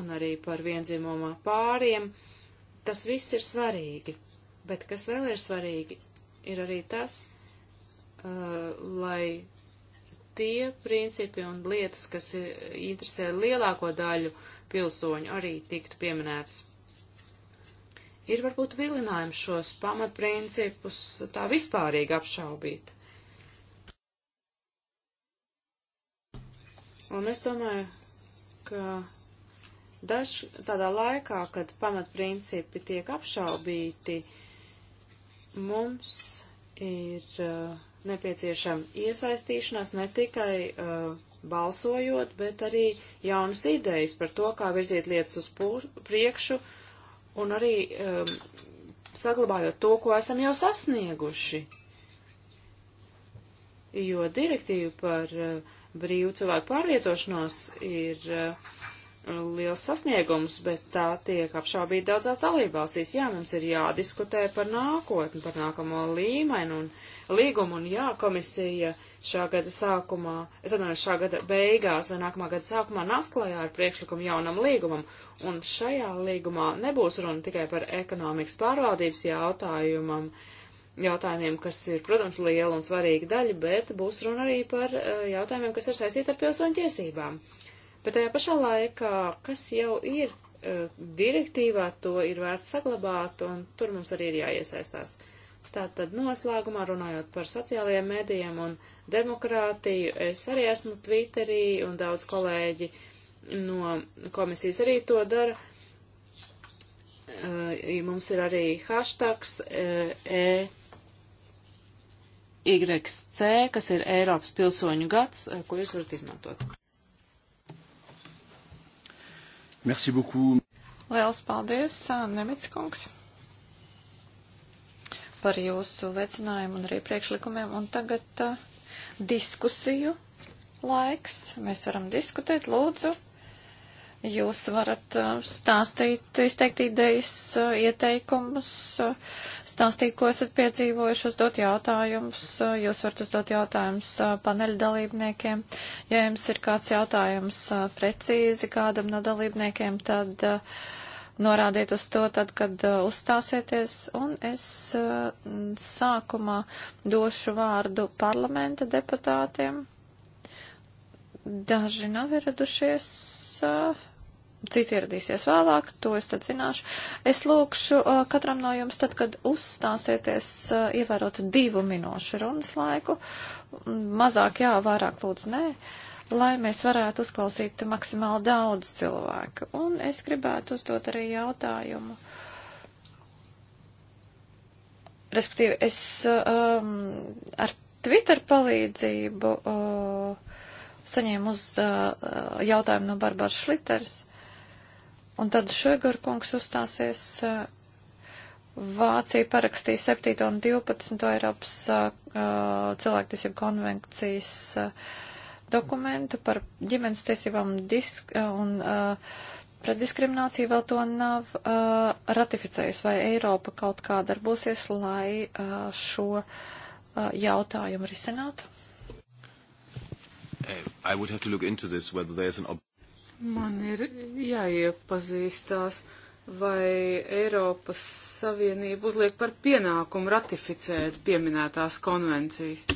A: un arī par vienzimumā pāriem. Uh, Tas viss ir svarīgi, bet kas vēl ir svarīgi, ir arī tas, uh, lai tie principi un lietas, kas interesē lielāko daļu pilsoņu, arī tiktu pieminētas. Ir varbūt vilinājums šos pamatprincipus tā vispārīgi apšaubīt. Un es domāju, ka Daž tādā laikā, kad pamatprincipi tiek apšaubīti, mums ir uh, nepieciešama iesaistīšanās ne tikai uh, balsojot, bet arī jaunas idejas par to, kā virzīt lietas uz pūr, priekšu un arī um, saglabājot to, ko esam jau sasnieguši. Jo direktīva par uh, brīvu cilvēku pārvietošanos ir uh, liels sasniegums, bet tā tiek apšaubīta daudzās dalībvalstīs. Jā, mums ir jādiskutē par nākotni, par nākamo līmeni un līgumu, un jā, komisija šā gada sākumā, es atvainojos, šā gada beigās vai nākamā gada sākumā nāks klajā ar priekšlikumu jaunam līgumam, un šajā līgumā nebūs runa tikai par ekonomikas pārvaldības jautājumam, jautājumiem, kas ir, protams, liela un svarīga daļa, bet būs runa arī par eh, jautājumiem, kas ir saistīti ar pilsoņu tiesībām. Uh, Bet tajā pašā laikā, kas jau ir uh, direktīvā, to ir vērts saglabāt, un tur mums arī ir jāiesaistās. Tātad noslēgumā runājot par sociālajiem medijiem un demokrātiju, es arī esmu Twitterī un daudz kolēģi no komisijas arī to dara. Uh, mums ir arī hashtags uh, e. e YC, kas ir Eiropas pilsoņu gads, ko jūs varat izmantot.
B: Merci beaucoup. Liels paldies, Nemits kungs, par jūsu liecinājumu un arī priekšlikumiem. Un tagad uh, diskusiju laiks. Mēs varam diskutēt. Lūdzu, Jūs varat uh, stāstīt, izteikt idejas, uh, ieteikumus, uh, stāstīt, ko esat piedzīvojuši, uzdot jautājumus. Jūs varat uzdot jautājumus paneļa dalībniekiem. Ja jums ir kāds jautājums precīzi kādam no dalībniekiem, tad norādiet uz to tad, kad uzstāsieties. Un es sākumā došu vārdu parlamenta deputātiem. Daži nav ieradušies. Uh, citi ieradīsies vēlāk, to es tad zināšu. Es lūkšu uh, katram no jums, tad, kad uzstāsieties, uh, ievērot divu minūšu runas laiku, mm, mazāk jā, vairāk lūdzu nē, lai mēs varētu uzklausīt maksimāli daudz cilvēku. Un es gribētu uzdot arī jautājumu. Respektīvi, es uh, um, ar Twitter palīdzību uh, saņēmu uz uh, jautājumu no Barbaras Šliters. Uh, Un tad Šoigur kungs uzstāsies. Eh, Vācija parakstīja 7. un 12. Eiropas uh, cilvēktiesību konvencijas uh, dokumentu par ģimenes tiesībām disk, un uh, pret diskrimināciju vēl to nav uh, ratificējusi. Vai Eiropa kaut kā darbosies, lai uh, šo uh,
C: jautājumu risinātu?
B: I would have to look into this, whether there's an
C: Man ir jāiepazīstās, vai Eiropas Savienība uzliek par pienākumu ratificēt pieminētās konvencijas.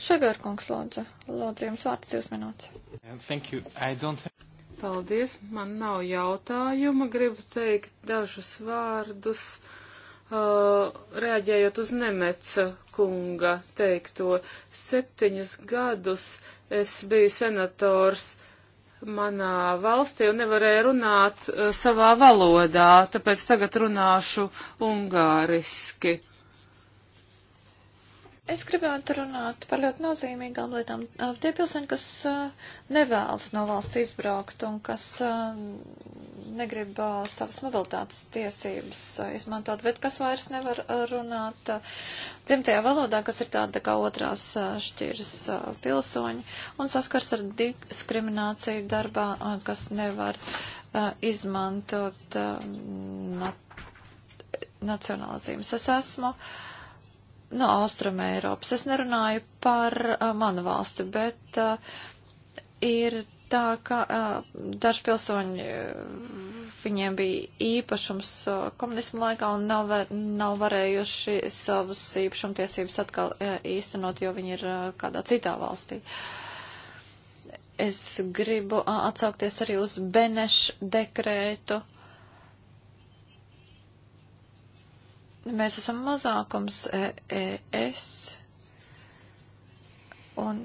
C: Šagar kungs lūdzu, lūdzu jums vārds divas minūtes.
B: Have...
C: Paldies, man nav jautājuma, gribu teikt dažus vārdus. Uh, reaģējot uz Nemeca kunga teikto, septiņus gadus es biju senators uh, manā valstī un nevarēju runāt eh, savā valodā, tāpēc tagad runāšu ungāriski.
B: Es gribētu runāt par ļoti nozīmīgām lietām. Tie pilsoņi, kas nevēlas no valsts izbraukt un kas negrib savas mobilitātes tiesības izmantot, bet kas vairs nevar runāt dzimtajā valodā, kas ir tāda kā otrās šķiras pilsoņi un saskars ar diskrimināciju darbā, kas nevar izmantot nacionālas zīmes. Es esmu. Uh, no nu, Austruma Eiropas. Es nerunāju par uh, manu valsti, bet uh, ir tā, ka uh, daži pilsoņi, uh, viņiem bija īpašums uh, komunismu laikā un nav, var, nav varējuši savas īpašumtiesības atkal uh, īstenot, jo viņi ir uh, kādā citā valstī. Es gribu uh, atsaukties arī uz Beneša dekrētu Mēs esam mazākums ES, e un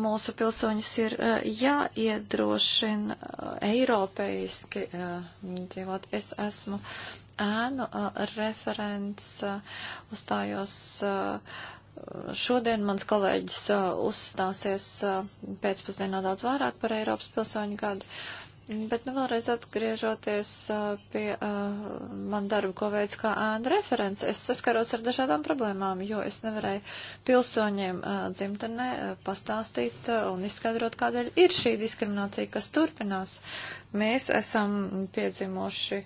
B: mūsu pilsoņus ir e, jāiedrošina e, eiropeiski dzīvot. Es esmu ēnu referents, uzstājos šodien mans kolēģis uzstāsies pēcpusdienā daudz vairāk par Eiropas pilsoņu gadu. Bet, nu, vēlreiz atgriežoties pie uh, man darbu, ko veids kā ēnu referents, es saskaros ar dažādām problēmām, jo es nevarēju pilsoņiem uh, dzimtenē uh, pastāstīt uh, un izskaidrot, kādēļ ir šī diskriminācija, kas turpinās. Mēs esam piedzimuši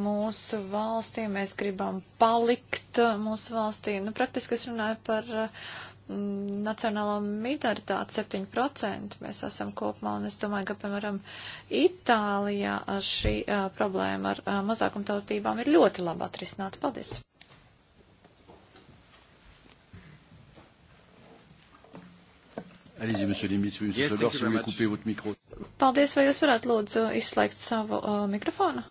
B: mūsu valstī, mēs gribam palikt mūsu valstī. Nu, praktiski es runāju par. Uh, nacionālo minoritāti 7% mēs esam kopumā, un es domāju, ka, piemēram, Itālijā šī uh, problēma ar uh, mazākumtautībām ir ļoti labi atrisināta. Paldies! Allez-y, monsieur Limitz, oui, yes, d'abord, si vous voulez couper votre micro. Paldies, vai jūs varētu lūdzu izslēgt savu uh,
C: mikrofonu?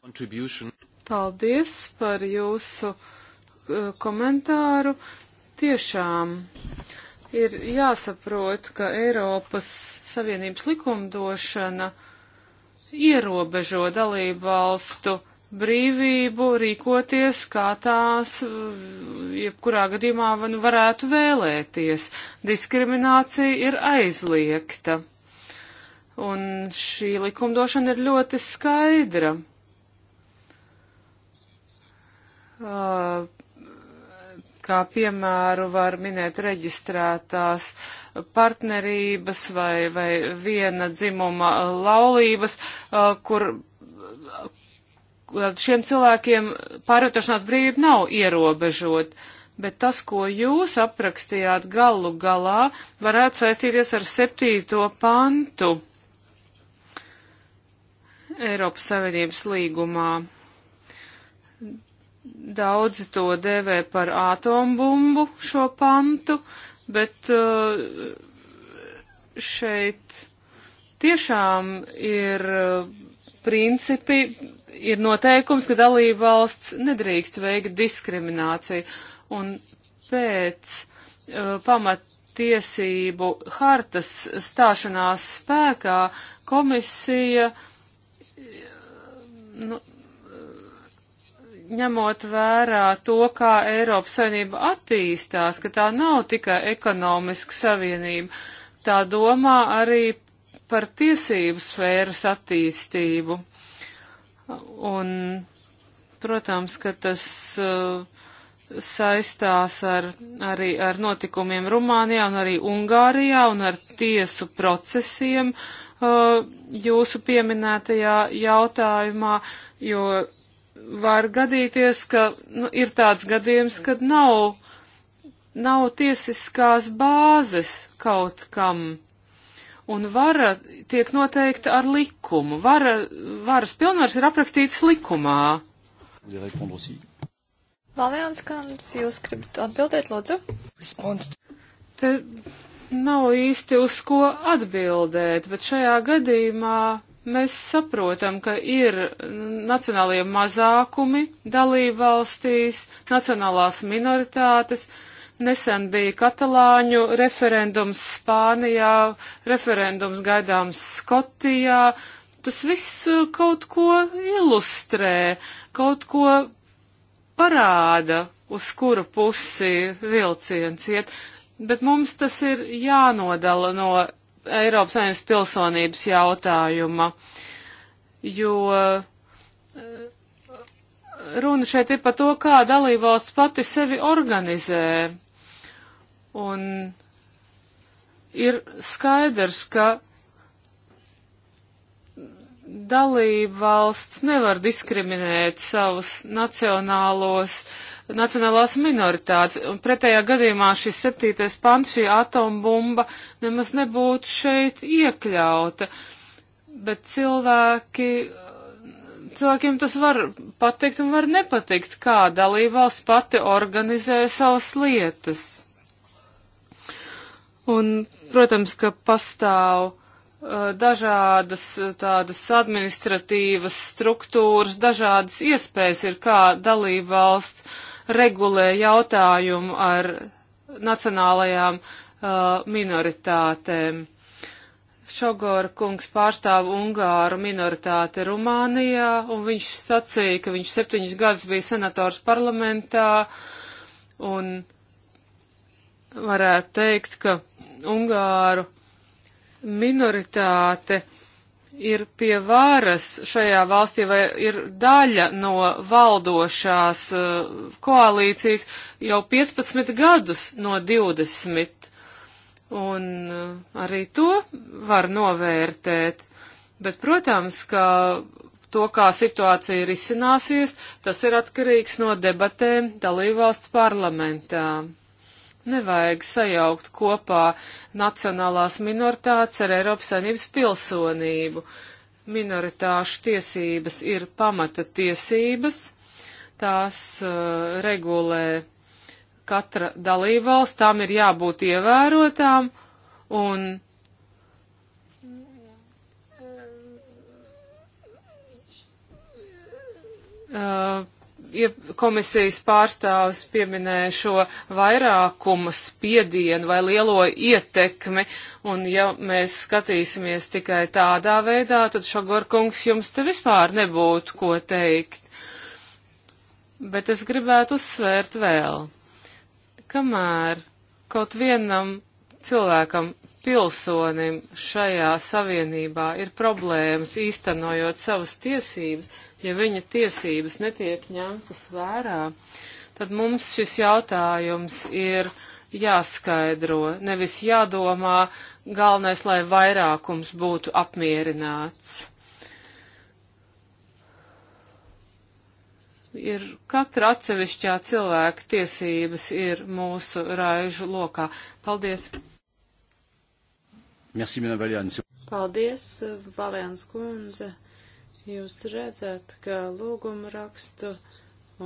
C: Paldies par jūsu uh, komentāru. Tiešām. Uh, ir jāsaprot, ka Eiropas Savienības likumdošana ierobežo dalību valstu brīvību rīkoties, kā tās jebkurā gadījumā nu, varētu vēlēties. Diskriminācija ir aizliegta. Un šī likumdošana ir ļoti skaidra. Uh, Kā piemēru var minēt reģistrētās partnerības vai, vai viena dzimuma laulības, kur šiem cilvēkiem pārvietošanās brīvība nav ierobežot. Bet tas, ko jūs aprakstījāt galu galā, varētu saistīties ar septīto pantu Eiropas Savienības līgumā. Daudzi to dēvē par atombumbu šo pantu, bet uh, šeit tiešām ir uh, principi, ir noteikums, ka dalība valsts nedrīkst veikt diskrimināciju. Un pēc uh, pamat tiesību hartas stāšanās spēkā komisija nu, ņemot vērā to, kā Eiropas Savienība attīstās, ka tā nav tikai ekonomiska savienība, tā domā arī par tiesību sfēras attīstību. Un, protams, ka tas uh, saistās ar, arī ar notikumiem Rumānijā un arī Ungārijā un ar tiesu procesiem uh, jūsu pieminētajā jautājumā, jo var gadīties, ka nu, ir tāds gadījums, kad nav, nav tiesiskās bāzes kaut kam. Un vara tiek noteikta ar likumu. Vara, varas pilnvars ir aprakstīts likumā.
B: Valēns Kants, jūs gribat atbildēt, lūdzu?
C: Respondent. Te nav īsti uz ko atbildēt, bet šajā gadījumā Mēs saprotam, ka ir nacionālie mazākumi dalībvalstīs, nacionālās minoritātes. Nesen bija katalāņu referendums Spānijā, referendums gaidāms Skotijā. Tas viss kaut ko ilustrē, kaut ko parāda, uz kuru pusi vilciens iet, bet mums tas ir jānodala no Eiropas Savienības pilsonības jautājuma, jo eh, runa šeit ir par to, kā dalībvalsts pati sevi organizē. Un ir skaidrs, ka dalība valsts nevar diskriminēt savus nacionālos, nacionālās minoritātes, un pretējā gadījumā šis septītais pants, šī atombumba nemaz nebūtu šeit iekļauta. Bet cilvēki, cilvēkiem tas var patikt un var nepatikt, kā dalība valsts pati organizē savas lietas. Un, protams, ka pastāv Eh, dažādas eh, tādas administratīvas struktūras, dažādas iespējas ir, kā dalībvalsts regulē jautājumu ar nacionālajām uh, minoritātēm. Šogora kungs pārstāv Ungāru minoritāti Rumānijā, un viņš sacīja, ka viņš septiņus gadus bija senators parlamentā, un varētu teikt, ka Ungāru minoritāte ir pie varas šajā valstī vai ir daļa no valdošās uh, koalīcijas jau 15 gadus no 20. Un uh, arī to var novērtēt. Bet, protams, ka to, kā situācija ir izcināsies, tas ir atkarīgs no debatēm dalībvalsts parlamentā. Nevajag sajaukt kopā nacionālās minoritātes ar Eiropas saimnības pilsonību. Minoritāšu tiesības ir pamata tiesības, tās uh, regulē katra dalībvalsts, tām ir jābūt ievērotām un uh, komisijas pārstāvis pieminēja šo vairākuma spiedienu vai lielo ietekmi, un ja mēs skatīsimies tikai tādā veidā, tad Šogorkungs jums te vispār nebūtu ko teikt. Bet es gribētu uzsvērt vēl, kamēr kaut vienam cilvēkam pilsonim šajā savienībā ir problēmas īstenojot savas tiesības, ja viņa tiesības netiek ņemtas vērā, tad mums šis jautājums ir jāskaidro, nevis jādomā, galvenais, lai vairākums būtu apmierināts. Ir katra atsevišķā cilvēka tiesības ir mūsu raižu lokā. Paldies!
B: Merci, Madame Valjāns.
A: Paldies, Valjāns kundze. Jūs redzat, ka lūguma rakstu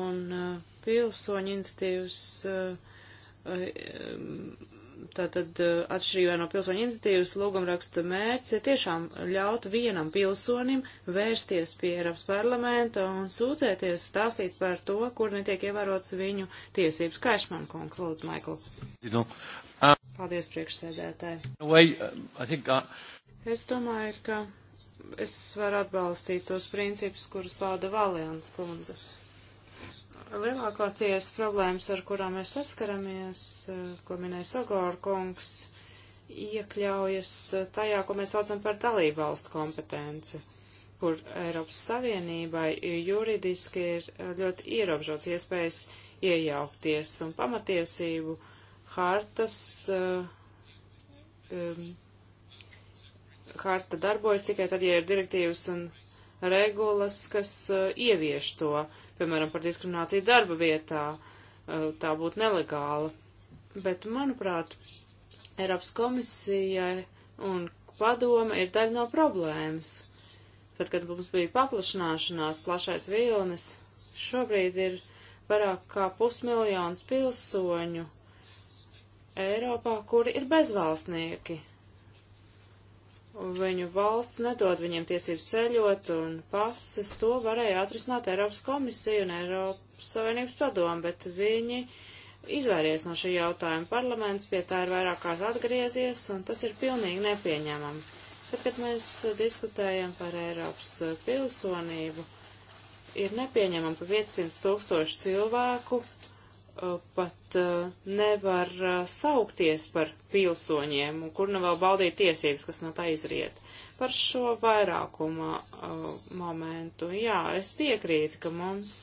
A: un uh, pilsoņu institīvas, uh, uh, um, tātad atšķirībā no pilsoņu institīvas, lūguma raksta mērķis ir tiešām ļaut vienam pilsonim vērsties pie Eiropas parlamenta un sūdzēties, stāstīt par to, kur netiek ievērots viņu tiesības. Kaišman kungs, lūdzu, Maikls. Paldies, priekšsēdētāji.
C: Way, uh, think, uh...
A: Es domāju, ka es varu atbalstīt tos principus, kurus pauda Valians kundze. Lielākoties problēmas, ar kurām mēs saskaramies, uh, ko minēja Sagor kungs, iekļaujas uh, tajā, ko mēs saucam par dalību valstu kompetenci, kur Eiropas Savienībai juridiski ir uh, ļoti ierobežots iespējas iejaukties un pamatiesību uh, hartas. Um, harta darbojas tikai tad, ja ir direktīvas un regulas, kas uh, ievieš to, piemēram, par diskrimināciju darba vietā. Uh, tā būtu nelegāla. Bet, manuprāt, Eiropas komisijai un padome ir daļa no problēmas. Tad, kad mums bija paplašanāšanās plašais vilnis, šobrīd ir vairāk kā pusmiljons pilsoņu, Eiropā, kuri ir bezvalstnieki. Viņu valsts nedod viņiem tiesības ceļot un pases, to varēja atrisināt Eiropas komisija un Eiropas Savienības padomu, bet viņi izvairies no šī jautājuma. Parlaments pie tā ir vairāk kārt atgriezies, un tas ir pilnīgi nepieņemami. Tad, kad mēs diskutējam par Eiropas pilsonību, ir nepieņemami, ka 500 tūkstoši cilvēku pat nevar saukties par pilsoņiem un kur nu vēl baudīt tiesības, kas no tā izriet. Par šo vairākuma momentu, jā, es piekrītu, ka mums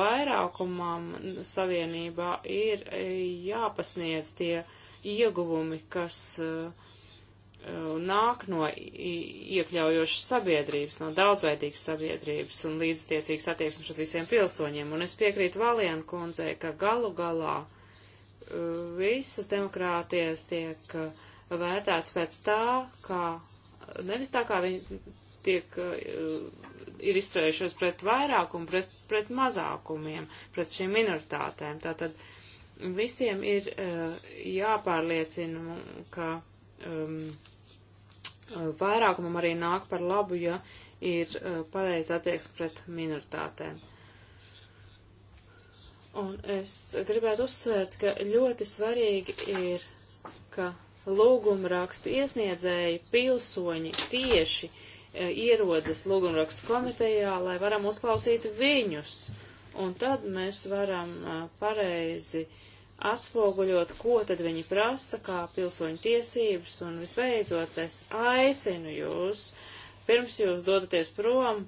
A: vairākumam savienībā ir jāpasniedz tie ieguvumi, kas uh, Uh, nāk no iekļaujošas sabiedrības, no daudzveidīgas sabiedrības un līdztiesīgas attieksmes pret visiem pilsoņiem. Un es piekrītu Valienu kundzei, ka galu galā uh, visas demokrātijas tiek uh, vērtēts pēc tā, kā nevis tā, kā viņi tiek, ir izturējušies pret vairākumu, pret, pret mazākumiem, pret šīm minoritātēm. Tātad visiem ir jāpārliecina, ka um, vairākumam arī nāk par labu, ja ir uh, pareizi attieksme pret minoritātēm. Un es gribētu uzsvērt, ka ļoti svarīgi ir, ka lūgumrakstu iesniedzēji pilsoņi tieši e, ierodas lūgumrakstu komitejā, lai varam uzklausīt viņus. Un tad mēs varam e, pareizi uh, atspoguļot, ko tad viņi prasa, kā pilsoņu tiesības, un visbeidzot es aicinu jūs, pirms jūs dodaties prom,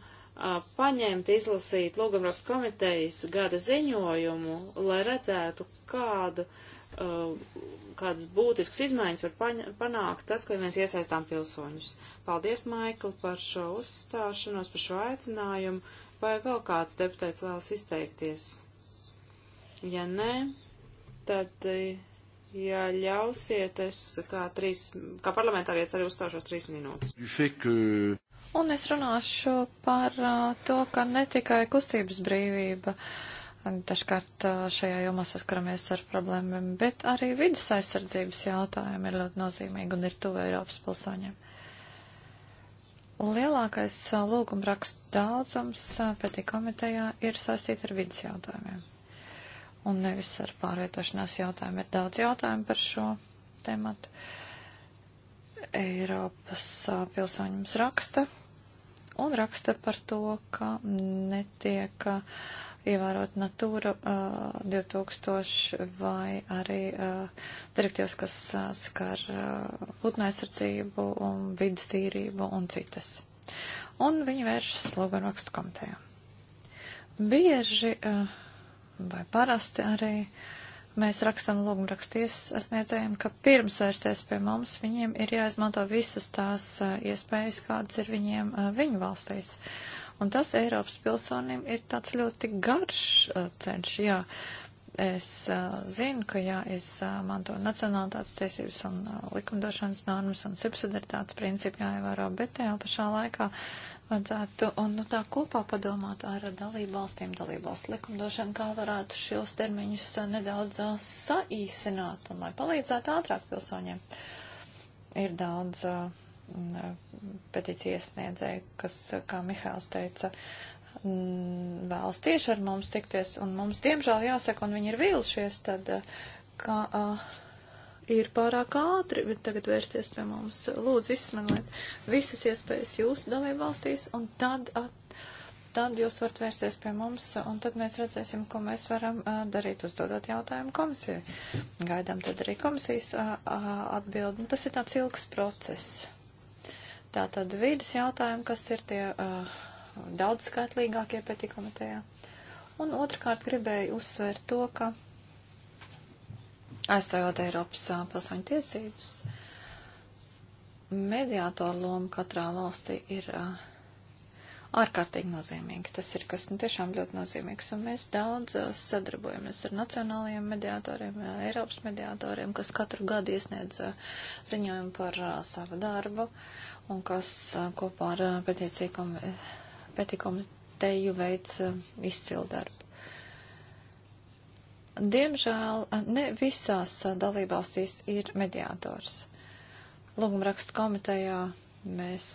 A: paņemt, izlasīt Lūgumrakstu komitejas gada ziņojumu, lai redzētu, kādu, kādas būtiskas izmaiņas var panākt tas, ka mēs iesaistām pilsoņus. Paldies, Maikl, par šo uzstāšanos, par šo aicinājumu. Vai vēl kāds deputēts vēlas izteikties? Ja nē, tad, ja ļausiet, es kā, trīs, kā parlamentārietis arī uzstāšos trīs minūtes.
B: Un es runāšu par to, ka ne tikai kustības brīvība. Dažkārt šajā jomā saskaramies ar problēmām, bet arī vidas aizsardzības jautājumi ir ļoti nozīmīgi un ir tuvu Eiropas pilsoņiem. Lielākais lūgumrakstu daudzums pētī komitejā ir saistīti ar vidas jautājumiem un nevis ar pārvietošanās jautājumu. Ir daudz jautājumu par šo tematu. Eiropas pilsoņi mums raksta un raksta par to, ka netiek ievērot Natūra uh, 2000 vai arī uh, direktīvas, kas uh, skar uh, putnu aizsardzību un vidas tīrību un citas. Un viņi vēršas lūgumrakstu komitejā. Bieži uh, vai parasti arī mēs rakstam lūgumraksties sniedzējiem, ka pirms vērsties pie mums viņiem ir jāizmanto visas tās iespējas, kādas ir viņiem viņu valstīs. Un tas Eiropas pilsonim ir tāds ļoti garš ceļš, jā. Es uh, zinu, ka jāizmanto uh, nacionālitātes tiesības un uh, likumdošanas normas un subsidaritātes principi jāievēro, bet tajā pašā laikā vajadzētu un nu, tā kopā padomāt ar dalību valstīm, dalību valstu likumdošanu, kā varētu šos termiņus nedaudz saīsināt un lai palīdzētu ātrāk pilsoņiem. Ir daudz petīcijas iesniedzēju, kas, kā Mihāls teica, vēlas tieši ar mums tikties, un mums, diemžēl, jāsaka, un viņi ir vīlušies, tad, ka. Uh, ir pārāk ātri tagad vērsties pie mums. Lūdzu, izsmeļiet visas iespējas jūsu dalībvalstīs, un tad, at, tad jūs varat vērsties pie mums, un tad mēs redzēsim, ko mēs varam uh, darīt, uzdodot jautājumu komisijai. Gaidām tad arī komisijas uh, atbildi. Nu, tas ir tāds ilgs process. Tātad vīdes jautājumi, kas ir tie uh, daudz skaitlīgākie pētī komitejā. Un otrkārt gribēju uzsvērt to, ka aizstāvot Eiropas pilsoņu tiesības. Mediātora loma katrā valstī ir uh, ārkārtīgi nozīmīga. Tas ir kas nu, tiešām ļoti nozīmīgs. Un mēs daudz uh, sadarbojamies ar nacionālajiem mediātoriem, uh, Eiropas mediātoriem, kas katru gadu iesniedz ziņojumu par savu darbu un kas kopā ar pētīciju komiteju veids izcilu darbu. Diemžēl ne visās dalībvalstīs ir mediātors. Lūgumrakstu komitejā mēs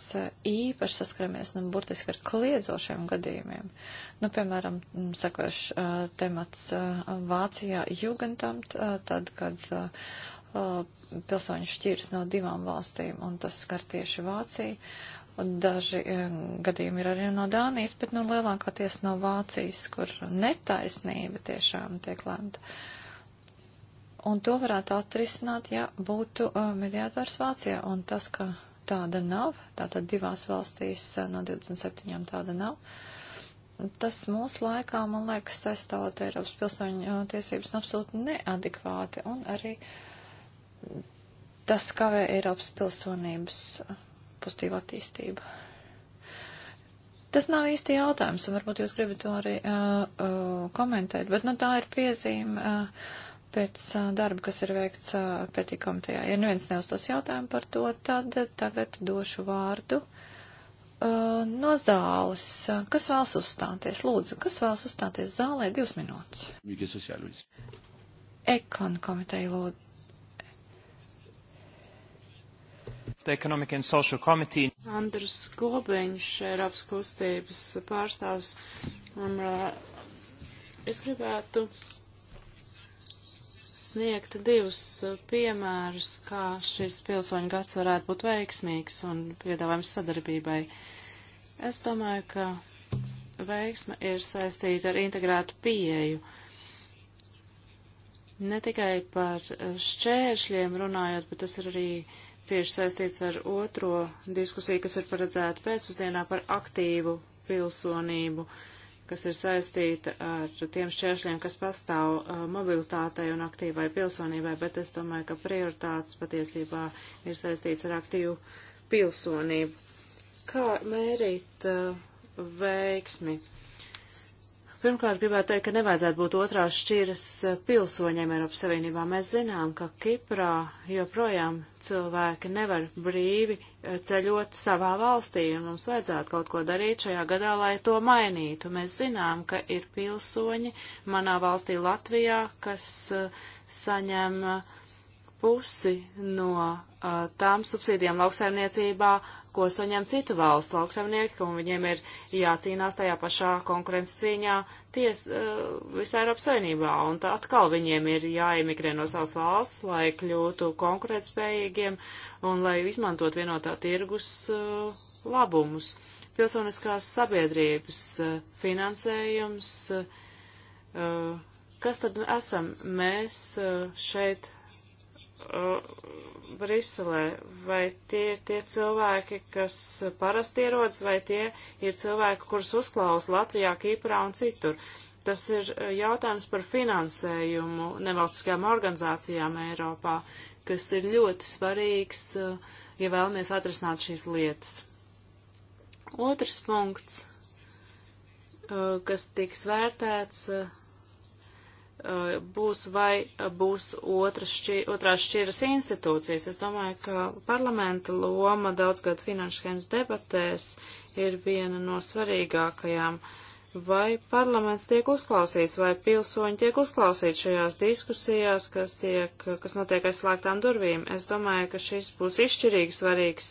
B: īpaši saskaramies nu, burtiski ar kliedzošiem gadījumiem. Nu, piemēram, sekojuši uh, temats uh, Vācijā Jugendamt, uh, tad, kad uh, pilsoņi šķirs no divām valstīm, un tas skar tieši Vāciju. Daži eh, gadījumi ir arī no Dānijas, bet nu no lielākoties no Vācijas, kur netaisnība tiešām tiek lemta. Un to varētu atrisināt, ja būtu eh, mediātors Vācijā. Un tas, ka tāda nav, tātad divās valstīs eh, no 27 tāda nav, tas mūsu laikā, man liekas, aizstāvot Eiropas pilsoņu tiesības absolūti neadekvāti un arī tas kavē Eiropas pilsonības pozitīva attīstība. Tas nav īsti jautājums, un varbūt jūs gribat to arī uh, uh, komentēt, bet nu, tā ir piezīme uh, pēc uh, darba, kas ir veikts uh, pētī komitejā. Ja neviens neuzdos jautājumu par to, tad tagad došu vārdu uh, no zāles. Kas vēlas uzstāties? Lūdzu, kas vēlas uzstāties zālē? Divas minūtes. Ekon
A: komiteja lūdzu. Economic and Social Committee. Andrs Gobiņš, Eiropas kustības pārstāvs, un uh, es gribētu sniegt divus piemērus, kā šis pilsoņu gads varētu būt veiksmīgs un piedāvājums sadarbībai. Es domāju, ka veiksme ir saistīta ar integrētu pieeju. Ne tikai par šķēršļiem runājot, bet tas ir arī uh, cieši saistīts ar otro diskusiju, kas ir paredzēta pēcpusdienā par aktīvu pilsonību, kas ir saistīta ar tiem šķēršļiem, kas pastāv uh, mobilitātei un aktīvai pilsonībai, bet es domāju, ka prioritātes patiesībā ir saistīts ar aktīvu pilsonību. Kā mērīt uh, veiksmi? Uh, pirmkārt gribētu teikt, ka nevajadzētu būt otrās šķiras eh, pilsoņiem Eiropas Savienībā. Mēs zinām, ka Kiprā joprojām cilvēki nevar brīvi eh, ceļot savā valstī, un mums vajadzētu kaut ko darīt šajā gadā, lai to mainītu. Mēs zinām, ka ir pilsoņi manā valstī Latvijā, kas eh, saņem pusi no tām subsīdijām lauksaimniecībā, ko saņem citu valstu lauksaimnieki, un viņiem ir jācīnās tajā pašā konkurences cīņā ties, eh, visā Eiropas Savienībā, un tā atkal viņiem ir jāemigrē no savas valsts, lai kļūtu konkurētspējīgiem un lai izmantot vienotā tirgus eh, labumus. Pilsoniskās sabiedrības eh, finansējums, kas tad esam mēs šeit Briselē, vai tie ir tie cilvēki, kas parasti ierodas, vai tie ir cilvēki, kurus uzklaus Latvijā, Kīprā un citur. Tas ir eh, jautājums par finansējumu nevalstiskajām organizācijām Eiropā, kas ir ļoti svarīgs, eh, ja vēlamies atrisināt šīs lietas. Otrs punkts, eh, kas tiks vērtēts Uh, būs vai būs šķi, otrās šķiras institūcijas. Es domāju, ka parlamenta loma daudzgad finanšu schēmas debatēs ir viena no svarīgākajām. Vai parlaments tiek uzklausīts, vai pilsoņi tiek uzklausīti šajās diskusijās, kas, tiek, kas notiek aizslēgtām durvīm? Es domāju, ka šis būs izšķirīgi svarīgs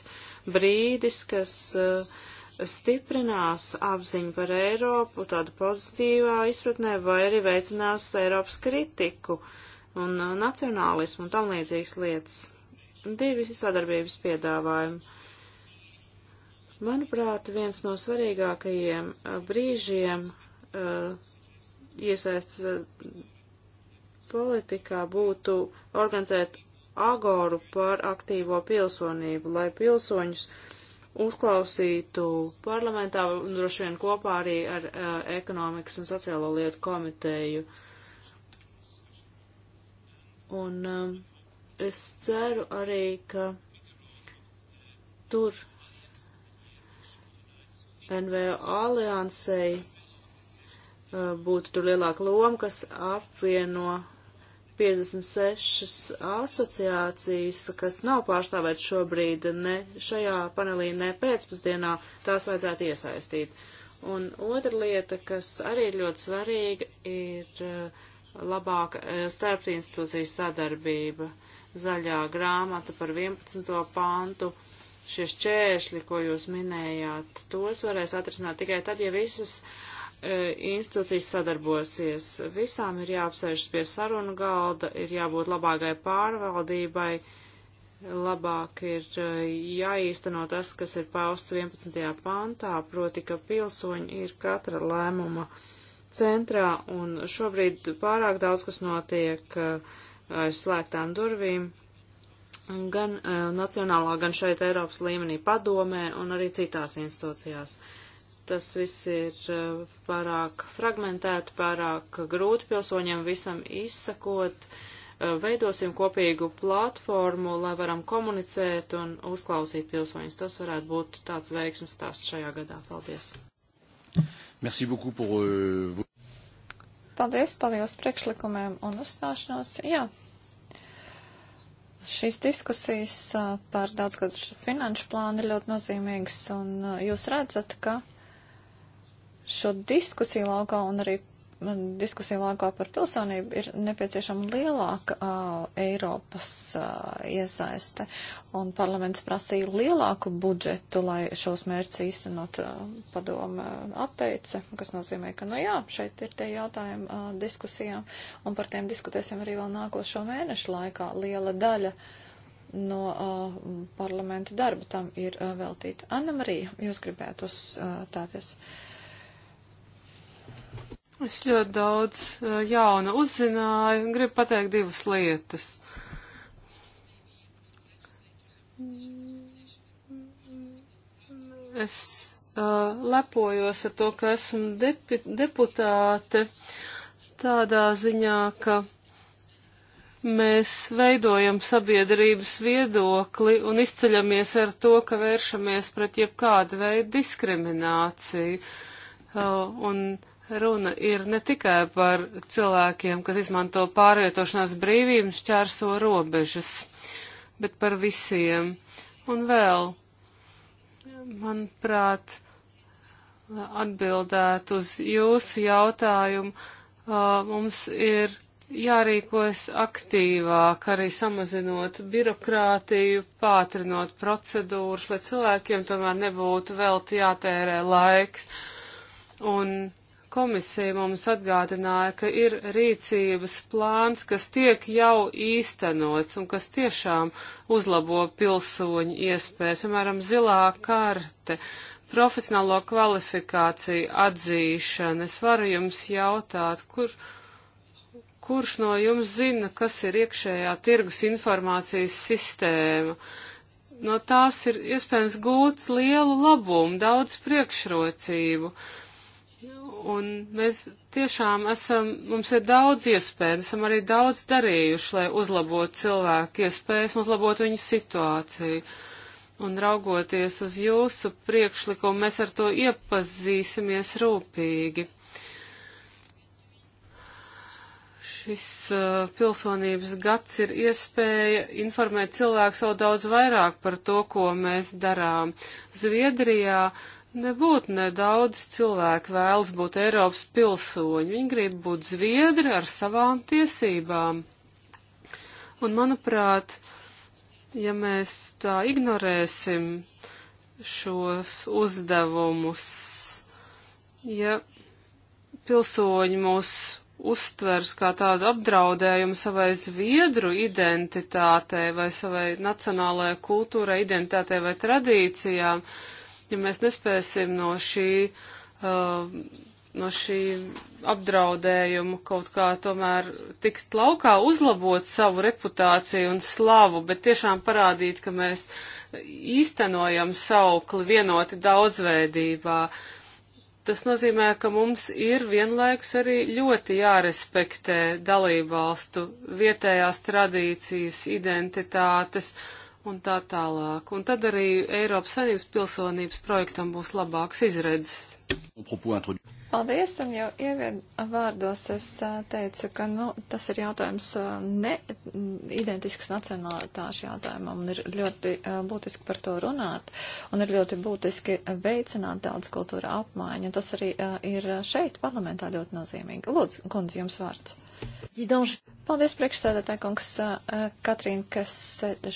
A: brīdis, kas uh, stiprinās apziņu par Eiropu tādu pozitīvā izpratnē vai arī veicinās Eiropas kritiku un uh, nacionālismu un tam līdzīgas lietas. Divi sadarbības piedāvājumi. Manuprāt, viens no svarīgākajiem uh, brīžiem uh, iesaists politikā būtu organizēt agoru par aktīvo pilsonību, lai pilsoņus uh, uzklausītu parlamentā, droši vien kopā arī ar uh, ekonomikas un sociālo lietu komiteju. Un uh, es ceru arī, ka tur NVO aliansei uh, būtu tur lielāka loma, kas apvieno 56 asociācijas, kas nav pārstāvētas šobrīd ne šajā panelī, ne pēcpusdienā, tās vajadzētu iesaistīt. Un otra lieta, kas arī ir ļoti svarīga, ir uh, labāka uh, starpinstitūcijas sadarbība. Zaļā grāmata par 11. pantu. Šie šķēršļi, ko jūs minējāt, tos varēs atrisināt tikai tad, ja visas uh, E, institūcijas sadarbosies. Visām ir jāapsēžas pie sarunu galda, ir jābūt labākai pārvaldībai, labāk ir e, jāīsteno tas, kas ir pausts 11. pantā, proti, ka pilsoņi ir katra lēmuma centrā, un šobrīd pārāk daudz kas notiek e, aiz slēgtām durvīm, gan nacionālā, gan šeit Eiropas līmenī padomē un arī citās institūcijās. Uh, tas viss ir eh, pārāk fragmentēti, pārāk grūti pilsoņiem visam izsakot. Eh, veidosim kopīgu platformu, lai varam komunicēt un uzklausīt pilsoņus. Tas varētu būt tāds veiksmes stāsts šajā gadā. Paldies!
B: Merci beaucoup pour
C: euh, vos...
B: Paldies par jūsu priekšlikumiem un uzstāšanos. Jā. Šīs diskusijas eh, par daudzgadu finanšu plānu ir ļoti nozīmīgas, un jūs redzat, ka šo diskusiju laukā un arī mm, diskusiju laukā par pilsonību ir nepieciešama lielāka uh, Eiropas uh, iesaiste, un parlaments prasīja lielāku budžetu, lai šos mērķus īstenot uh, padome atteica, kas nozīmē, ka, nu jā, šeit ir tie jautājumi uh, diskusijām, un par tiem diskutēsim arī vēl nākošo mēnešu laikā. Liela daļa no uh, parlamenta darba tam ir uh,
C: veltīta. Anna Marija, jūs gribētu uzstāties? Uh, tāties. Es ļoti daudz jauna uzzināju un gribu pateikt divas lietas. Es uh, lepojos ar to, ka esmu depi, deputāte tādā ziņā, ka mēs veidojam sabiedrības viedokli un izceļamies ar to, ka vēršamies pret jebkādu veidu diskrimināciju. Uh, un, uh, Runa ir ne tikai par cilvēkiem, kas izmanto pārvietošanās brīvību un šķērso robežas, bet par visiem. Un vēl, manuprāt, atbildēt uz jūsu jautājumu, mums ir jārīkojas aktīvāk, arī samazinot birokrātiju, pātrinot procedūras, lai cilvēkiem tomēr nebūtu vēl jātērē laiks. Un komisija mums atgādināja, ka ir rīcības plāns, kas tiek jau īstenots un kas tiešām uzlabo pilsoņu iespējas, piemēram, zilā karte, profesionālo kvalifikāciju atzīšana. Es varu jums jautāt, kur kurš no jums zina, kas ir iekšējā tirgus informācijas sistēma. No tās ir iespējams gūt lielu labumu, daudz priekšrocību, Un mēs tiešām esam, mums ir daudz iespēju, esam arī daudz darījuši, lai uzlabotu cilvēku iespējas, uzlabotu viņu situāciju. Un raugoties uz jūsu priekšlikumu, mēs ar to iepazīsimies rūpīgi. Šis uh, pilsonības gads ir iespēja informēt cilvēku vēl daudz vairāk par to, ko mēs darām. Zviedrijā uh, Nebūtu nedaudz cilvēku vēlas būt Eiropas pilsoņi. Viņi grib būt zviedri ar savām tiesībām. Un, manuprāt, ja mēs tā ignorēsim šos uzdevumus, ja pilsoņi mūs uztvers kā tādu apdraudējumu savai zviedru identitātei vai savai nacionālajai kultūrai, identitātei vai tradīcijām, Ja mēs nespēsim no šī, uh, no šī apdraudējumu kaut kā tomēr tikt laukā, uzlabot savu reputāciju un slavu, bet tiešām parādīt, ka mēs īstenojam saukli vienoti daudzveidībā, Tas nozīmē, ka mums ir vienlaikus arī ļoti jārespektē dalībvalstu vietējās tradīcijas, identitātes un tā tālāk. Un tad arī Eiropas Savienības pilsonības projektam būs labāks izredzes. Paldies, un jau
B: ievied vārdos es teicu, ka nu, tas ir jautājums ne identisks nacionālitāšu jautājumam, un ir ļoti būtiski par to runāt, un ir ļoti būtiski veicināt daudz kultūra apmaiņu, un tas arī ir šeit parlamentā ļoti nozīmīgi. Lūdzu, kundze, jums vārds. Paldies, priekšsēdētāji kungs Katrīna, kas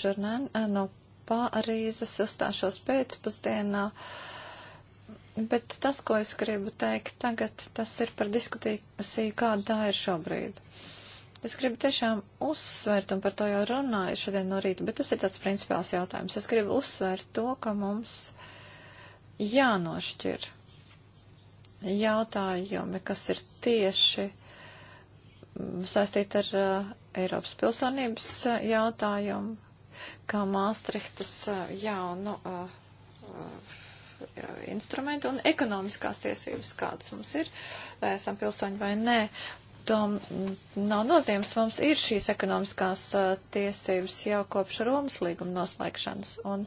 B: žurnēn no Pārīzes uzstāšos pēcpusdienā. Bet tas, ko es gribu teikt tagad, tas ir par diskusiju, kāda tā ir šobrīd. Es gribu tiešām uzsvērt, un par to jau runāju šodien no rīta, bet tas ir tāds principāls jautājums. Es gribu uzsvērt to, ka mums jānošķir jautājumi, kas ir tieši saistīta ar uh, Eiropas pilsonības uh, jautājumu, kā Māstrihtas uh, eh, jaunu instrumentu un ekonomiskās tiesības, kādas mums ir, vai esam pilsoņi vai nē. Tom nav nozīmes, mums ir šīs ekonomiskās tiesības jau kopš Romas līguma noslēgšanas, un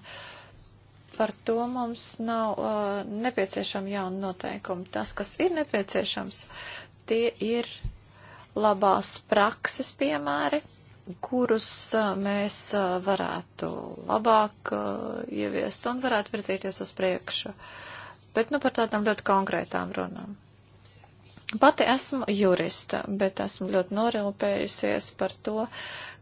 B: par to mums nav uh, nepieciešama jauna noteikuma. Tas, kas ir nepieciešams, tie ir labās prakses piemēri, kurus mēs varētu labāk ieviest un varētu virzīties uz priekšu. Bet nu par tādām ļoti konkrētām runām. Pati esmu jurista, bet esmu ļoti norilpējusies par to, uh,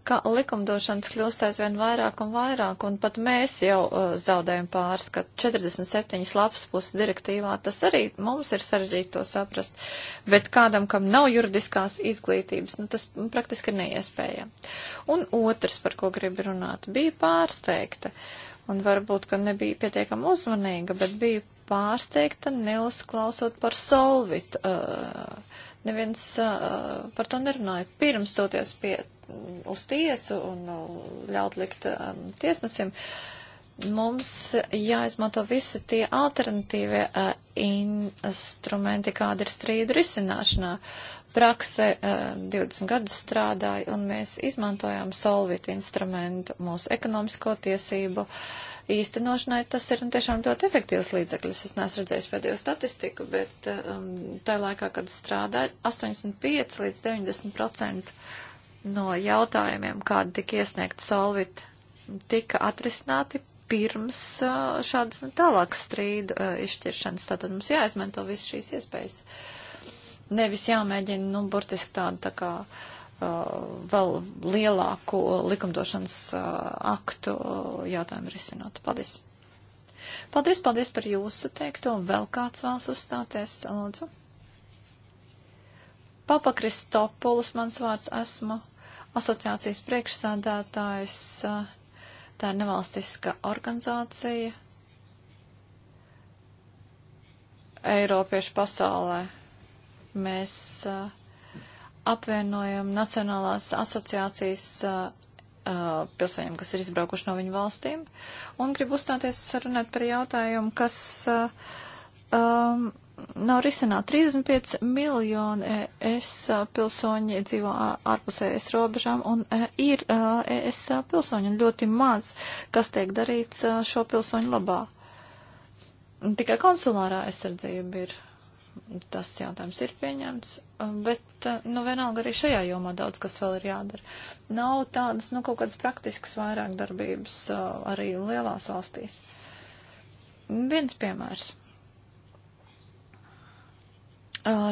B: ka likumdošanas kļūst aizvien vairāk un vairāk, un pat mēs jau uh, zaudējam pārskatu. 47 lapas puses direktīvā tas arī mums ir sarežģīti to saprast, bet kādam, kam nav juridiskās izglītības, nu, tas praktiski ir neiespējami. Un otrs, par ko gribu runāt, bija pārsteigta, un varbūt, ka nebija pietiekami uzmanīga, bet bija pārsteigta neuzklausot par solvitu. Uh, neviens uh, par to nerunāja. Pirms toties pie Mm, uz tiesu un uh, ļaut likt um, tiesnesim, mums jāizmanto visi tie alternatīvie uh, instrumenti, kāda ir strīdu risināšanā. Prakse uh, 20 gadus strādāja un mēs izmantojām solvit instrumentu mūsu ekonomisko tiesību īstenošanai tas ir nu, tiešām ļoti efektīvs līdzeklis. Es neesmu redzējis pēdējo statistiku, bet um, tajā laikā, kad strādāju, 85 līdz 90 procentu no jautājumiem, kādi tika iesniegti Solvit, tika atrisināti pirms šādas tālākas strīdu izšķiršanas. Tātad mums jāizmanto visas šīs iespējas. Nevis jāmēģina, nu, burtiski tādu tā kā vēl lielāku likumdošanas aktu jautājumu risināt. Paldies! Paldies, paldies par jūsu teikto. Vēl kāds vēlas uzstāties, lūdzu. Papa Kristopulus, mans vārds esmu asociācijas priekšsādātājs. Tā ir nevalstiska organizācija Eiropiešu pasaulē. Mēs apvienojam Nacionālās asociācijas pilsoņiem, kas ir izbraukuši no viņu valstīm, un gribu uzstāties runāt par jautājumu, kas uh, um, nav risināta. 35 miljoni e- ES pilsoņi dzīvo ārpus ES robežām un ir ES pilsoņi un ļoti maz, kas tiek darīts šo pilsoņu labā. Tikai konsulārā aizsardzība ir. Tas jautājums ir pieņemts, bet, nu, vienalga arī šajā jomā daudz kas vēl ir jādara. Nav tādas, nu, kaut kādas praktiskas vairāk darbības arī lielās valstīs. Viens piemērs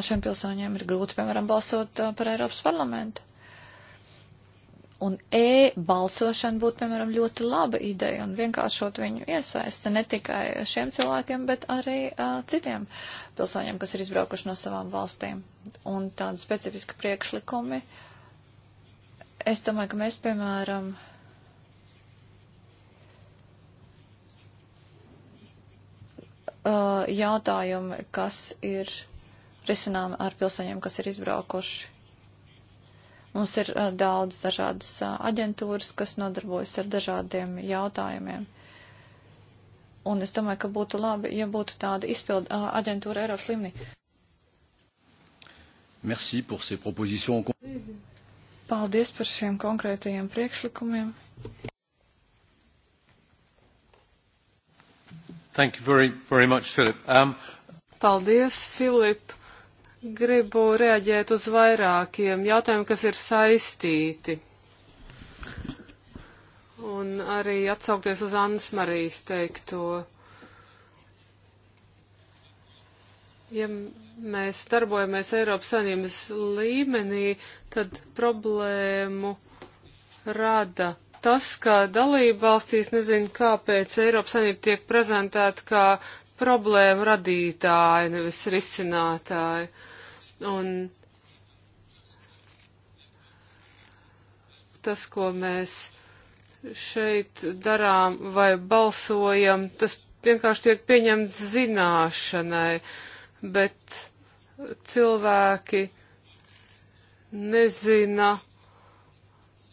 B: šiem pilsoņiem ir grūti, piemēram, balsot par Eiropas parlamentu. Un e-balsošana būtu, piemēram, ļoti laba ideja un vienkāršot viņu iesaiste ne tikai šiem cilvēkiem, bet arī uh, citiem pilsoņiem, kas ir izbraukuši no savām valstīm. Un tādi specifiski priekšlikumi. Es domāju, ka mēs, piemēram, uh, jautājumi, kas ir risinām ar pilsoņiem, kas ir izbraukuši. Mums ir uh, daudz dažādas uh, aģentūras, kas nodarbojas ar dažādiem jautājumiem. Un es domāju, ka būtu labi, ja būtu tāda izpildu uh, eh, aģentūra Eiropas līmenī. Merci pour ces propositions. Paldies par šiem konkrētajiem
C: priekšlikumiem.
B: Thank you very, very much, Philip. Um,
C: Paldies, Filip. Gribu reaģēt uz vairākiem jautājumiem, kas ir saistīti. Un arī atsaukties uz Annas Marijas teikto. Ja mēs darbojamies Eiropas saimnības līmenī, tad problēmu rada tas, ka dalība valstīs nezinu, kāpēc Eiropas saimnība tiek prezentēta kā problēmu radītāji, nevis risinātāji. Un tas, ko mēs šeit darām vai balsojam, tas vienkārši tiek pieņemts zināšanai, bet cilvēki nezina,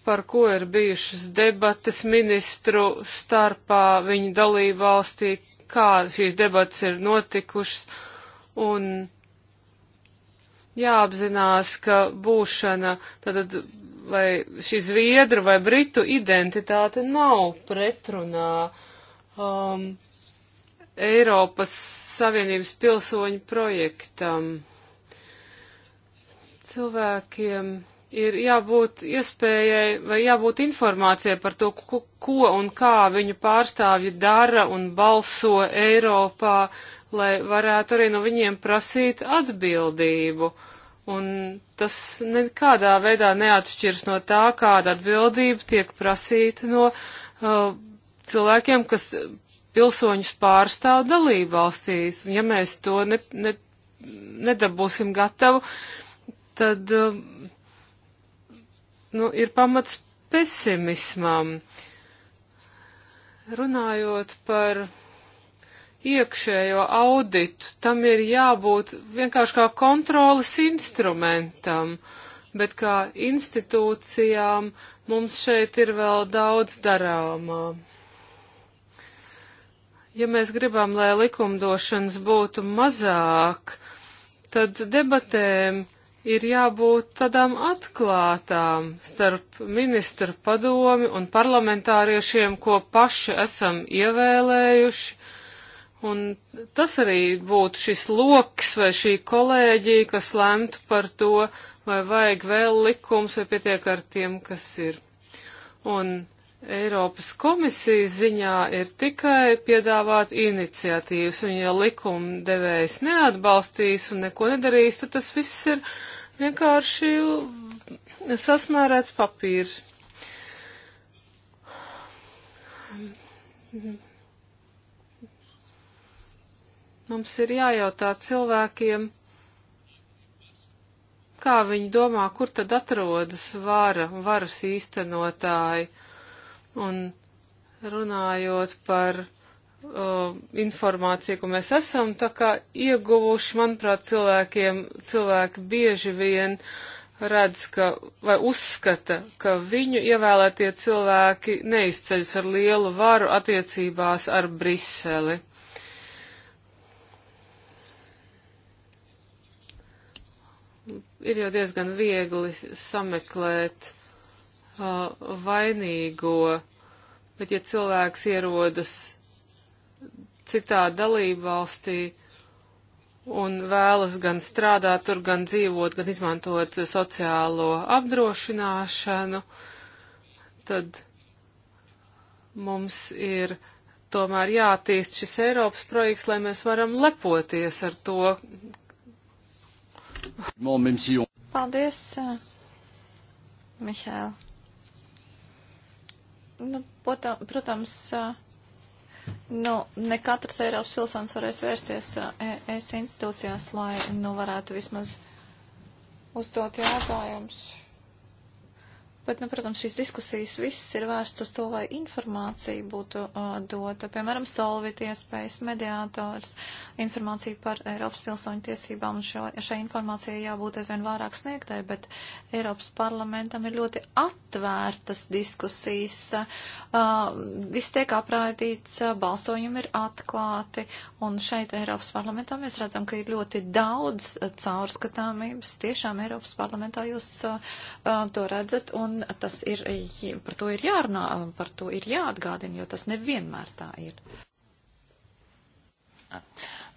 C: par ko ir bijušas debates ministru starpā viņu dalību valstī, kā šīs debats ir notikušas, un jāapzinās, ka būšana, tad vai šī zviedru vai britu identitāte nav pretrunā um, Eiropas Savienības pilsoņu projektam. Cilvēkiem ir jābūt iespējai vai jābūt informācijai par to, ko, ko un kā viņu pārstāvji dara un balso Eiropā, lai varētu arī no viņiem prasīt atbildību. Un tas nekādā veidā neatšķirs no tā, kāda atbildība tiek prasīta no uh, cilvēkiem, kas pilsoņus pārstāv dalībvalstīs. Un ja mēs to ne, ne, nedabūsim gatavu, tad uh, nu, ir pamats pesimismam. Runājot par iekšējo auditu, tam ir jābūt vienkārši kā kontrolas instrumentam, bet kā institūcijām mums šeit ir vēl daudz darāmā. Ja mēs gribam, lai likumdošanas būtu mazāk, tad debatēm ir jābūt tādām atklātām starp ministru padomi un parlamentāriešiem, ko paši esam ievēlējuši. Un tas arī būtu šis loks vai šī kolēģija, kas lemtu par to, vai vajag vēl likums, vai pietiek ar tiem, kas ir. Un Eiropas komisijas ziņā ir tikai piedāvāt iniciatīvas, un ja likuma devējs neatbalstīs un neko nedarīs, tad tas viss ir vienkārši sasmērēts papīrs. Mums ir jājautā cilvēkiem, kā viņi domā, kur tad atrodas vara, varas īstenotāji. Un runājot par uh, informāciju, ko mēs esam tā kā ieguvuši, manuprāt, cilvēkiem, cilvēki bieži vien redz, ka, vai uzskata, ka viņu ievēlētie cilvēki neizceļas ar lielu varu attiecībās ar Briseli. Ir jau diezgan viegli sameklēt uh, Uh, vainīgo, bet ja cilvēks ierodas citā dalībvalstī un vēlas gan strādāt tur, gan dzīvot, gan izmantot sociālo apdrošināšanu, tad mums ir tomēr jātīst šis Eiropas projekts, lai mēs varam lepoties ar to.
B: Paldies, uh, Mihēl. Nu, protams, nu, ne katrs Eiropas pilsons varēs vērsties e-, ES institūcijās, lai nu, varētu vismaz uzdot jautājumus. Bet, nu, protams, šīs diskusijas viss ir vērsts uz to, lai informācija būtu uh, dota, piemēram, solvit iespējas, mediātors, informācija par Eiropas pilsoņu tiesībām, un šo, šai informācijai jābūt aizvien vairāk sniegtai, bet Eiropas parlamentam ir ļoti atvērtas diskusijas, uh, viss tiek aprādīts, uh, balsojumi ir atklāti, un šeit Eiropas parlamentā mēs redzam, ka ir ļoti daudz uh, caurskatāmības, tiešām Eiropas parlamentā jūs uh, uh, to redzat, un un tas ir, par to ir jārunā, par to ir jāatgādina, jo tas nevienmēr tā ir.
A: Ah,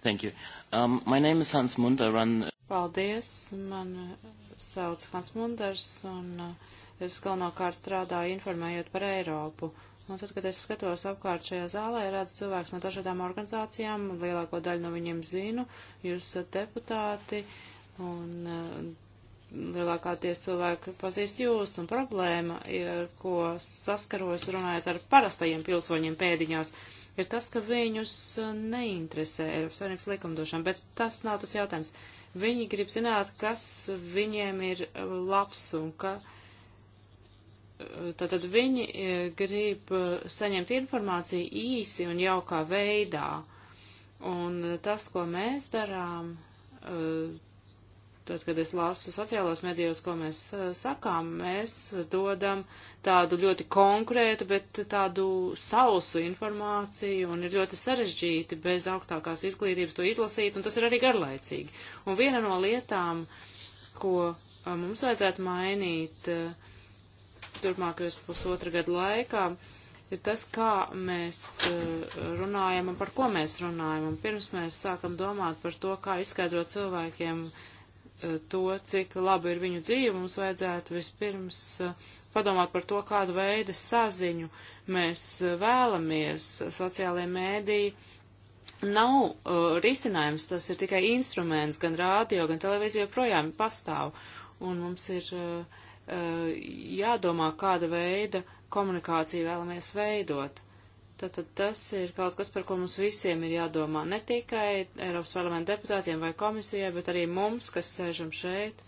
A: thank you. Um, my name is Hans Munder. Run... Paldies, man uh, sauc Hans Munders, un uh, es galvenokārt strādāju informējot par Eiropu. Un tad, kad es skatos apkārt šajā zālē, redzu cilvēks no dažādām organizācijām, lielāko daļu no viņiem zinu, jūs esat deputāti, un uh, lielākāties cilvēki pazīst jūs, un problēma, ir, ko saskaros runājot ar parastajiem pilsoņiem pēdiņās, ir tas, ka viņus e, neinteresē Eiropas Savienības likumdošana, bet tas nav tas jautājums. Viņi grib zināt, kas viņiem ir e, labs un ka. E, tātad viņi grib saņemt informāciju īsi un jaukā veidā. Un tas, ko mēs darām, tad, kad es lasu sociālos medijos, ko mēs eh, sakām, mēs dodam tādu ļoti konkrētu, bet tādu sausu informāciju un ir ļoti sarežģīti bez augstākās izglītības to izlasīt, un tas ir arī garlaicīgi. Un viena no lietām, ko eh, mums vajadzētu mainīt eh, turpmākajos pusotra gadu laikā, ir tas, kā mēs runājam un par ko mēs runājam. Un pirms mēs sākam domāt par to, kā izskaidrot cilvēkiem, uh, Eh, to, cik labi ir viņu dzīve, mums vajadzētu vispirms eh, padomāt par to, kādu veidu saziņu mēs eh, vēlamies. Sociālajie mēdīji nav uh, risinājums, tas ir tikai instruments, gan rādio, gan televīzija joprojām pastāv. Un mums ir uh, jādomā, kāda veida komunikāciju vēlamies veidot. Tātad tas ir kaut kas, par ko mums visiem ir jādomā, ne tikai Eiropas parlamenta deputātiem vai komisijai, bet arī mums, kas sēžam šeit,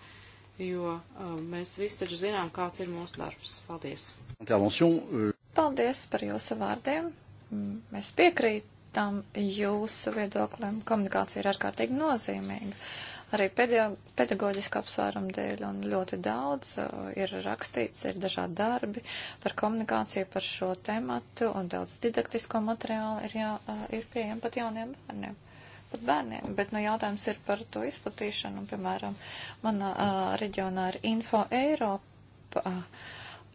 A: jo uh, mēs visi taču zinām, kāds ir mūsu darbs. Paldies!
C: Euh.
A: Paldies par jūsu vārdiem! Mm, mēs
B: piekrītam jūsu viedoklim. Komunikācija ir ārkārtīgi nozīmīga arī pedagoģiska apsvēruma dēļ, un ļoti daudz uh, ir rakstīts, ir dažādi darbi par komunikāciju par šo tematu, un daudz didaktisko materiālu ir, jā, uh, ir pieejam pat jauniem bērniem. Pat bērniem, bet nu, jautājums ir par to izplatīšanu, un, piemēram, manā uh, reģionā ir Info Eiropa. Uh,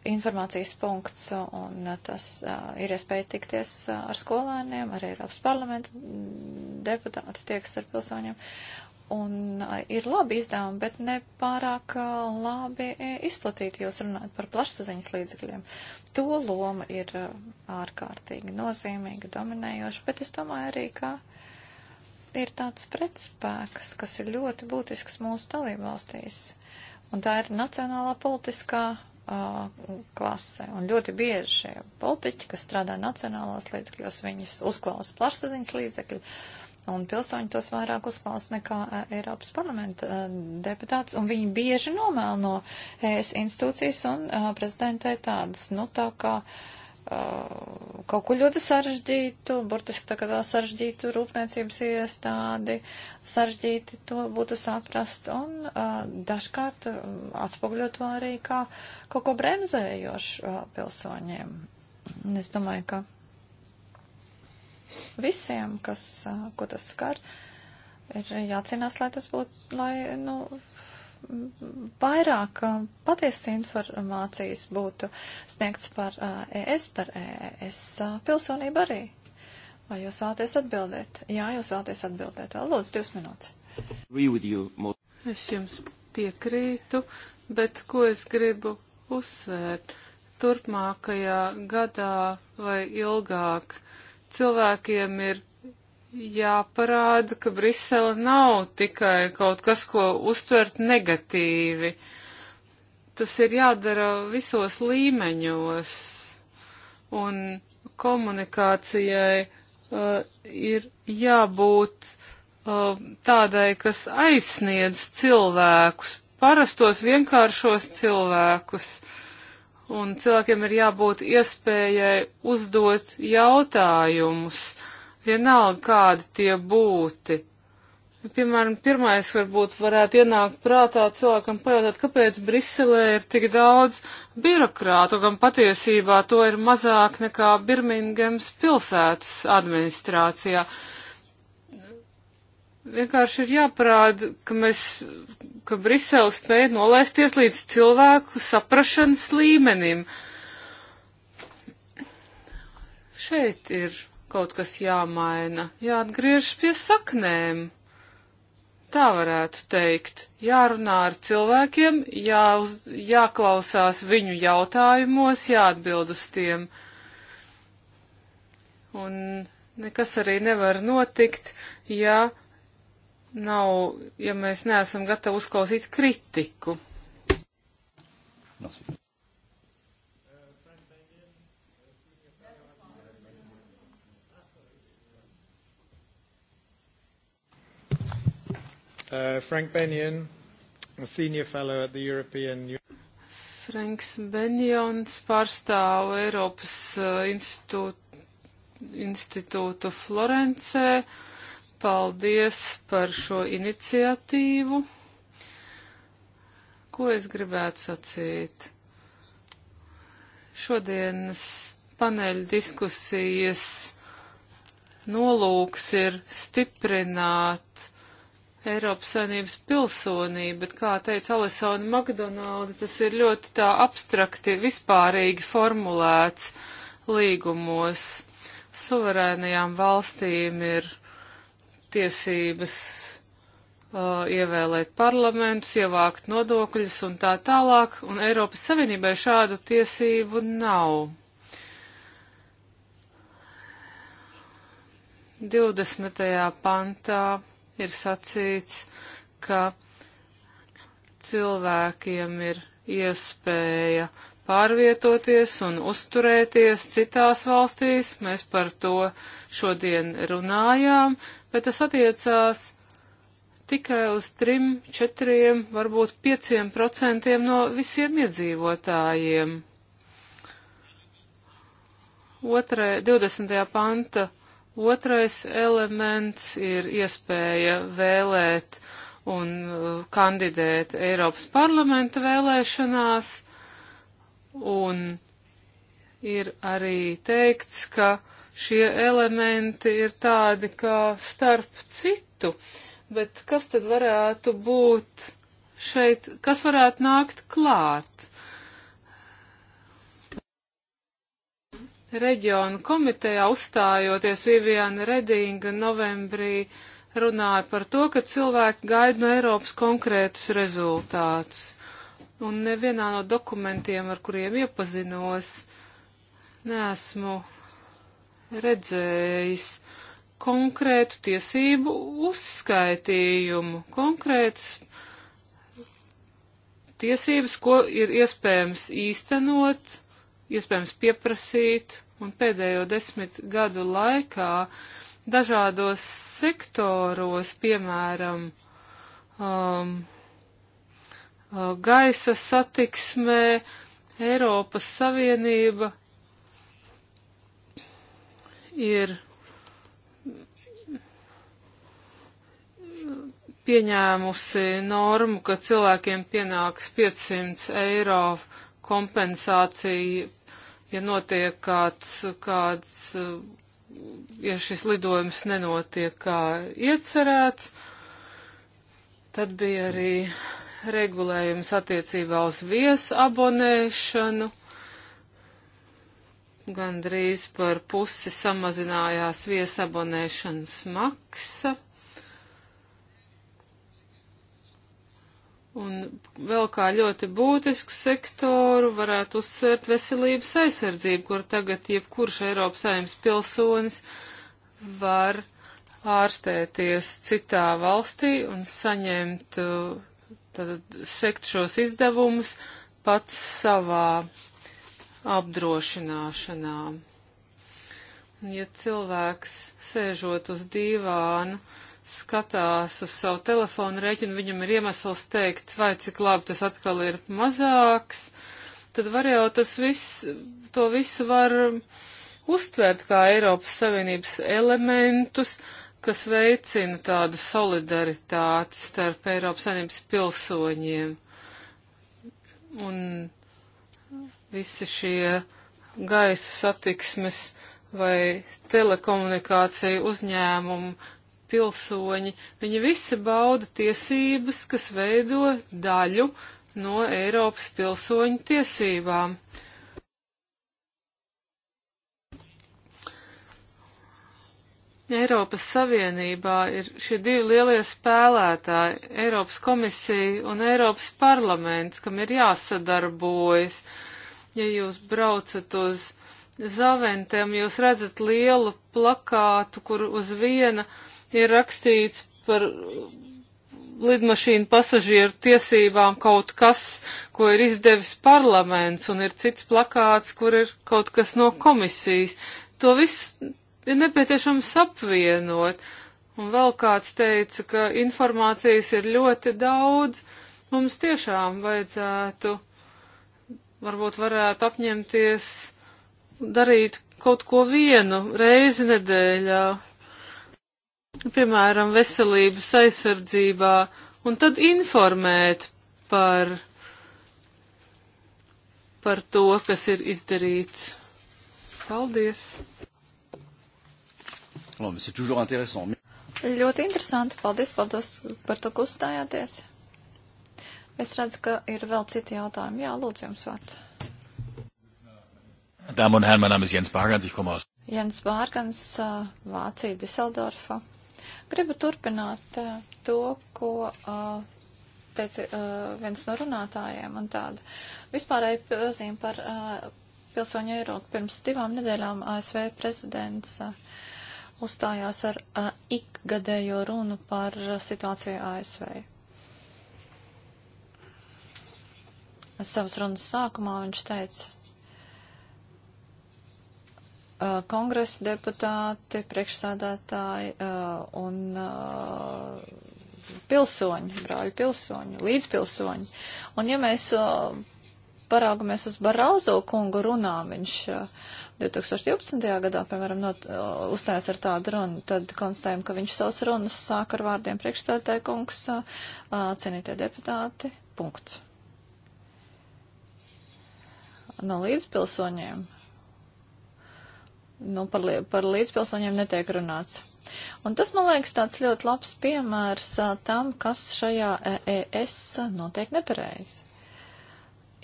B: informācijas punkts, un uh, tas uh, ir iespēja tikties uh, ar skolēniem, ar Eiropas parlamentu mm, deputāti tieks ar pilsoņiem, Un ir labi izdevumi, bet ne pārāk labi e, izplatīti, jūs runājat par plašsaziņas līdzekļiem. To loma ir ārkārtīgi nozīmīga, dominējoša, bet es domāju arī, ka ir tāds pretspēks, kas ir ļoti būtisks mūsu dalībvalstīs. Un tā ir nacionālā politiskā klasē. Un ļoti bieži šie politiķi, kas strādā nacionālās līdzekļos, viņus uzklausa plašsaziņas līdzekļi, un pilsoņi tos vairāk uzklausa nekā eh, Eiropas parlamenta eh, deputāts, un viņi bieži nomēl no ES institūcijas un eh, prezidentē tādas, nu tā kā kaut ko ļoti sarežģītu, burtiski tā kā tā sarežģītu rūpniecības iestādi, sarežģīti to būtu saprast, un uh, dažkārt mm, atspoguļot to arī kā kaut ko bremzējošu uh, pilsoņiem. Es domāju, ka visiem, kas, ko tas skar, ir jācīnās, lai tas būtu, lai, nu, vairāk patiesas informācijas būtu sniegts par ES, par ES pilsonību arī. Vai jūs vēlaties atbildēt? Jā,
C: jūs vēlaties atbildēt. Vēl lūdzu, divas minūtes. Es jums piekrītu, bet ko es gribu uzsvērt? Turpmākajā gadā vai ilgāk cilvēkiem ir jāparāda, ka Brisele nav tikai kaut kas, ko uztvert negatīvi. Tas ir jādara visos līmeņos, un komunikācijai uh, ir jābūt uh, tādai, kas aizsniedz cilvēkus, parastos vienkāršos cilvēkus. Uh, un cilvēkiem ir jābūt iespējai uzdot jautājumus, vienalga kādi tie būti. Piemēram, pirmais varbūt varētu ienākt prātā cilvēkam pajautāt, kāpēc Briselē ir tik daudz birokrātu, gan patiesībā to ir mazāk nekā Birmingems pilsētas administrācijā. Uh, vienkārši ir jāparāda, ka mēs, ka Brisele spēja nolaisties līdz cilvēku saprašanas līmenim. Šeit ir kaut kas jāmaina, jāatgriež pie saknēm. Tā varētu teikt, jārunā ar cilvēkiem, jāuz, jāklausās viņu jautājumos, jāatbild uz tiem. Un nekas arī nevar notikt, ja nav, ja mēs neesam gatavi uzklausīt kritiku. Merci.
B: Uh, Frank Benyon, a senior fellow at the European Union.
C: Franks Benjons pārstāv Eiropas uh, institūtu, institūtu Florencē Paldies par šo iniciatīvu. Ko es gribētu sacīt? Šodienas paneļa diskusijas nolūks ir stiprināt Eiropas Savienības pilsonību, bet, kā teica Alisona Makdonalda, tas ir ļoti tā abstrakti, vispārīgi formulēts līgumos. Suverēnajām valstīm ir tiesības uh, ievēlēt parlamentus, ievākt nodokļus un tā tālāk, un Eiropas Savienībai šādu tiesību nav. 20. pantā ir sacīts, ka cilvēkiem ir iespēja pārvietoties un uzturēties citās valstīs. Mēs par to šodien runājām, bet tas attiecās tikai uz trim, četriem, varbūt pieciem procentiem no visiem iedzīvotājiem. Otrē, 20. panta otrais elements ir iespēja vēlēt un uh, kandidēt Eiropas parlamenta vēlēšanās, un ir arī teikts, ka šie elementi ir tādi kā starp citu, bet kas tad varētu būt šeit, kas varētu nākt klāt? Reģionu komitejā uzstājoties Viviana Redinga novembrī runāja par to, ka cilvēki gaida no Eiropas konkrētus rezultātus. Un nevienā no dokumentiem, ar kuriem iepazinos, neesmu redzējis konkrētu tiesību uzskaitījumu, konkrētas tiesības, ko ir iespējams īstenot, iespējams pieprasīt, un pēdējo desmit gadu laikā dažādos sektoros, piemēram, um, uh, gaisa satiksmē, Eiropas Savienība ir pieņēmusi normu, ka cilvēkiem pienāks 500 eiro kompensācija, ja notiek kāds, kāds, ja šis lidojums nenotiek kā iecerēts, tad bija arī regulējums attiecībā uz viesabonēšanu. Gandrīz par pusi samazinājās viesabonēšanas maksa. Un vēl kā ļoti būtisku sektoru varētu uzsvērt veselības aizsardzību, kur tagad jebkurš Eiropas saimnes pilsonis var ārstēties citā valstī un saņemt, uh, tad sekt šos izdevumus pats savā apdrošināšanā. Ja cilvēks sēžot uz dīvāna, skatās uz savu telefonu rēķinu, viņam ir iemesls teikt, vai cik labi tas atkal ir mazāks, tad var jau tas viss, to visu var uztvert kā Eiropas Savienības elementus, kas veicina tādu solidaritāti starp Eiropas Savienības pilsoņiem. Un visi šie gaisa satiksmes vai telekomunikāciju uzņēmumu pilsoņi, viņi visi bauda tiesības, kas veido daļu no Eiropas pilsoņu tiesībām. Eiropas Savienībā ir šie divi lielie spēlētāji - Eiropas komisija un Eiropas parlaments, kam ir jāsadarbojas. Uh, Ja jūs braucat uz Zaventēm, jūs redzat lielu plakātu, kur uz viena ir rakstīts par lidmašīnu pasažieru tiesībām kaut kas, ko ir izdevis parlaments, un ir cits plakāts, kur ir kaut kas no komisijas. To visu ir nepieciešams apvienot. Un vēl kāds teica, ka informācijas ir ļoti daudz. Mums tiešām vajadzētu varbūt varētu apņemties darīt kaut ko vienu reizi nedēļā, piemēram, veselības aizsardzībā, un tad informēt par, par to, kas ir izdarīts. Paldies!
B: Oh, Ļoti interesanti. Paldies, paldies par to, ka uzstājāties. Es redzu, ka ir vēl citi jautājumi. Jā, lūdzu, jums vārds.
C: Dāmas un herri, man nāmas Jens Bārgans, ich komme aus.
B: Jens Bārgans, Vācija, Diseldorfa. Gribu turpināt to, ko teica viens no runātājiem un tāda. Vispārēji pazīme par pilsoņu Eiropu. Pirms divām nedēļām ASV prezidents uzstājās ar ikgadējo runu par situāciju ASV. savas runas sākumā viņš teica, uh, kongresa deputāti, priekšsādātāji uh, un uh, pilsoņi, brāļu pilsoņi, līdzpilsoņi. Un ja mēs uh, paraugamies uz Barauzo kungu runām, viņš uh, 2012. gadā, piemēram, not, uh, uzstājās ar tādu runu, tad konstatējam, ka viņš savus runas sāk ar vārdiem priekšstādātāji kungs, uh, cienītie deputāti, punkts no līdzpilsoņiem, nu, par, li par līdzpilsoņiem netiek runāts. Un tas, man liekas, tāds ļoti labs piemērs tam, kas šajā ES e notiek nepareizi.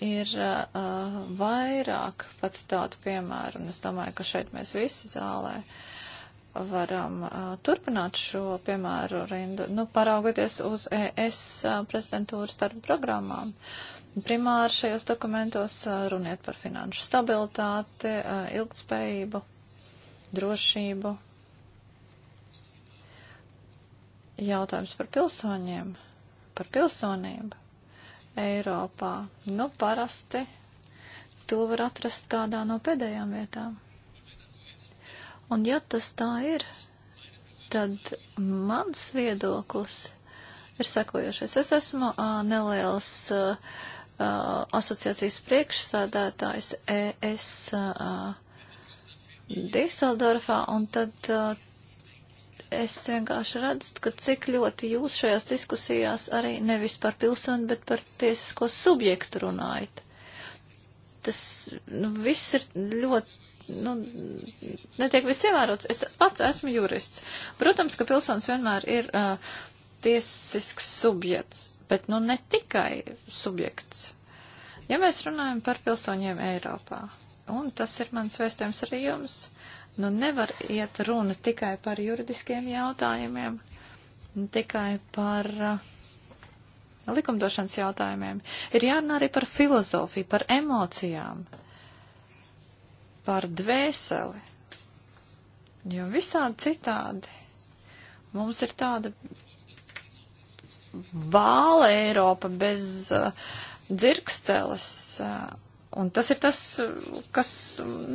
B: Ir uh, vairāk pat tādu piemēru, un es domāju, ka šeit mēs visi zālē varam uh, turpināt šo piemēru rindu, nu, paraugoties uz ES e prezidentūras darba programmām. Uh, primāri šajos dokumentos runiet par finanšu stabilitāti, ilgtspējību, drošību. Jautājums par pilsoņiem, par pilsonību Eiropā. Nu, parasti to var atrast kādā no pēdējām vietām. Un ja tas tā ir, tad mans viedoklis ir sekojošais. Es esmu uh, neliels uh, uh, asociācijas priekšsādātājs ES uh, Dīseldorfā, un tad uh, es vienkārši redzu, ka cik ļoti jūs šajās diskusijās arī nevis par pilsoni, bet par tiesisko subjektu runājat. Tas nu, viss ir ļoti. Nu, netiek viss ievērots. Es pats esmu jurists. Protams, ka pilsonis vienmēr ir uh, tiesisks subjekts bet nu ne tikai subjekts. Ja mēs runājam par pilsoņiem Eiropā, un tas ir mans vēstījums arī jums, nu nevar iet runa tikai par juridiskiem jautājumiem, tikai par uh, likumdošanas jautājumiem. Ir jārunā arī par filozofiju, par emocijām, par dvēseli. Jo visādi citādi mums ir tāda vāla Eiropa bez uh, dzirksteles. Uh, un tas ir tas, kas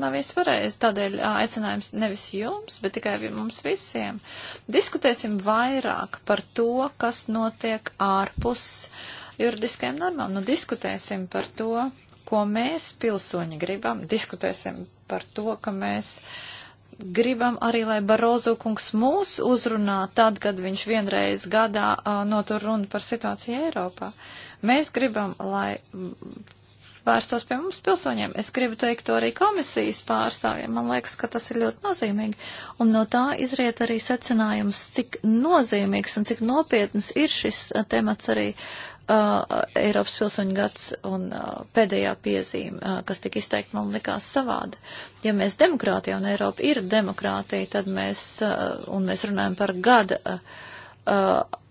B: nav īsti pareizi. Tādēļ uh, aicinājums nevis jums, bet tikai mums visiem. Diskutēsim vairāk par to, kas notiek ārpus juridiskajām normām. Nu, diskutēsim par to, ko mēs pilsoņi gribam. Diskutēsim par to, ka mēs. Uh, gribam arī, lai Barozu kungs mūs uzrunā tad, kad viņš vienreiz gadā uh, notur runu par situāciju Eiropā. Mēs gribam, lai vērstos pie mums pilsoņiem. Es gribu teikt to arī komisijas pārstāvjiem. Man liekas, ka tas ir ļoti nozīmīgi. Un no tā izriet arī secinājums, cik nozīmīgs un cik nopietns ir šis temats arī uh, uh, Eiropas pilsoņu gads un uh, pēdējā piezīme, uh, kas tika izteikta, man likās savādi. Ja mēs demokrātija un Eiropa ir demokrātija, tad mēs, uh, un mēs runājam par gada, uh, uh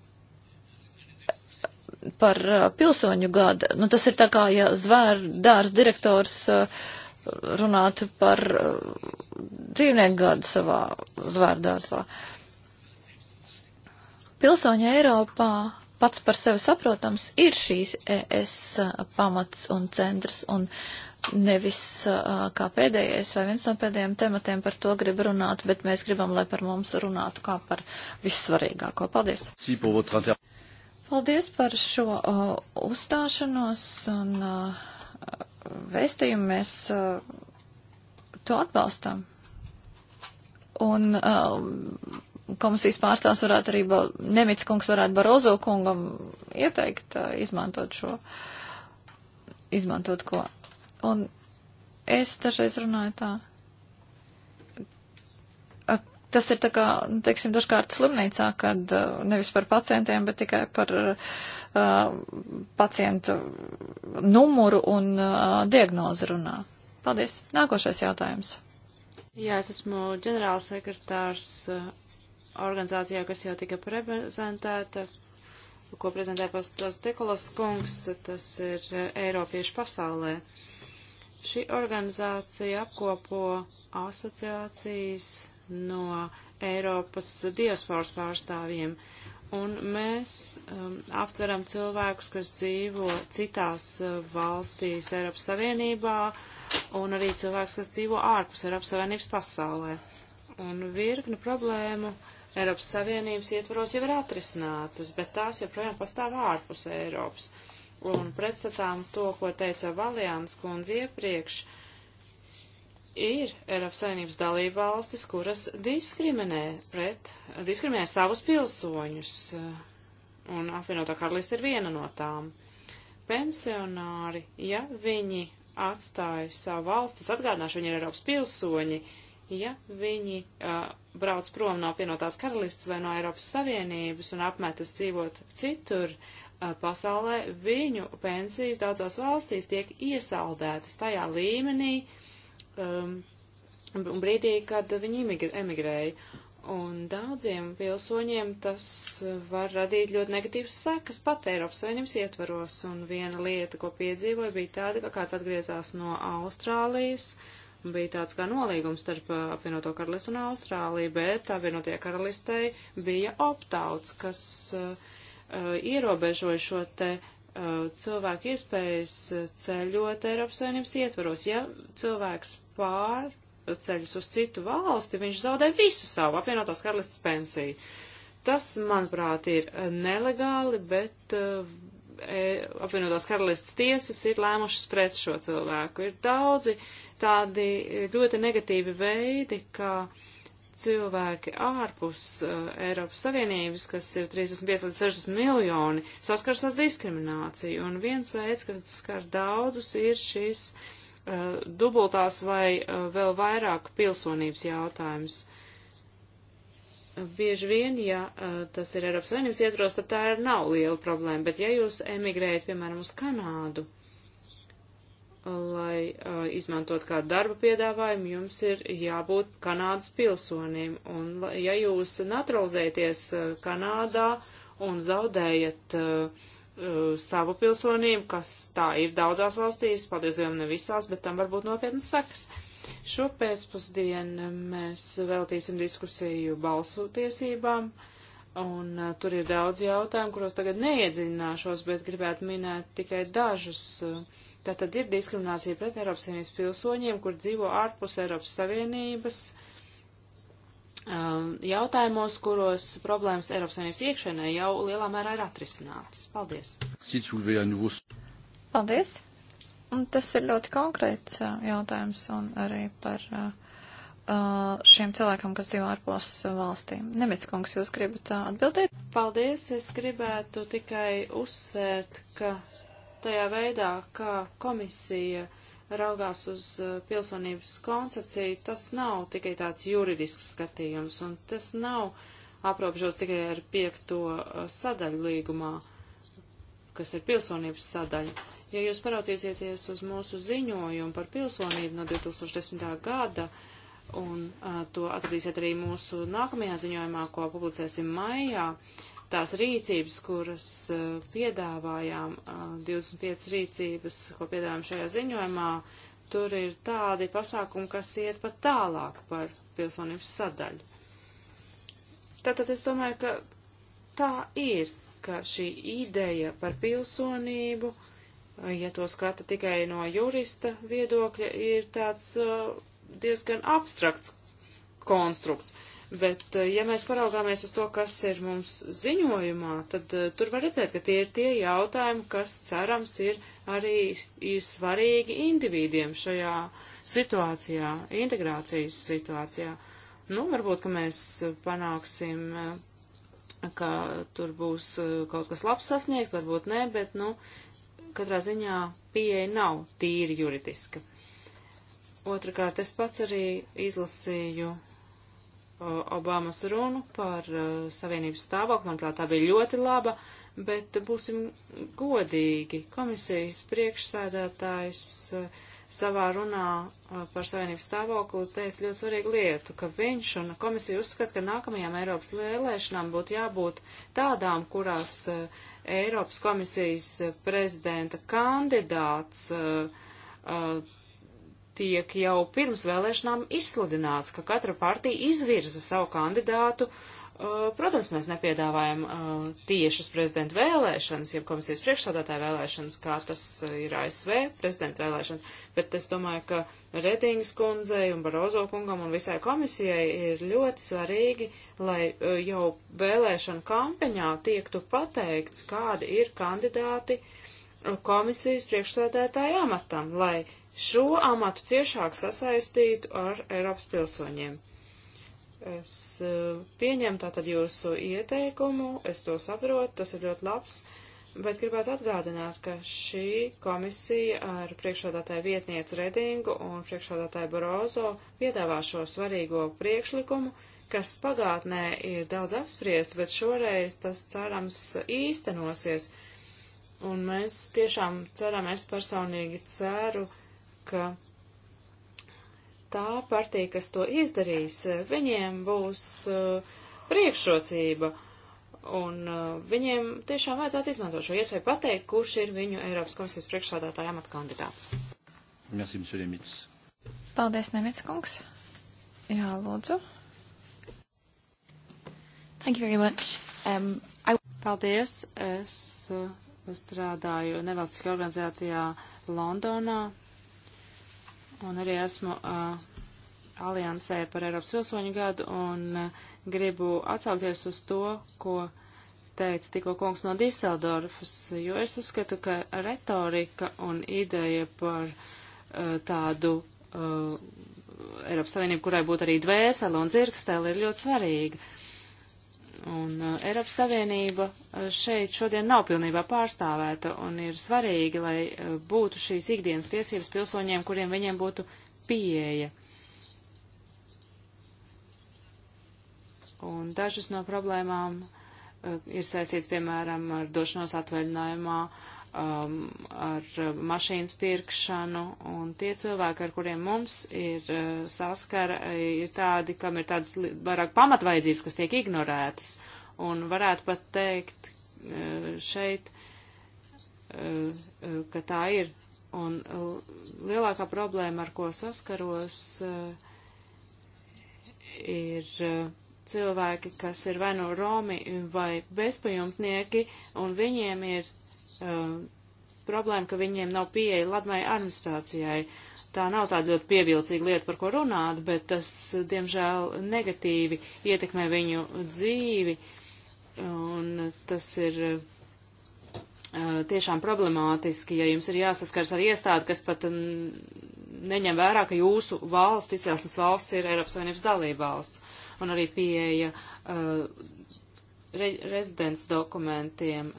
B: par uh, pilsoņu gada, nu tas ir tā kā, ja zvērdārs direktors uh, runātu par uh, dzīvnieku gadu savā zvērdārsā. Pilsoņa Eiropā pats par sevi saprotams ir šīs ES pamats un centrs un nevis kā pēdējais vai viens no pēdējiem tematiem par to grib runāt, bet mēs gribam, lai par mums runātu kā par vissvarīgāko. Paldies! Paldies par šo uh, uzstāšanos un uh, vēstījumu. Mēs uh, to atbalstam. Un uh, komisijas pārstāvs varētu arī, Nemits kungs varētu Barozo kungam ieteikt uh, izmantot šo, izmantot ko. Un es dažreiz runāju tā. Tas ir tā kā, nu, teiksim, dažkārt slimnīcā, kad uh, nevis par pacientiem, bet tikai par uh, pacientu numuru un uh, diagnozi runā. Paldies. Nākošais jautājums.
A: Jā, es esmu ģenerālsekretārs organizācijā, kas jau tika prezentēta, ko prezentē pastos Dekolas kungs, tas ir eh, Eiropiešu pasaulē. Šī organizācija apkopo asociācijas no Eiropas diasporas pārstāvjiem, un mēs um, aptveram cilvēkus, kas dzīvo citās uh, valstīs Eiropas Savienībā, un arī cilvēkus, kas dzīvo ārpus Eiropas Savienības pasaulē. Un virkni problēmu uh, Eiropas Savienības ietvaros jau ir atrisinātas, bet tās joprojām pastāv ārpus Eiropas. Un pretstatām to, ko teica Valjāns kundze iepriekš, ir Eiropas Savienības dalība valstis, kuras diskriminē pret, diskriminē savus pilsoņus, un apvienotā karalista ir viena no tām. Pensionāri, ja viņi atstāja savu valsti, es atgādināšu, viņi ir Eiropas pilsoņi, uh, ja viņi uh, brauc prom no apvienotās karalists vai no Eiropas Savienības un apmetas dzīvot citur uh, pasaulē, viņu pensijas daudzās valstīs tiek iesaldētas tajā līmenī um, brīdī, kad viņi emigrēja. Un daudziem pilsoņiem tas var radīt ļoti negatīvas sekas pat Eiropas Savienības ietvaros. Un viena lieta, ko piedzīvoja, bija tāda, ka kāds atgriezās no Austrālijas, uh, bija tāds kā nolīgums starp apvienoto karalistu un Austrāliju, bet apvienotie karalistei bija optauts, kas uh, ierobežoja šo te uh, cilvēku iespējas ceļot Eiropas Savienības ietvaros. Ja cilvēks pārceļas uz citu valsti, viņš zaudē visu savu apvienotās karalistas pensiju. Tas, manuprāt, ir nelegāli, bet uh, E, apvienotās karalistas tiesas ir lēmušas pret šo cilvēku. Ir daudzi tādi ļoti negatīvi veidi, kā cilvēki ārpus uh, Eiropas Savienības, kas ir 35 līdz 60 miljoni, saskars ar diskrimināciju. Un viens veids, kas skar daudzus, ir šis uh, dubultās vai uh, vēl vairāk pilsonības jautājums. Uh, bieži vien, ja eh, tas ir Eiropas Savienības ietvaros, tad tā ir nav liela problēma, bet ja jūs emigrējat, piemēram, uz Kanādu, lai uh, izmantot kādu darba piedāvājumu, jums ir jābūt Kanādas pilsonim. Un, lai, ja jūs naturalizēties uh, Kanādā un zaudējat uh, savu pilsonību, kas tā ir daudzās valstīs, paldies Dievam ne visās, bet tam var būt nopietnas sekas. Uh, Šo pēcpusdienu mēs veltīsim diskusiju balsu tiesībām, un uh, tur ir daudz jautājumu, kuros tagad neiedziļināšos, bet gribētu minēt tikai dažus. Tātad ir diskriminācija pret Eiropas Savienības pilsoņiem, kur dzīvo ārpus Eiropas Savienības um, jautājumos, kuros problēmas Eiropas Savienības iekšēnē jau lielā mērā ir atrisinātas. Paldies!
B: Paldies! Un tas ir ļoti konkrēts jautājums un arī par šiem cilvēkiem, kas dzīvo ārpus valstīm. Nemits kungs, jūs gribat atbildēt?
A: Paldies, es gribētu tikai uzsvērt, ka tajā veidā, kā komisija raugās uz pilsonības koncepciju, tas nav tikai tāds juridisks skatījums, un tas nav aprobežos tikai ar piekto sadaļu līgumā, kas ir pilsonības sadaļa Ja jūs paraudzīsieties uz mūsu ziņojumu par pilsonību no 2010. gada, un uh, to atradīsiet arī mūsu nākamajā ziņojumā, ko publicēsim maijā, tās rīcības, kuras uh, piedāvājām, uh, 25 rīcības, ko piedāvājām šajā ziņojumā, tur ir tādi pasākumi, kas iet pat tālāk par pilsonības sadaļu. Tātad es domāju, ka tā ir, ka šī ideja par pilsonību, uh, ja to skata tikai no jurista viedokļa, ir tāds uh, diezgan abstrakts konstrukts. Bet, uh, ja mēs paraugāmies uz to, kas ir mums ziņojumā, tad uh, tur var redzēt, ka tie ir tie jautājumi, kas cerams ir arī ir svarīgi individiem šajā situācijā, integrācijas situācijā. Nu, varbūt, ka mēs panāksim, ka tur būs kaut kas labs sasniegts, varbūt nē, bet, nu, uh, katrā ziņā pieeja nav tīri juridiska. Otrakārt, es pats arī izlasīju Obamas runu par uh, savienības stāvokli. Manuprāt, tā bija ļoti laba, bet būsim godīgi. Komisijas priekšsēdētājs uh, savā runā uh, par savienības stāvokli teica ļoti svarīgu lietu, ka viņš un komisija uzskata, ka nākamajām Eiropas vēlēšanām būtu jābūt tādām, kurās uh, Eiropas komisijas eh, prezidenta kandidāts eh, eh, tiek jau pirms vēlēšanām izsludināts, ka katra partija izvirza savu kandidātu uh, Uh, protams, mēs nepiedāvājam uh, tiešas prezidenta vēlēšanas, jeb komisijas priekšsādātāja vēlēšanas, kā tas uh, ir ASV prezidenta vēlēšanas, bet es domāju, ka Redingas kundzei un Barozo kungam un visai komisijai ir ļoti svarīgi, lai jau vēlēšana kampaņā tiektu pateikts, kādi ir kandidāti komisijas priekšsādātāja amatam, lai šo amatu ciešāk sasaistītu ar Eiropas pilsoņiem. Es eh, pieņemu tātad jūsu ieteikumu, es to saprotu, tas ir ļoti labs, bet gribētu atgādināt, ka šī komisija ar priekšādātāju vietnieci Redingu un priekšādātāju Barozo piedāvā šo svarīgo priekšlikumu, kas pagātnē ir daudz apspriests, bet šoreiz tas cerams īstenosies. Un mēs tiešām ceram, es personīgi ceru, ka tā partija, kas to izdarīs, viņiem būs uh, priekšrocība, un uh, viņiem tiešām vajadzētu izmantot šo iespēju pateikt, kurš ir viņu Eiropas komisijas priekšsādātāja amatkandidāts.
B: Merci, monsieur Lemits. Paldies, Nemits kungs. Jā, lūdzu.
A: Thank you very much. Um, I... Paldies. Es uh, strādāju nevalstiskajā organizētajā Londonā, un arī esmu uh, aliansē par Eiropas pilsoņu gadu un uh, gribu atsaukties uz to, ko teica tikko kungs no Diseldorfas, jo es uzskatu, ka retorika un ideja par uh, tādu uh, Eiropas Savienību, kurai būtu arī dvēsele un dzirkstēle, ir ļoti svarīga. Uh, Un uh, Eiropas Savienība uh, šeit šodien nav pilnībā pārstāvēta, un ir svarīgi, lai uh, būtu šīs ikdienas tiesības pilsoņiem, kuriem viņiem būtu pieeja. Un dažas no problēmām uh, ir saistīts, piemēram, ar došanos atvaļinājumā, uh, um, ar mašīnas pirkšanu, un tie cilvēki, ar kuriem mums ir uh, saskara, ir tādi, kam ir tādas vairāk pamatvaidzības, kas tiek ignorētas, un varētu pat teikt uh, šeit, uh, ka tā ir. Un uh, lielākā problēma, ar ko saskaros, uh, ir uh, cilvēki, kas ir vai nu no romi vai bezpajumtnieki, un viņiem ir uh, problēma, ka viņiem nav pieeja labnai administrācijai. Tā nav tāda ļoti pievilcīga lieta, par ko runāt, bet tas, diemžēl, negatīvi ietekmē viņu dzīvi, un tas ir uh, tiešām problemātiski, ja jums ir jāsaskars ar iestādi, kas pat um, neņem vērā, ka jūsu valsts, izcelsmes valsts ir Eiropas Savienības dalība valsts, un arī pieeja uh, re rezidents dokumentiem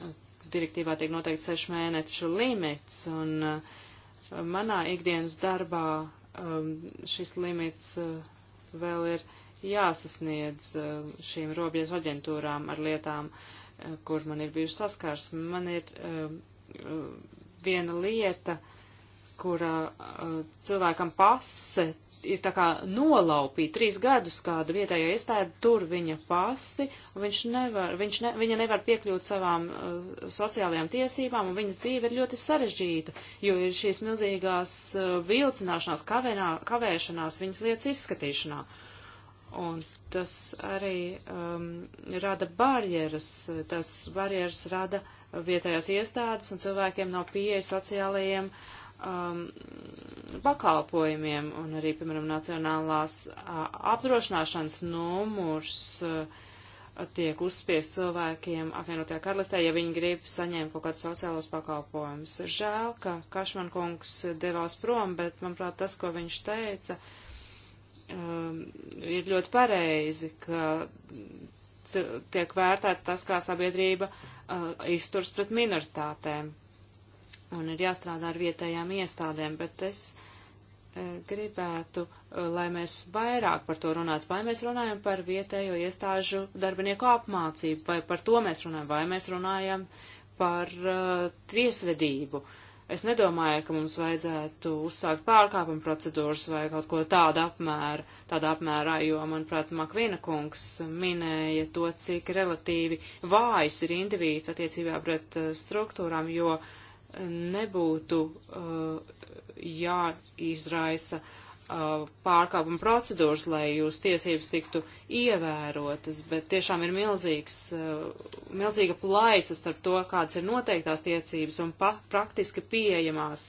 A: direktīvā tiek noteikts sešu mēnešu limits, un uh, manā ikdienas darbā um, šis limits uh, vēl ir jāsasniedz uh, šīm robežu aģentūrām ar lietām, kur man ir bijuši saskars. Man ir um, viena lieta, kura cilvēkam pase ir tā kā nolaupīja trīs gadus kādu vietējo iestādi, tur viņa pasi, un viņš nevar, viņš ne, viņa nevar piekļūt savām uh, sociālajām tiesībām, un viņas dzīve ir ļoti sarežģīta, jo ir šīs milzīgās uh, vilcināšanās, kavenā, kavēšanās viņas lietas izskatīšanā. Un tas arī um, rada barjeras, tas barjeras rada vietējās iestādes, un cilvēkiem nav pieeja sociālajiem uh, um, pakalpojumiem un arī, piemēram, nacionālās uh, apdrošināšanas numurs uh, tiek uzspiest cilvēkiem apvienotajā karalistē, ja viņi grib saņemt kaut kādus sociālos pakalpojumus. Žēl, ka Kašman kungs devās prom, bet, manuprāt, tas, ko viņš teica, um, ir ļoti pareizi, ka tiek vērtēts tas, kā sabiedrība uh, izturs pret minoritātēm un ir jāstrādā ar vietējām iestādēm, bet es e, gribētu, e, lai mēs vairāk par to runātu. Vai mēs runājam par vietējo iestāžu darbinieku apmācību, vai par to mēs runājam, vai mēs runājam par uh, tiesvedību. Es nedomāju, ka mums vajadzētu uzsākt pārkāpumu procedūras vai kaut ko tādu apmēru, tādā apmērā, jo, manuprāt, Makvina kungs minēja to, cik relatīvi vājs ir individs attiecībā pret uh, struktūrām, jo uh, nebūtu uh, jāizraisa uh, pārkāpuma procedūras, lai jūsu tiesības tiktu ievērotas, bet tiešām ir milzīgs, uh, milzīga plaisa starp to, kādas ir noteiktās tiesības un praktiski pieejamās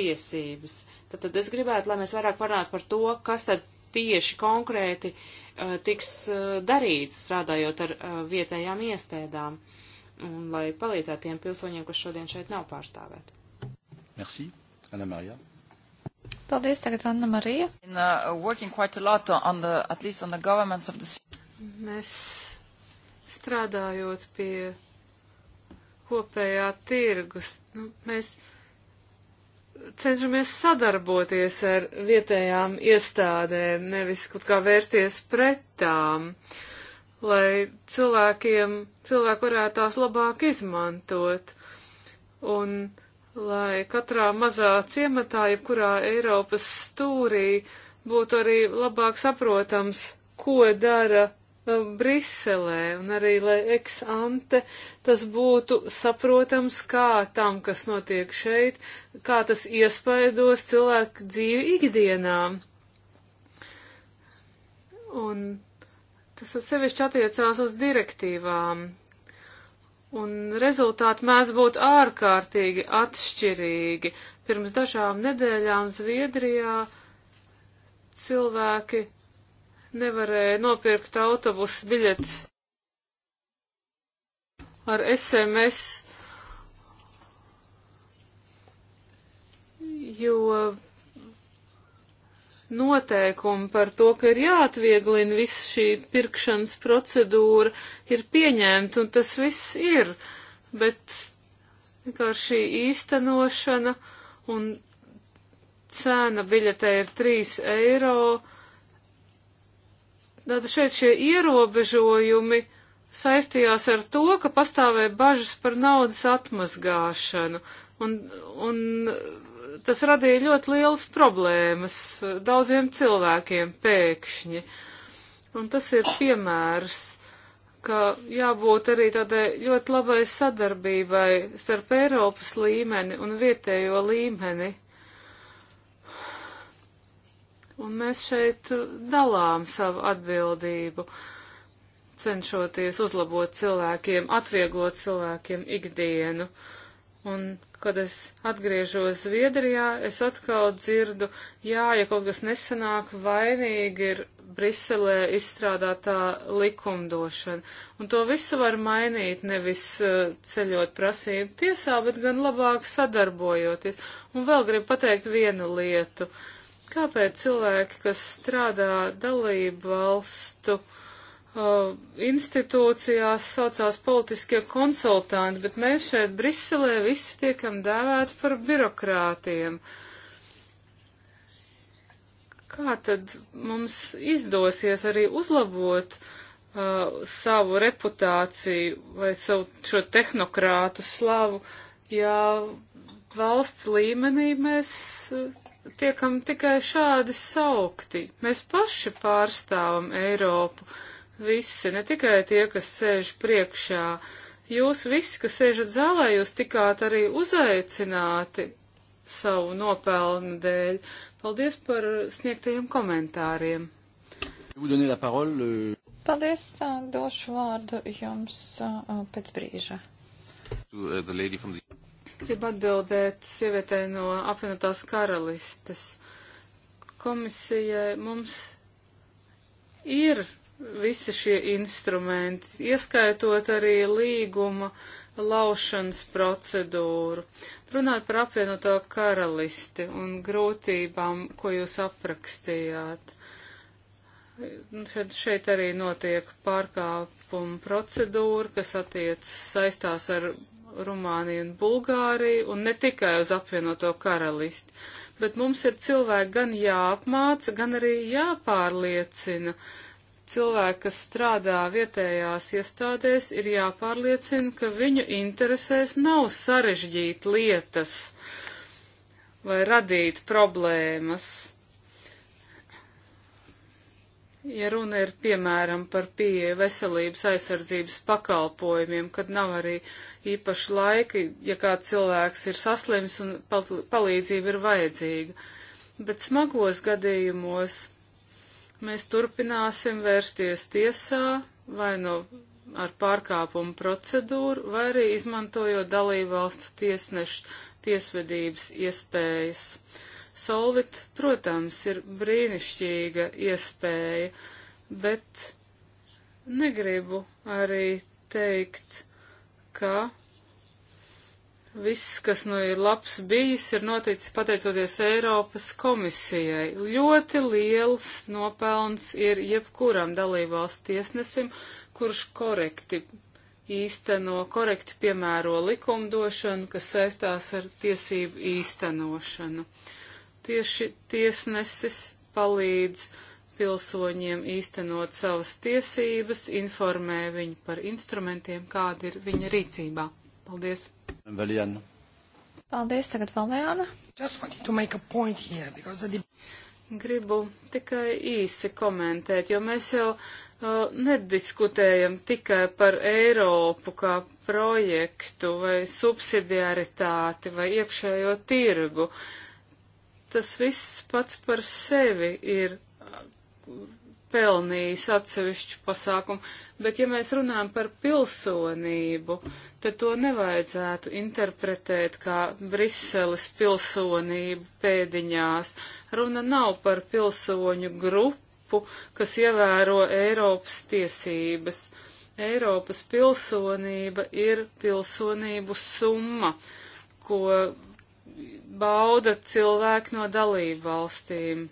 A: tiesības. Tad, tad es gribētu, lai mēs vairāk parunātu par to, kas tad tieši konkrēti uh, tiks uh, darīts, strādājot ar uh, vietējām iestēdām. Uh, un lai palīdzētu tiem pilsoņiem, kas šodien šeit nav pārstāvēti.
B: Merci, Anna Marija. Paldies, tagad Anna Marija.
C: In, uh, working quite a lot on the, at least on the governments of the Mēs strādājot pie kopējā tirgus, nu, mēs cenšamies sadarboties ar vietējām iestādēm, nevis kaut kā vērsties pret tām. Uh, lai cilvēkiem, cilvēki varētu tās labāk izmantot. Un lai katrā mazā ciematā, jebkurā Eiropas stūrī, būtu arī labāk saprotams, ko dara um, Briselē, un arī, lai ex ante tas būtu saprotams, kā tam, kas notiek šeit, kā tas iespaidos cilvēku dzīvi ikdienā. Un Tas sevišķi attiecās uz direktīvām, un rezultāti mēs būtu ārkārtīgi atšķirīgi. Pirms dažām nedēļām Zviedrijā cilvēki nevarēja nopirkt autobusu biļetes ar SMS, jo noteikumi par to, ka ir jāatvieglina viss šī pirkšanas procedūra, ir pieņemta un tas viss ir, bet vienkārši īstenošana un cena biļetē ir 3 eiro. Tātad šeit šie ierobežojumi saistījās ar to, ka pastāvēja bažas par naudas atmazgāšanu. Un, un tas radīja ļoti lielas problēmas daudziem cilvēkiem pēkšņi. Un tas ir piemērs, ka jābūt arī tādai ļoti labai sadarbībai starp Eiropas līmeni un vietējo līmeni. Un mēs šeit dalām savu atbildību, cenšoties uzlabot cilvēkiem, atvieglot cilvēkiem ikdienu. Uh, Un, kad es atgriežos Zviedrijā, es atkal dzirdu, jā, ja kaut kas nesanāk, vainīgi ir Briselē izstrādātā likumdošana. Un to visu var mainīt, nevis uh, ceļot prasību tiesā, bet gan labāk sadarbojoties. Un vēl gribu pateikt vienu lietu. Kāpēc cilvēki, kas strādā dalību valstu, uh, uh, institūcijās saucās politiskie konsultanti, bet mēs šeit Briselē visi tiekam dēvēti par birokrātiem. Kā tad mums izdosies arī uzlabot uh, savu reputāciju vai savu šo tehnokrātu slavu, ja valsts līmenī mēs uh, tiekam tikai šādi saukti. Mēs paši pārstāvam Eiropu. Uh, Visi, ne tikai tie, kas sēž priekšā. Jūs visi, kas sēžat zālē, jūs tikāt arī uzaicināti savu nopelnu dēļ. Paldies par sniegtajiem komentāriem.
B: Paldies, došu vārdu jums pēc brīža. Uh,
C: Gribu atbildēt sievietē no apvienotās karalistes. Komisijai mums ir visi šie instrumenti, ieskaitot arī līguma laušanas procedūru. Runāt par apvienoto karalisti un grūtībām, ko jūs aprakstījāt. Nu, šeit, šeit arī notiek pārkāpuma procedūra, kas attiecas saistās ar Rumāniju un Bulgāriju, un ne tikai uz apvienoto karalisti. Bet mums ir cilvēki gan jāapmāca, gan arī jāpārliecina, uh, cilvēki, kas strādā vietējās iestādēs, ir jāpārliecina, ka viņu interesēs nav sarežģīt lietas vai radīt problēmas. Ja runa ir piemēram par pieeja veselības aizsardzības pakalpojumiem, kad nav arī īpaši laika, ja kāds cilvēks ir saslims un palīdzība ir vajadzīga. Bet smagos gadījumos Mēs turpināsim vērsties tiesā vai no ar pārkāpumu procedūru, vai arī izmantojot dalību valstu tiesnešu tiesvedības iespējas. Solvit, protams, ir brīnišķīga iespēja, bet negribu arī teikt, ka Viss, kas nu ir labs bijis, ir noticis pateicoties Eiropas komisijai. Ļoti liels nopelns ir jebkuram dalībvalsts tiesnesim, kurš korekti īsteno, korekti piemēro likumdošanu, kas saistās ar tiesību īstenošanu. Tieši tiesnesis palīdz pilsoņiem īstenot savas tiesības, informē viņu par instrumentiem, kādi ir viņa rīcībā. Paldies. Valjana. Paldies, tagad Valmēna. The... Gribu tikai īsi komentēt, jo mēs jau uh, nediskutējam tikai par Eiropu kā projektu vai subsidiaritāti vai iekšējo tirgu. Tas viss pats par sevi ir pelnījis atsevišķu pasākumu, bet ja mēs runājam par pilsonību, tad to nevajadzētu interpretēt kā Briseles pilsonību pēdiņās. Runa nav par pilsoņu grupu, kas ievēro Eiropas tiesības. Eiropas pilsonība ir pilsonību summa, ko bauda cilvēki no dalību valstīm.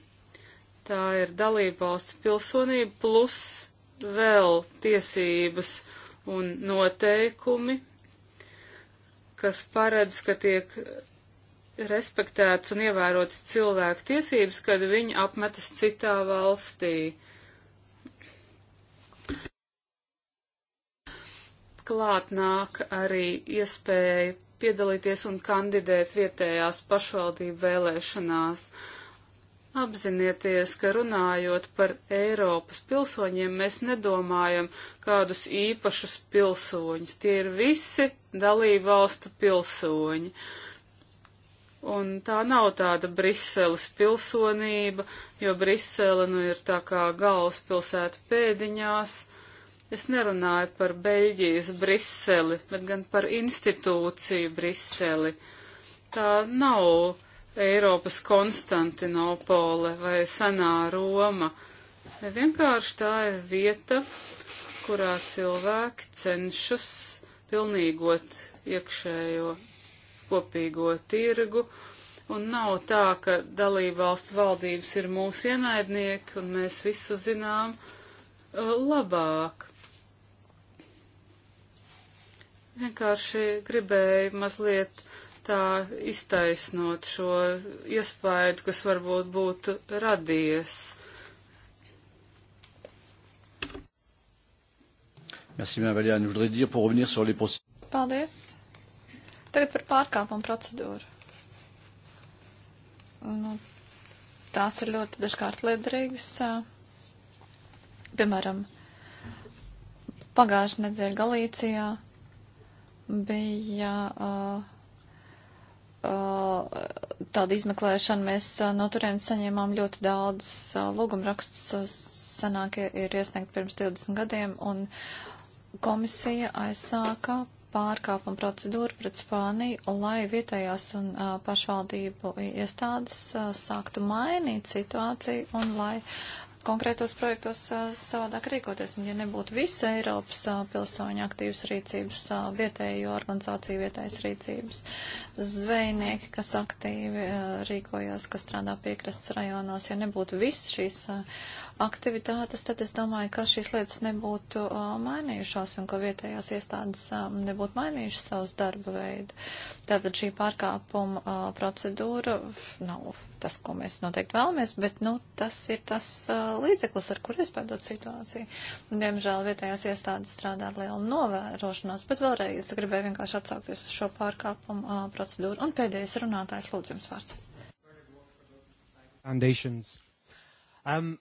C: Tā ir dalībvalsts pilsonība plus vēl tiesības un noteikumi, kas paredz, ka tiek respektēts un ievērots cilvēku tiesības, kad viņi apmetas citā valstī. Klāt nāk arī iespēja piedalīties un kandidēt vietējās pašvaldību vēlēšanās. Uh, Apzinieties, ka runājot par Eiropas pilsoņiem, mēs nedomājam kādus īpašus pilsoņus. Tie ir visi dalībvalstu pilsoņi. Un tā nav tāda Briseles pilsonība, jo Brisele nu ir tā kā galvaspilsēta pēdiņās. Es nerunāju par Beļģijas Briseli, bet gan par institūciju Briseli. Tā nav Eiropas Konstantinopole vai senā Roma. Ne vienkārši tā ir vieta, kurā cilvēki cenšas pilnīgot iekšējo kopīgo tirgu, un nav tā, ka dalībvalstu valdības ir mūsu ienaidnieki, un mēs visu zinām uh, labāk. Vienkārši gribēju mazliet uh, tā iztaisnot šo iespēju, kas varbūt būtu radies.
B: Merci, Valian. Je voudrais dire pour revenir sur les procédures. Paldies. Tagad par pārkāpumu procedūru. Nu, tās ir ļoti dažkārt liederīgas. Piemēram, pagājušajā nedēļā Galīcijā bija uh, tādu izmeklēšanu mēs no turienes saņēmām ļoti daudz lūgumrakstus, sanākie ir iesniegti pirms 20 gadiem, un komisija aizsāka pārkāpuma procedūru pret Spāniju, lai vietējās un a, pašvaldību iestādes a, sāktu mainīt situāciju un lai konkrētos projektos savādāk rīkoties. Un, ja nebūtu visu Eiropas pilsoņu aktīvas rīcības, vietējo organizāciju vietējas rīcības, zvejnieki, kas aktīvi rīkojās, kas strādā piekrastes rajonos, ja nebūtu viss šīs aktivitātes, tad es domāju, ka šīs lietas nebūtu uh, mainījušās un ka vietējās iestādes uh, nebūtu mainījušas savus darba veidu. Tātad šī pārkāpuma uh, procedūra nav tas, ko mēs noteikti vēlamies, bet nu, tas ir tas uh, līdzeklis, ar kur izpēdot situāciju. Diemžēl vietējās iestādes strādā ar lielu novērošanos, bet vēlreiz es gribēju vienkārši atsaukties uz šo pārkāpumu uh, procedūru. Un pēdējais runātājs lūdzu jums vārds.
A: Foundations. Um,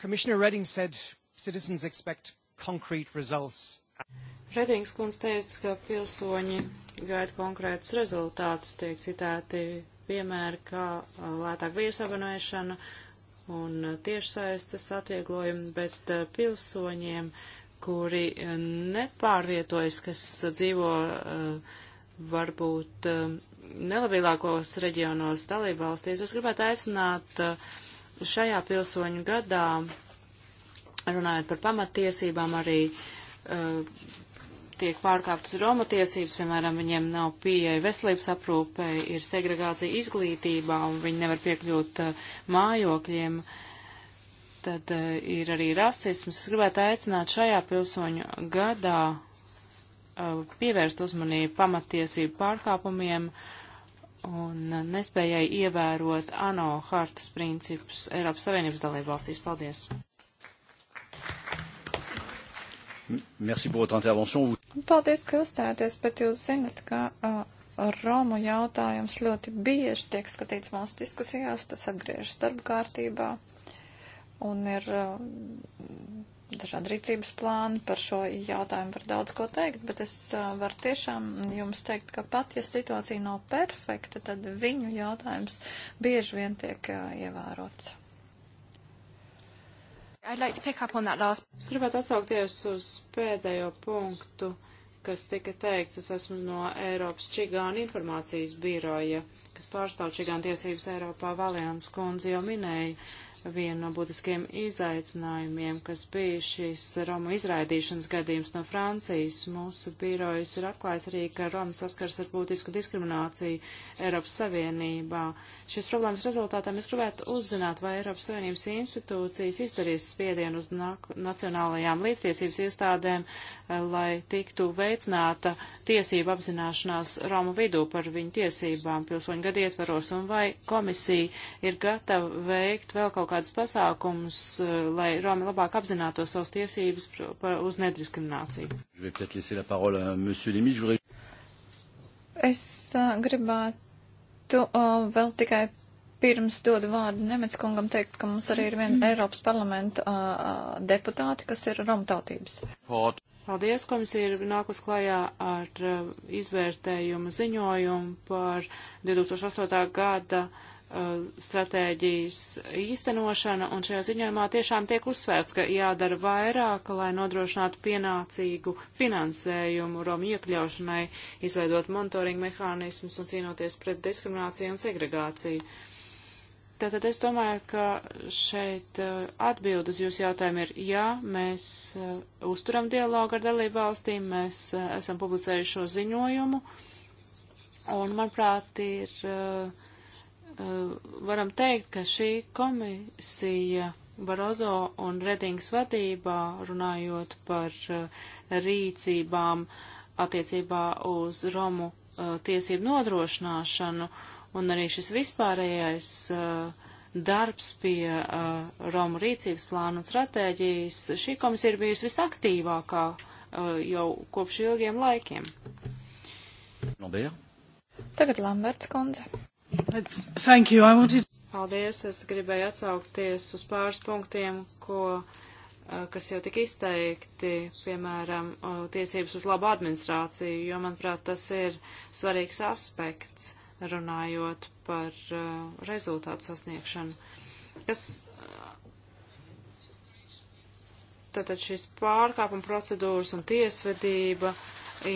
A: Commissioner Redding said citizens expect concrete results. Redings kundze teica, ka pilsoņi gaida konkrētus rezultātus, tiek citēti piemēri, kā lētāk viesavanēšana un tiešsaistes atvieglojumi, bet pilsoņiem, kuri nepārvietojas, kas dzīvo varbūt nelabilākos reģionos dalībvalstīs, es gribētu aicināt uh, šajā pilsoņu gadā, runājot par pamattiesībām, arī uh, tiek pārkāptas Roma tiesības, piemēram, viņiem nav pieeja veselības aprūpē, ir segregācija izglītībā un viņi nevar piekļūt uh, mājokļiem, tad uh, ir arī rasisms. Es gribētu aicināt šajā pilsoņu gadā uh, pievērst uzmanību pamatiesību pārkāpumiem un nespējai ievērot ANO hartas principus Eiropas Savienības dalību valstīs. Paldies!
B: Merci pour votre intervention. Paldies, ka uzstājāties, bet jūs zinat, ka uh, Romu jautājums ļoti bieži tiek skatīts mūsu diskusijās, tas atgriežas darba kārtībā un ir uh, dažādi rīcības plāni par šo jautājumu var daudz ko teikt, bet es varu tiešām jums teikt, ka pat ja situācija nav perfekta, tad viņu jautājums bieži vien tiek ievērots.
A: I'd like to pick up on that last. Es gribētu atsaukties uz pēdējo punktu, kas tika teikts. Es esmu no Eiropas Čigāna informācijas biroja, kas pārstāv Čigāna tiesības Eiropā Valians kundze jau minēja vienu no būtiskiem izaicinājumiem, kas bija šīs Romu izraidīšanas gadījums no Francijas. Mūsu birojas ir atklājis arī, ka Roma saskars ar būtisku diskrimināciju Eiropas Savienībā. Uh, Šīs problēmas rezultātā mēs gribētu uzzināt, vai Eiropas Savienības institūcijas izdarīs spiedienu uz nacionālajām līdztiesības iestādēm, eh, lai tiktu veicināta tiesība apzināšanās Romu vidū par viņu tiesībām pilsoņu gadu ietvaros, un vai komisija ir gatava veikt vēl kaut kādus pasākumus, eh, lai Romi labāk apzinātos savus tiesības uz nediskrimināciju.
B: Es eh, gribētu gribētu uh, vēl tikai pirms dodu vārdu Nemec kungam teikt, ka mums arī ir viena mm-hmm. Eiropas parlamenta uh, deputāte, kas ir romtautības.
A: Paldies, komisija ir nākus klajā ar uh, izvērtējumu ziņojumu par 2008. gada uh, Eh, stratēģijas īstenošana, un šajā ziņojumā tiešām tiek uzsvērts, ka jādara vairāk, lai nodrošinātu pienācīgu finansējumu Romu iekļaušanai, izveidot monitoringu mehānismus un cīnoties pret diskrimināciju un segregāciju. Tātad es domāju, ka šeit eh, atbild uz jūsu jautājumu ir jā, mēs eh, uzturam dialogu ar dalību valstīm, mēs esam publicējuši šo ziņojumu, un manuprāt ir uh, Eh, varam teikt, ka šī komisija Barozo un Redings vadībā runājot par eh, rīcībām attiecībā uz Romu eh, tiesību nodrošināšanu un arī šis vispārējais uh, darbs pie uh, Romu rīcības plāna un stratēģijas, šī komisija ir bijusi visaktīvākā uh, jau kopš ilgiem laikiem.
C: Lambert.
B: Tagad Lamberts kundze.
C: Thank you. I wanted...
A: Paldies. Es gribēju atsaukties uz pāris punktiem, ko, kas jau tik izteikti, piemēram, tiesības uz labu administrāciju, jo, manuprāt, tas ir svarīgs aspekts, runājot par uh, rezultātu sasniegšanu. Kas, tātad šīs pārkāpuma procedūras un tiesvedība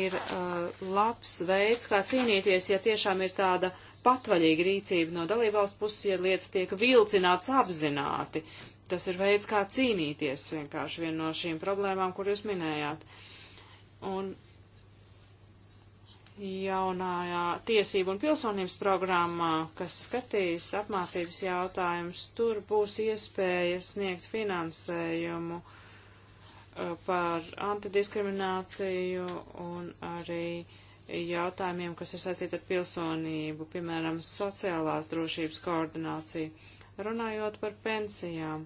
A: ir uh, labs veids, kā cīnīties, ja tiešām ir tāda patvaļīga rīcība no dalībvalstu puses, ja lietas tiek vilcināts apzināti. Tas ir veids, kā cīnīties vienkārši viena no šīm problēmām, kur jūs minējāt. Un jaunājā tiesību un pilsonības programmā, kas skatīs apmācības jautājumus, tur būs iespēja sniegt finansējumu uh, Uh, par antidiskrimināciju un arī jautājumiem, kas ir saistīti ar pilsonību, piemēram, sociālās drošības koordināciju. Runājot par pensijām,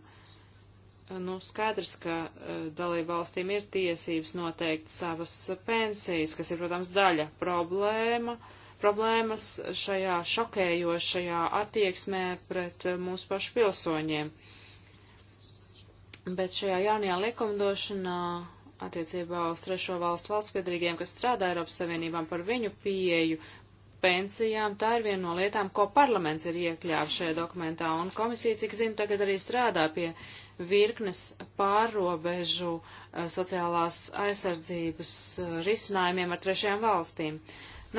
A: nu skaidrs, ka uh, dalību valstīm ir tiesības noteikt savas pensijas, kas ir, protams, daļa problēma, problēmas šajā šokējošajā attieksmē pret uh, mūsu pašu pilsoņiem. Uh, Bet šajā jaunajā likumdošanā attiecībā uz trešo valstu valstspiedrīgiem, kas strādā Eiropas Savienībām par viņu pieeju pensijām, tā ir viena no lietām, ko parlaments ir iekļāvis šajā dokumentā, un komisija, cik zinu, tagad arī strādā pie virknes pārrobežu eh, sociālās aizsardzības eh, risinājumiem ar trešajām valstīm.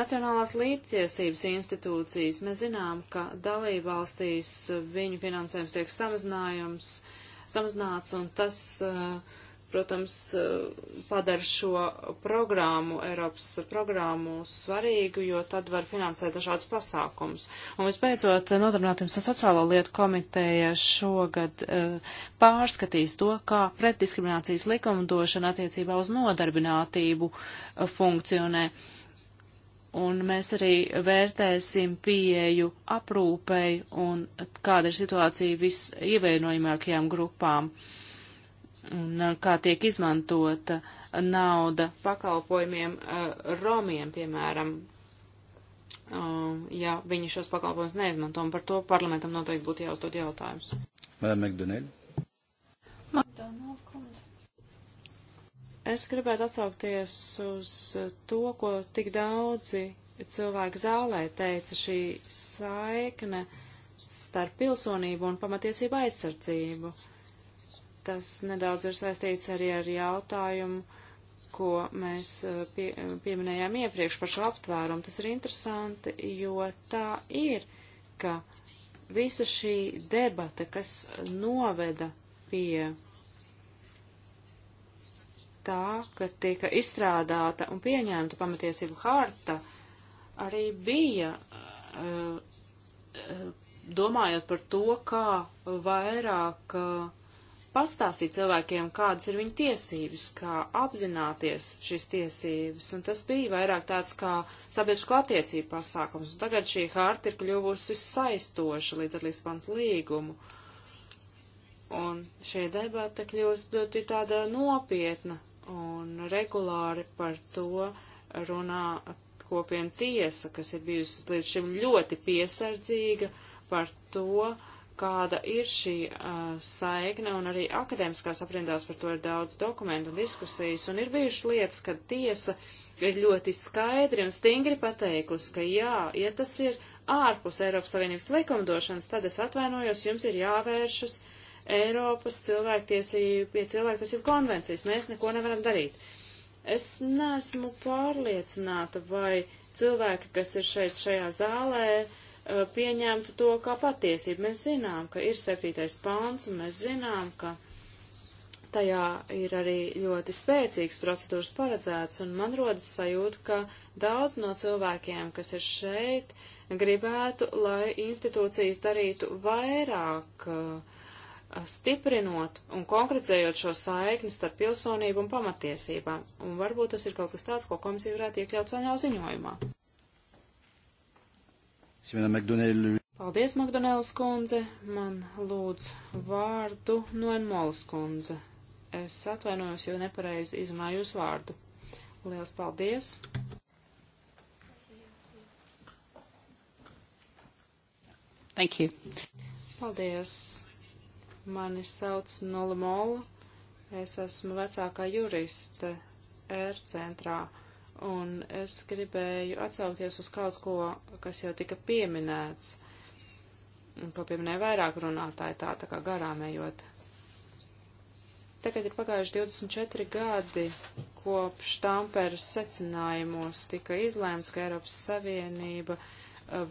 A: Nacionālās līdztiesības institūcijas, mēs zinām, ka dalībvalstīs eh, viņu finansējums tiek samazinājums, uh, samazināts, un tas, eh, protams, eh, padara šo programmu, Eiropas programmu svarīgu, jo tad var finansēt dažādas pasākumus. Un visbeidzot, eh, Nodarbinātības un sociālo lietu komiteja šogad pārskatīs to, kā pretdiskriminācijas likumdošana attiecībā uz nodarbinātību funkcionē. Uh, un mēs arī vērtēsim pieeju aprūpei un kāda ir situācija visievainojamākajām grupām un uh, kā tiek izmantota nauda pakalpojumiem uh, romiem, piemēram, uh, ja viņi šos pakalpojumus neizmanto, un par to parlamentam noteikti būtu jāuzdod jautājums.
B: Madame McDonnell.
A: McDonnell. Es gribētu atsaukties uz to, ko tik daudzi cilvēki zālē teica, šī saikne starp pilsonību un pamatiesību aizsardzību. Tas nedaudz ir saistīts arī ar jautājumu, ko mēs eh, pie, pieminējām iepriekš par šo aptvērumu. Tas ir interesanti, jo tā ir, ka visa šī debata, kas noveda pie tā, ka tika izstrādāta un pieņemta pamatiesību harta, arī bija eh, eh, domājot par to, kā vairāk eh, pastāstīt cilvēkiem, kādas ir viņu tiesības, kā apzināties šīs tiesības, un tas bija vairāk tāds kā sabiedrisko attiecību pasākums, un tagad šī harta ir kļuvusi saistoša līdz ar Lisbons līgumu. Un šī debata kļūst ļoti tāda nopietna, un regulāri par to runā kopiena tiesa, kas ir bijusi līdz šim ļoti piesardzīga par to, kāda ir šī uh, saikne, un arī akadēmiskās aprindās par to ir daudz dokumentu un diskusijas, un ir bijušas lietas, kad tiesa ir ļoti skaidri un stingri pateikusi, ka jā, ja tas ir ārpus Eiropas Savienības likumdošanas, tad es atvainojos, jums ir jāvēršas Eiropas cilvēktiesību, pie cilvēktiesību konvencijas. Mēs neko nevaram darīt. Es neesmu pārliecināta, vai cilvēki, kas ir šeit šajā zālē, eh, pieņemtu to kā patiesību. Mēs zinām, ka ir septītais pāns, un mēs zinām, ka tajā ir arī ļoti spēcīgs procedūras paredzēts, un man rodas sajūta, ka daudz no cilvēkiem, kas ir šeit, gribētu, lai institūcijas darītu vairāk uh, stiprinot un konkretizējot šo saikni starp pilsonību un pamatiesībām. Un varbūt tas ir kaut kas tāds, ko komisija varētu iekļaut saņā ziņojumā. Paldies, Magdonēlas kundze. Man lūdz vārdu Noenmolas kundze. Es atvainojos, jo nepareizi izrunāju jūsu vārdu. Liels paldies! Thank you. Paldies! Mani sauc Nola Mola. Es esmu vecākā juriste R centrā. Un es gribēju atsaukties uz kaut ko, kas jau tika pieminēts. Ko pieminēja vairāk runātāji tā, tā kā garām ejot. Tagad ir pagājuši 24 gadi, kopš Tamperes secinājumos tika izlēmts, ka Eiropas Savienība uh,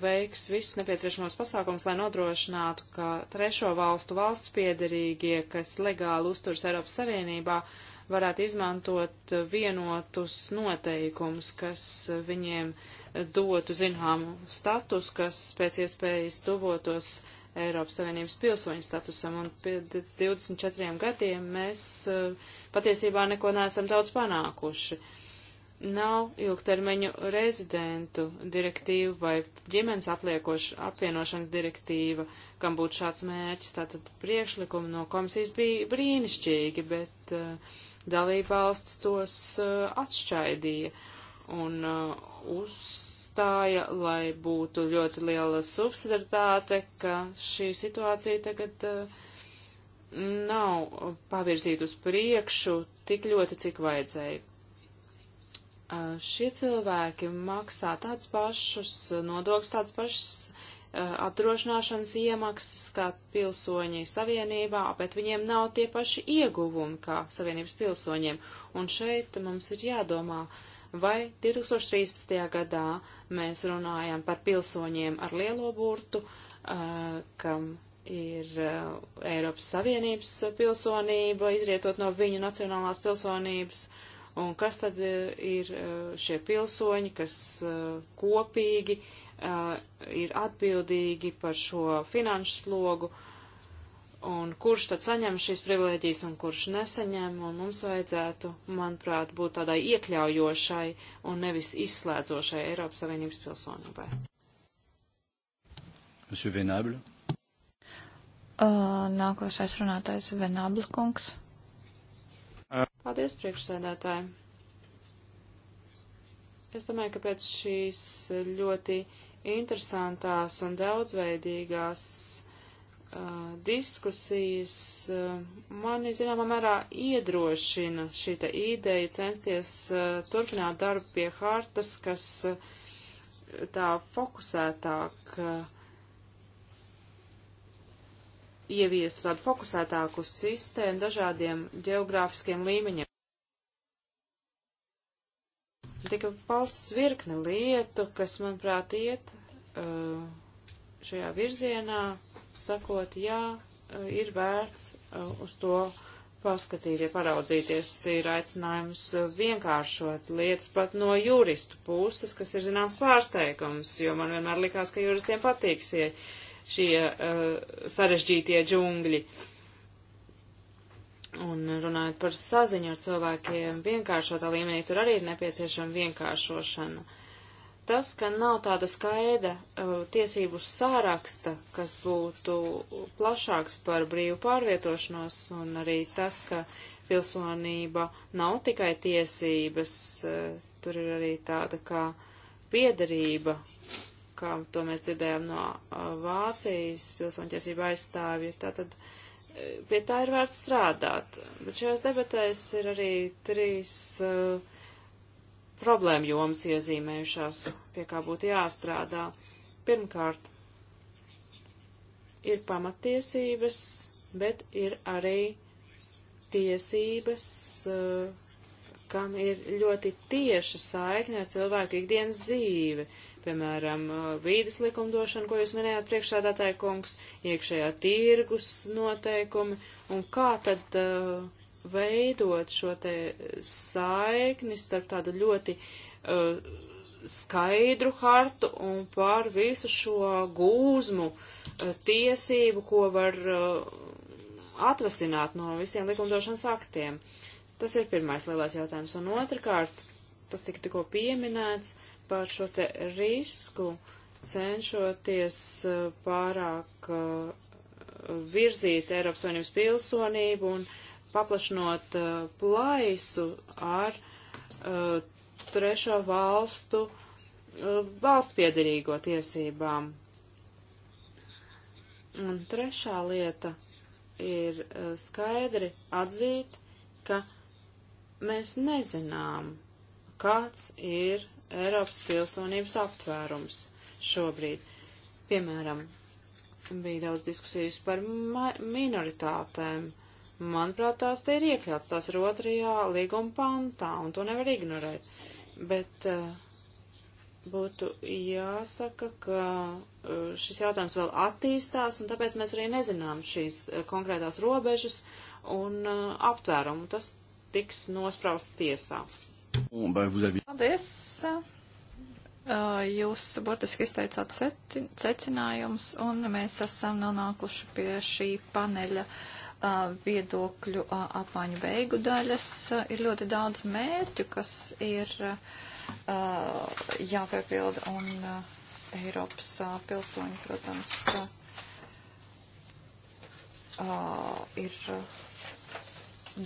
A: veiks visus nepieciešamos pasākumus, lai nodrošinātu, ka trešo valstu valsts piederīgie, kas legāli uzturas Eiropas Savienībā, varētu izmantot vienotus noteikumus, kas viņiem dotu zināmu status, kas pēc iespējas tuvotos Eiropas Savienības pilsoņu statusam. Un pēc 24 gadiem mēs eh, patiesībā neko neesam daudz panākuši. Uh, nav ilgtermiņu rezidentu direktīva vai ģimenes apvienošanas direktīva, kam būtu šāds mērķis. Tātad priekšlikumi no komisijas bija brīnišķīgi, bet uh, eh, dalībvalsts tos uh, atšķaidīja un uh, uzstāja, lai būtu ļoti liela subsidaritāte, ka šī situācija tagad nav pavirzīta uz priekšu tik ļoti, cik vajadzēja šie cilvēki maksā tāds pašus nodokļus, tāds pašus apdrošināšanas iemaksas kā pilsoņi savienībā, bet viņiem nav tie paši ieguvumi kā savienības pilsoņiem. Un šeit mums ir jādomā, vai 2013. gadā mēs runājam par pilsoņiem ar lielo burtu, kam ir Eiropas Savienības pilsonība, izrietot no viņu nacionālās pilsonības, uh, Un kas tad e, ir e, šie pilsoņi, kas e, kopīgi ir atbildīgi par šo finanšu slogu? un kurš tad saņem šīs privilēģijas un kurš nesaņem, un mums vajadzētu, manuprāt, būt tādai iekļaujošai un nevis izslēdzošai Eiropas Savienības pilsonībai.
B: Uh, nākošais runātājs Venabla kungs.
A: Paldies, priekšsēdētāji. Es domāju, ka pēc šīs ļoti interesantās un daudzveidīgās uh, diskusijas uh, mani, zināmā mērā, iedrošina šī ideja censties uh, turpināt darbu pie hartas, kas uh, tā fokusētāk uh, ieviestu tādu fokusētāku sistēmu dažādiem geogrāfiskiem līmeņiem. Tika paustas virkne lietu, kas, manuprāt, iet uh, šajā virzienā, sakot, jā, uh, ir vērts uh, uz to paskatīt, ja paraudzīties, ir aicinājums uh, vienkāršot lietas pat no juristu puses, kas ir zināms pārsteigums, jo man vienmēr likās, ka juristiem patīk šie uh, sarežģītie džungļi. Un runājot par saziņu ar cilvēkiem vienkāršotā līmenī, tur arī ir nepieciešama vienkāršošana. Tas, ka nav tāda skaida uh, tiesību sāraksta, kas būtu plašāks par brīvu pārvietošanos, un arī tas, ka pilsonība nav tikai tiesības, uh, tur ir arī tāda kā piederība, kā to mēs dzirdējām no Vācijas pilsoņtiesība aizstāvja. Tātad pie tā ir vērts strādāt. Bet šajās debatēs ir arī trīs uh, problēma jomas iezīmējušās, pie kā būtu jāstrādā. Pirmkārt, ir pamatiesības, bet ir arī tiesības. Uh, kam ir ļoti tieša saikne ar cilvēku ikdienas dzīvi. Uh, piemēram, vīdes likumdošana, ko jūs minējāt priekšsādātāja kungs, iekšējā tirgus noteikumi, un kā tad uh, veidot šo te saikni starp tādu ļoti uh, skaidru hartu un pār visu šo gūzmu uh, tiesību, ko var atvasināt no visiem likumdošanas aktiem. Tas ir pirmais lielais jautājums. Un otrkārt, tas tika tikko pieminēts, par šo te risku, cenšoties eh, pārāk eh, virzīt Eiropas Savienības pilsonību un paplašinot eh, plaisu ar trešo valstu valsts piedarīgo tiesībām. Un trešā lieta ir skaidri atzīt, ka mēs nezinām, kāds ir Eiropas pilsonības aptvērums šobrīd. Piemēram, bija daudz diskusijas par minoritātēm. Manuprāt, tās te ir iekļauts, tās ir otrajā līguma pantā, un to nevar ignorēt. Bet uh, būtu jāsaka, ka uh, šis jautājums vēl attīstās, un tāpēc mēs arī nezinām šīs uh, konkrētās robežas un aptvērumu. Tas tiks nospraust tiesā.
B: Paldies! Jūs burtiski izteicāt secinājumus, un mēs esam nonākuši pie šī paneļa viedokļu apmaiņu beigu daļas. Ir ļoti daudz mērķu, kas ir jāpiepilda, un Eiropas pilsoņi, protams, ir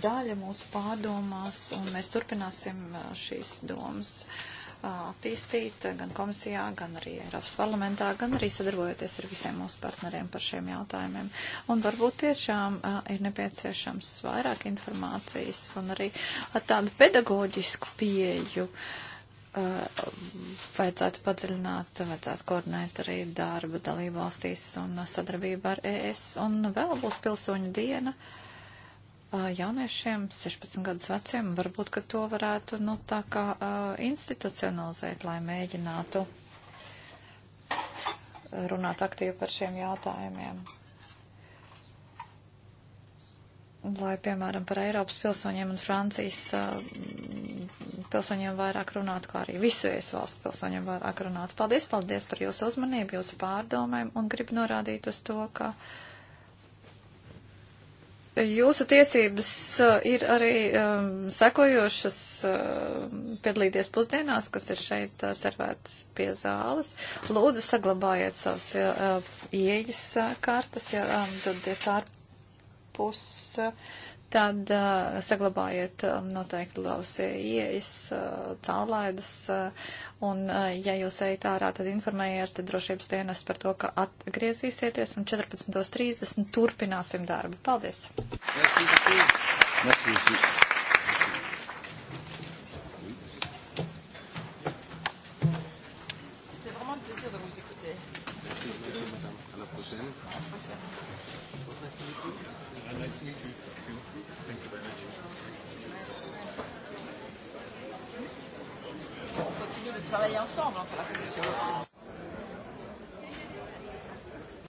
B: daļa mūsu pārdomās, un mēs turpināsim uh, šīs domas uh, attīstīt uh, gan komisijā, gan arī Eiropas parlamentā, gan arī sadarbojoties ar visiem mūsu partneriem par šiem jautājumiem. Un varbūt tiešām uh, ir nepieciešams vairāk informācijas un arī ar tādu pedagoģisku pieju uh, vajadzētu padziļināt, vajadzētu koordinēt arī darbu dalību valstīs un sadarbību ar ES. Un vēl būs pilsoņu diena. Uh, jauniešiem 16 gadus veciem. Varbūt, ka to varētu nu, tā kā institucionalizēt, lai mēģinātu runāt aktīvi par šiem jautājumiem lai, piemēram, par Eiropas pilsoņiem un Francijas uh, pilsoņiem vairāk runātu, kā arī visu iesvalstu pilsoņiem vairāk runātu. Paldies, paldies par jūsu uzmanību, jūsu pārdomēm un gribu norādīt uz to, ka Jūsu tiesības uh, ir arī um, sekojošas um, piedalīties pusdienās, kas ir šeit uh, servētas pie zāles. Lūdzu, saglabājiet savas uh, ieejas uh, kartas, ja um, dodaties ārpus uh, tad uh, saglabājiet um, noteikti lavas ieejas, uh, caurlaidas, uh, un, uh, ja jūs ejat ārā, tad informējiet drošības dienas par to, ka atgriezīsieties, un 14.30 turpināsim darbu. Paldies!
C: Merci, merci. Merci, merci.